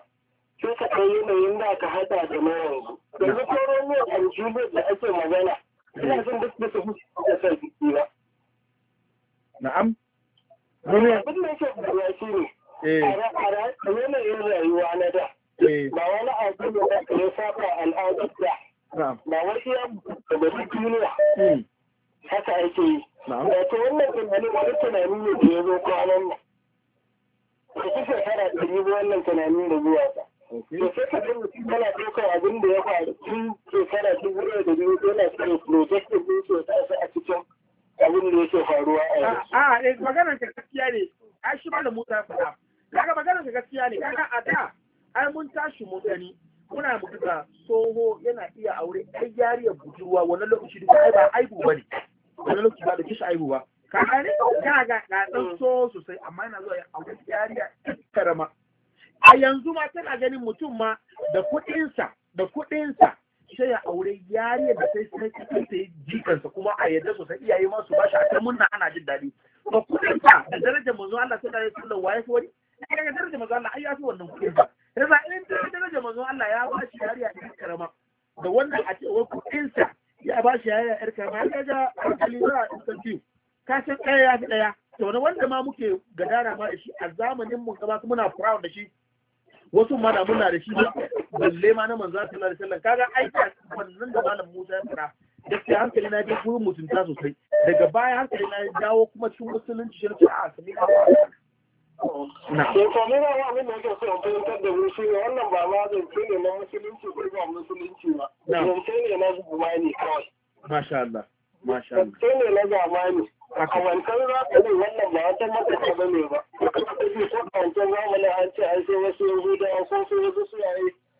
sai ka kai yanayin da ka haɗa da na yanzu. Yanzu koron yau a Juliet da ake magana, ina son duk da bisa da sa jiki ba. Na'am? Abin da yake faruwa shi ne, eh. a yanayin rayuwa na da, Eh. ba wani abu da ya saba al'adar da ba wasu iya da duniya hmm. haka ake yi wato eh, wannan tunanin wani ne da ya zo kwanan nan ka shekara da yi wannan tunanin da zuwa ta da ka mutum ɗaukar abin da ya faru tun shekara dubu da biyu yana son project a cikin abin da yake faruwa a yau. A'a, ah, ah, eh, maganar gaskiya ne, shi ba da faɗa. Kaga maganar gaskiya ne, kaga a da ai mun tashi mun gani muna buga tsoho yana iya aure ai yariya budurwa wani lokaci duka ai ba aibu bane wani lokaci ba da kishi aibu ba ka gani ya ga ga dan so sosai amma yana zuwa ya aure yariya karama a yanzu ma tana ganin mutum ma da kuɗinsa da sa sai ya aure yariya da sai sai ta sai jikansa kuma a yadda sosai iyaye ma su ba shi a kan munna ana jin daɗi kudin sa da darajar manzo Allah sallallahu wa ya waye wani daga darajar manzo Allah ai ya fi wannan kuɗinsa yasa in ta daraja manzon Allah ya ba shi a ɗan karama da wannan a ce wai kuɗinsa ya ba shi yariya ɗan karama an gaja hankali za a ɗan biyu ka san ɗaya ya fi ɗaya to na wanda ma muke gadara ma da shi a zamanin mu gaba muna proud da shi wasu ma da muna da shi balle ma na manzon Allah sallallahu alaihi wasallam kaga ai wannan da malam Musa ya fara gaskiya hankali na je gurin mutunta sosai daga baya hankali na ya dawo kuma cikin musulunci shi ne a ah, sami Ko ne da yake so in fahimtar da wuri shine wannan ba ma zance ne na musulunci ko ba musulunci ba. Zance ne na zamani kawai. Masha Allah. Masha ne na zamani. A za ka wannan ba ba. a wancan wasu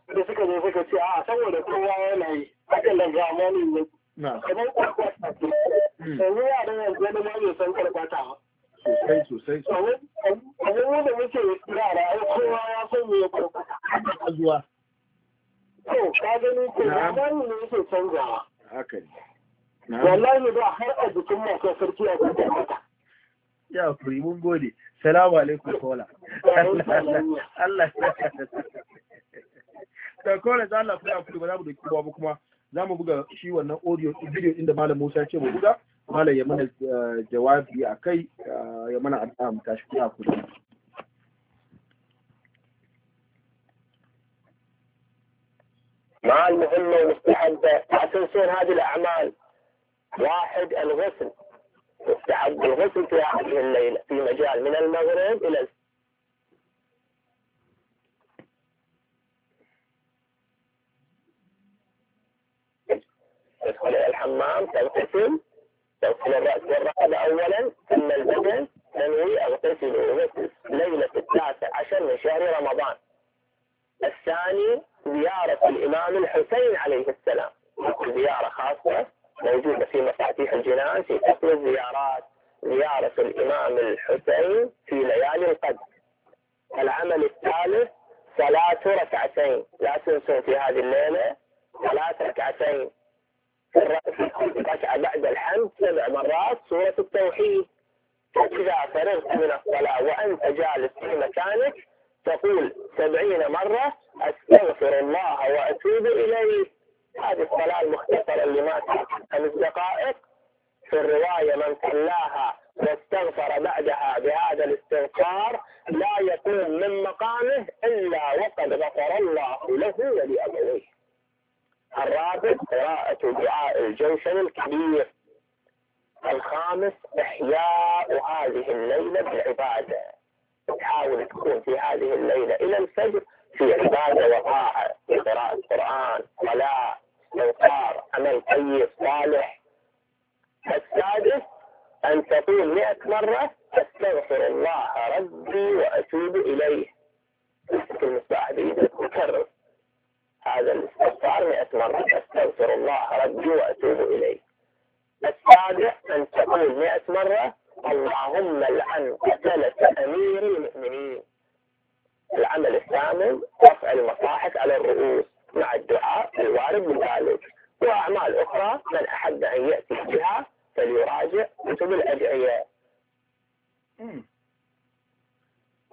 da suka zo suka ce a saboda kowa yana yi. Hakan da zamani ne. Hmm. yaran yanzu wani ma san karkwata ba. sosai sosai abin da ya ko ne ne ba har a masu a ya kuri mun gode salamu alaikum kola Allah da kola za Allah a fito ba za mu doki ba kuma za mu buga shi wannan audio video inda malam Musa ya ce mu buga mala ya mana eh, jawabi akai eh, ya mana addu'a mu tashi kuya kuɗi مع المهمة والمستحبة عشان تصير هذه الأعمال واحد الغسل مستحب الغسل في هذه الليلة في مجال من المغرب إلى تدخل إلى الحمام تغتسل تغسل الرأس والرقبة أولا ثم البدن تنوي أغتسل وغسل ليلة التاسع عشر من شهر رمضان الثاني زيارة الإمام الحسين عليه السلام زيارة خاصة موجودة في مفاتيح الجنان في فصل الزيارات زيارة الإمام الحسين في ليالي القدر العمل الثالث صلاة ركعتين لا تنسوا في هذه الليلة ثلاث ركعتين ركعة بعد الحمد سبع مرات سورة التوحيد فإذا فرغت من الصلاة وأنت جالس في مكانك تقول سبعين مرة أستغفر الله وأتوب إليه هذه الصلاة المختصرة اللي ما خمس دقائق في الرواية من صلاها واستغفر بعدها بهذا الاستغفار لا يكون من مقامه إلا وقد غفر الله له ولأبويه الرابع قراءة دعاء الجوشن الكبير الخامس إحياء هذه الليلة بالعبادة تحاول تكون في هذه الليلة إلى الفجر في عبادة وطاعة في قراءة قرآن صلاة استغفار عمل طيب صالح السادس أن تقول مئة مرة أستغفر الله ربي وأتوب إليه تمسك المصباح بإيدك وكرر هذا الاستغفار 100 مرة أستغفر الله ربي وأتوب إليه السابع أن تقول 100 مرة اللهم لعن قتلة أمير المؤمنين العمل الثامن رفع المصاحف على الرؤوس مع الدعاء الوارد بذلك وأعمال أخرى من أحب أن يأتي بها فليراجع كتب الأدعية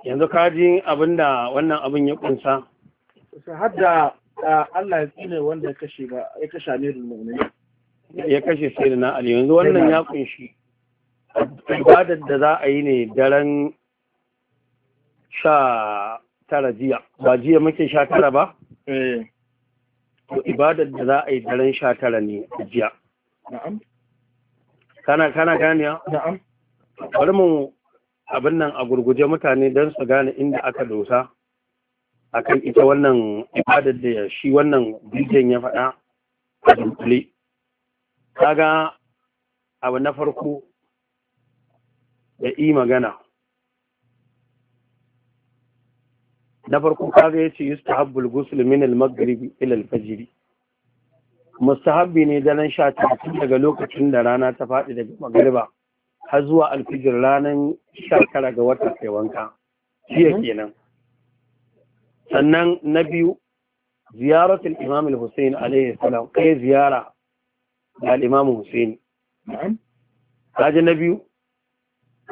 yanzu kaji abin da wannan abin ya kunsa. Hadda Allah ya tsine wanda ya kashe ba ya kashe amirul mu'minin ya kashe sayyidina ali yanzu wannan ya kunshi ibadar da za a yi ne daren sha tara jiya ba jiya muke sha tara ba eh. to ibadar da za a yi daren sha tara ne jiya na'am kana kana gane na'am bari mu abin nan a gurguje mutane don su gane inda aka dosa akan ita wannan ibadar da shi wannan bidiyon ya faɗa a dunkule kaga abu na farko da yi magana na farko kaga ya ce yustahabbul ghusl min al-maghribi ila al mustahabbi ne daren sha tun daga lokacin da rana ta faɗi daga magariba har zuwa alfijir ranar sha tara ga wata kai wanka shi kenan sannan na biyu ziyaratul imam al-husayn alaihi kai ziyara da al-imam husayn kaje na biyu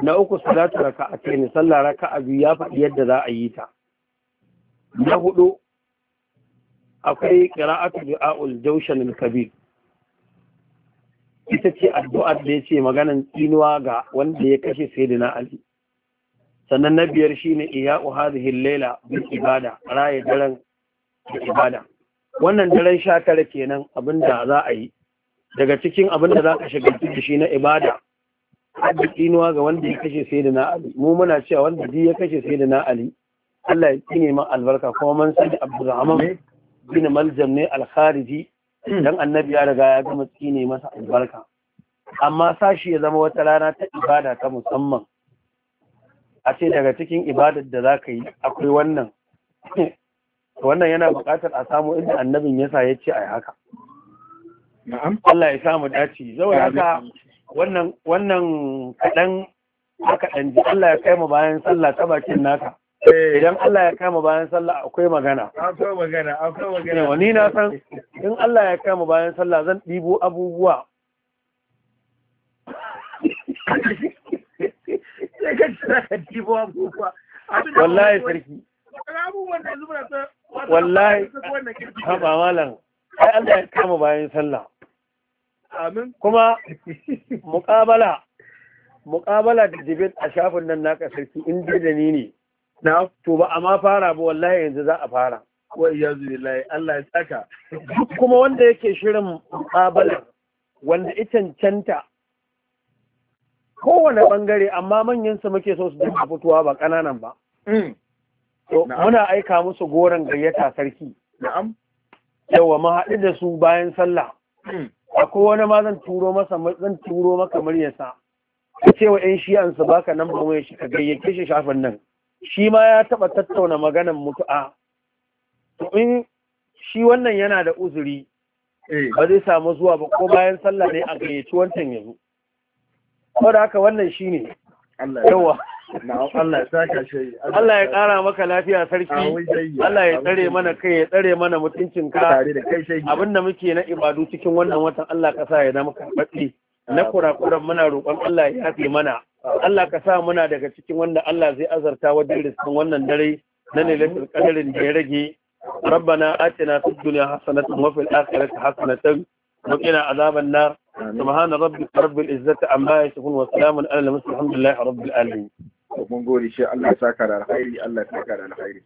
na uku salatu raka'atayn sallah raka'a biyu ya faɗi yadda za a yi ta na hudu akwai qira'atu du'a'ul jawshan al-kabir ita ce addu'ar da yace maganan tsinuwa ga wanda ya kashe sayyidina ali sannan na biyar shine iya'u hadhihi al-laila bin ibada raye daren da ibada wannan daren sha tara kenan abinda za a yi daga cikin abinda za ka shiga da shi na ibada hadda tsinuwa ga wanda ya kashe da ali mu muna cewa wanda ji ya kashe da ali Allah ya tsine man albarka kuma man sani Abdulrahman bin Maljam ne al Don annabi ya riga ya gama tsine masa albarka amma sashi ya zama wata rana ta ibada ta musamman a ce daga cikin ibadar da za ka yi akwai wannan wannan yana buƙatar a samu inda annabin ya sa ya ce a haka Allah ya samu dace zau haka wannan wannan kaɗan haka ɗan ji Allah ya kai mu bayan sallah ta bakin naka eh. idan Allah ya kama bayan sallah akwai magana akwai magana akwai magana wani na san in Allah ya kama bayan sallah zan ɗibo abubuwa sai ka wallahi sarki wallahi bayan sallah amin kuma muƙabala muƙabala da debate a shafin nan naka sarki in dai da ni ne na to ba amma fara ba wallahi yanzu za a fara wa Allah ya saka kuma wanda yake shirin muqabala wanda ita cancanta kowane bangare amma manyan su muke so su dinga fitowa ba ƙananan ba mm. to muna aika musu goron gayyata sarki na'am yawa mu haɗu da su bayan sallah mm. akwai wani ma zan turo masa zan turo maka muryarsa ka ce wa shi'an su baka nan ba shi ka gayyace shi shafin nan shi ma ya taɓa tattauna maganan mutu'a to in shi wannan yana da uzuri eh. ba zai samu zuwa ba ko bayan sallah ne a gayyaci wancan ya da haka wannan shi ne yawa Allah ya ƙara maka lafiya sarki Allah ya tsare mana kai ya tsare mana mutuncin ka abinda muke na ibadu cikin wannan watan Allah ka sa ya zama karɓaɓɓe na kurakuran muna roƙon Allah ya yafe mana Allah ka sa muna daga cikin wanda Allah zai azarta wajen riskin wannan dare na lailatul ƙadarin da ya rage ربنا آتنا في الدنيا حسنة وفي الآخرة حسنة وقنا عذاب النار subhana rabbika rabbil izzati amma yasifun wa salamun ala al rabbil alamin mun gode shi Allah ya saka da alkhairi Allah ya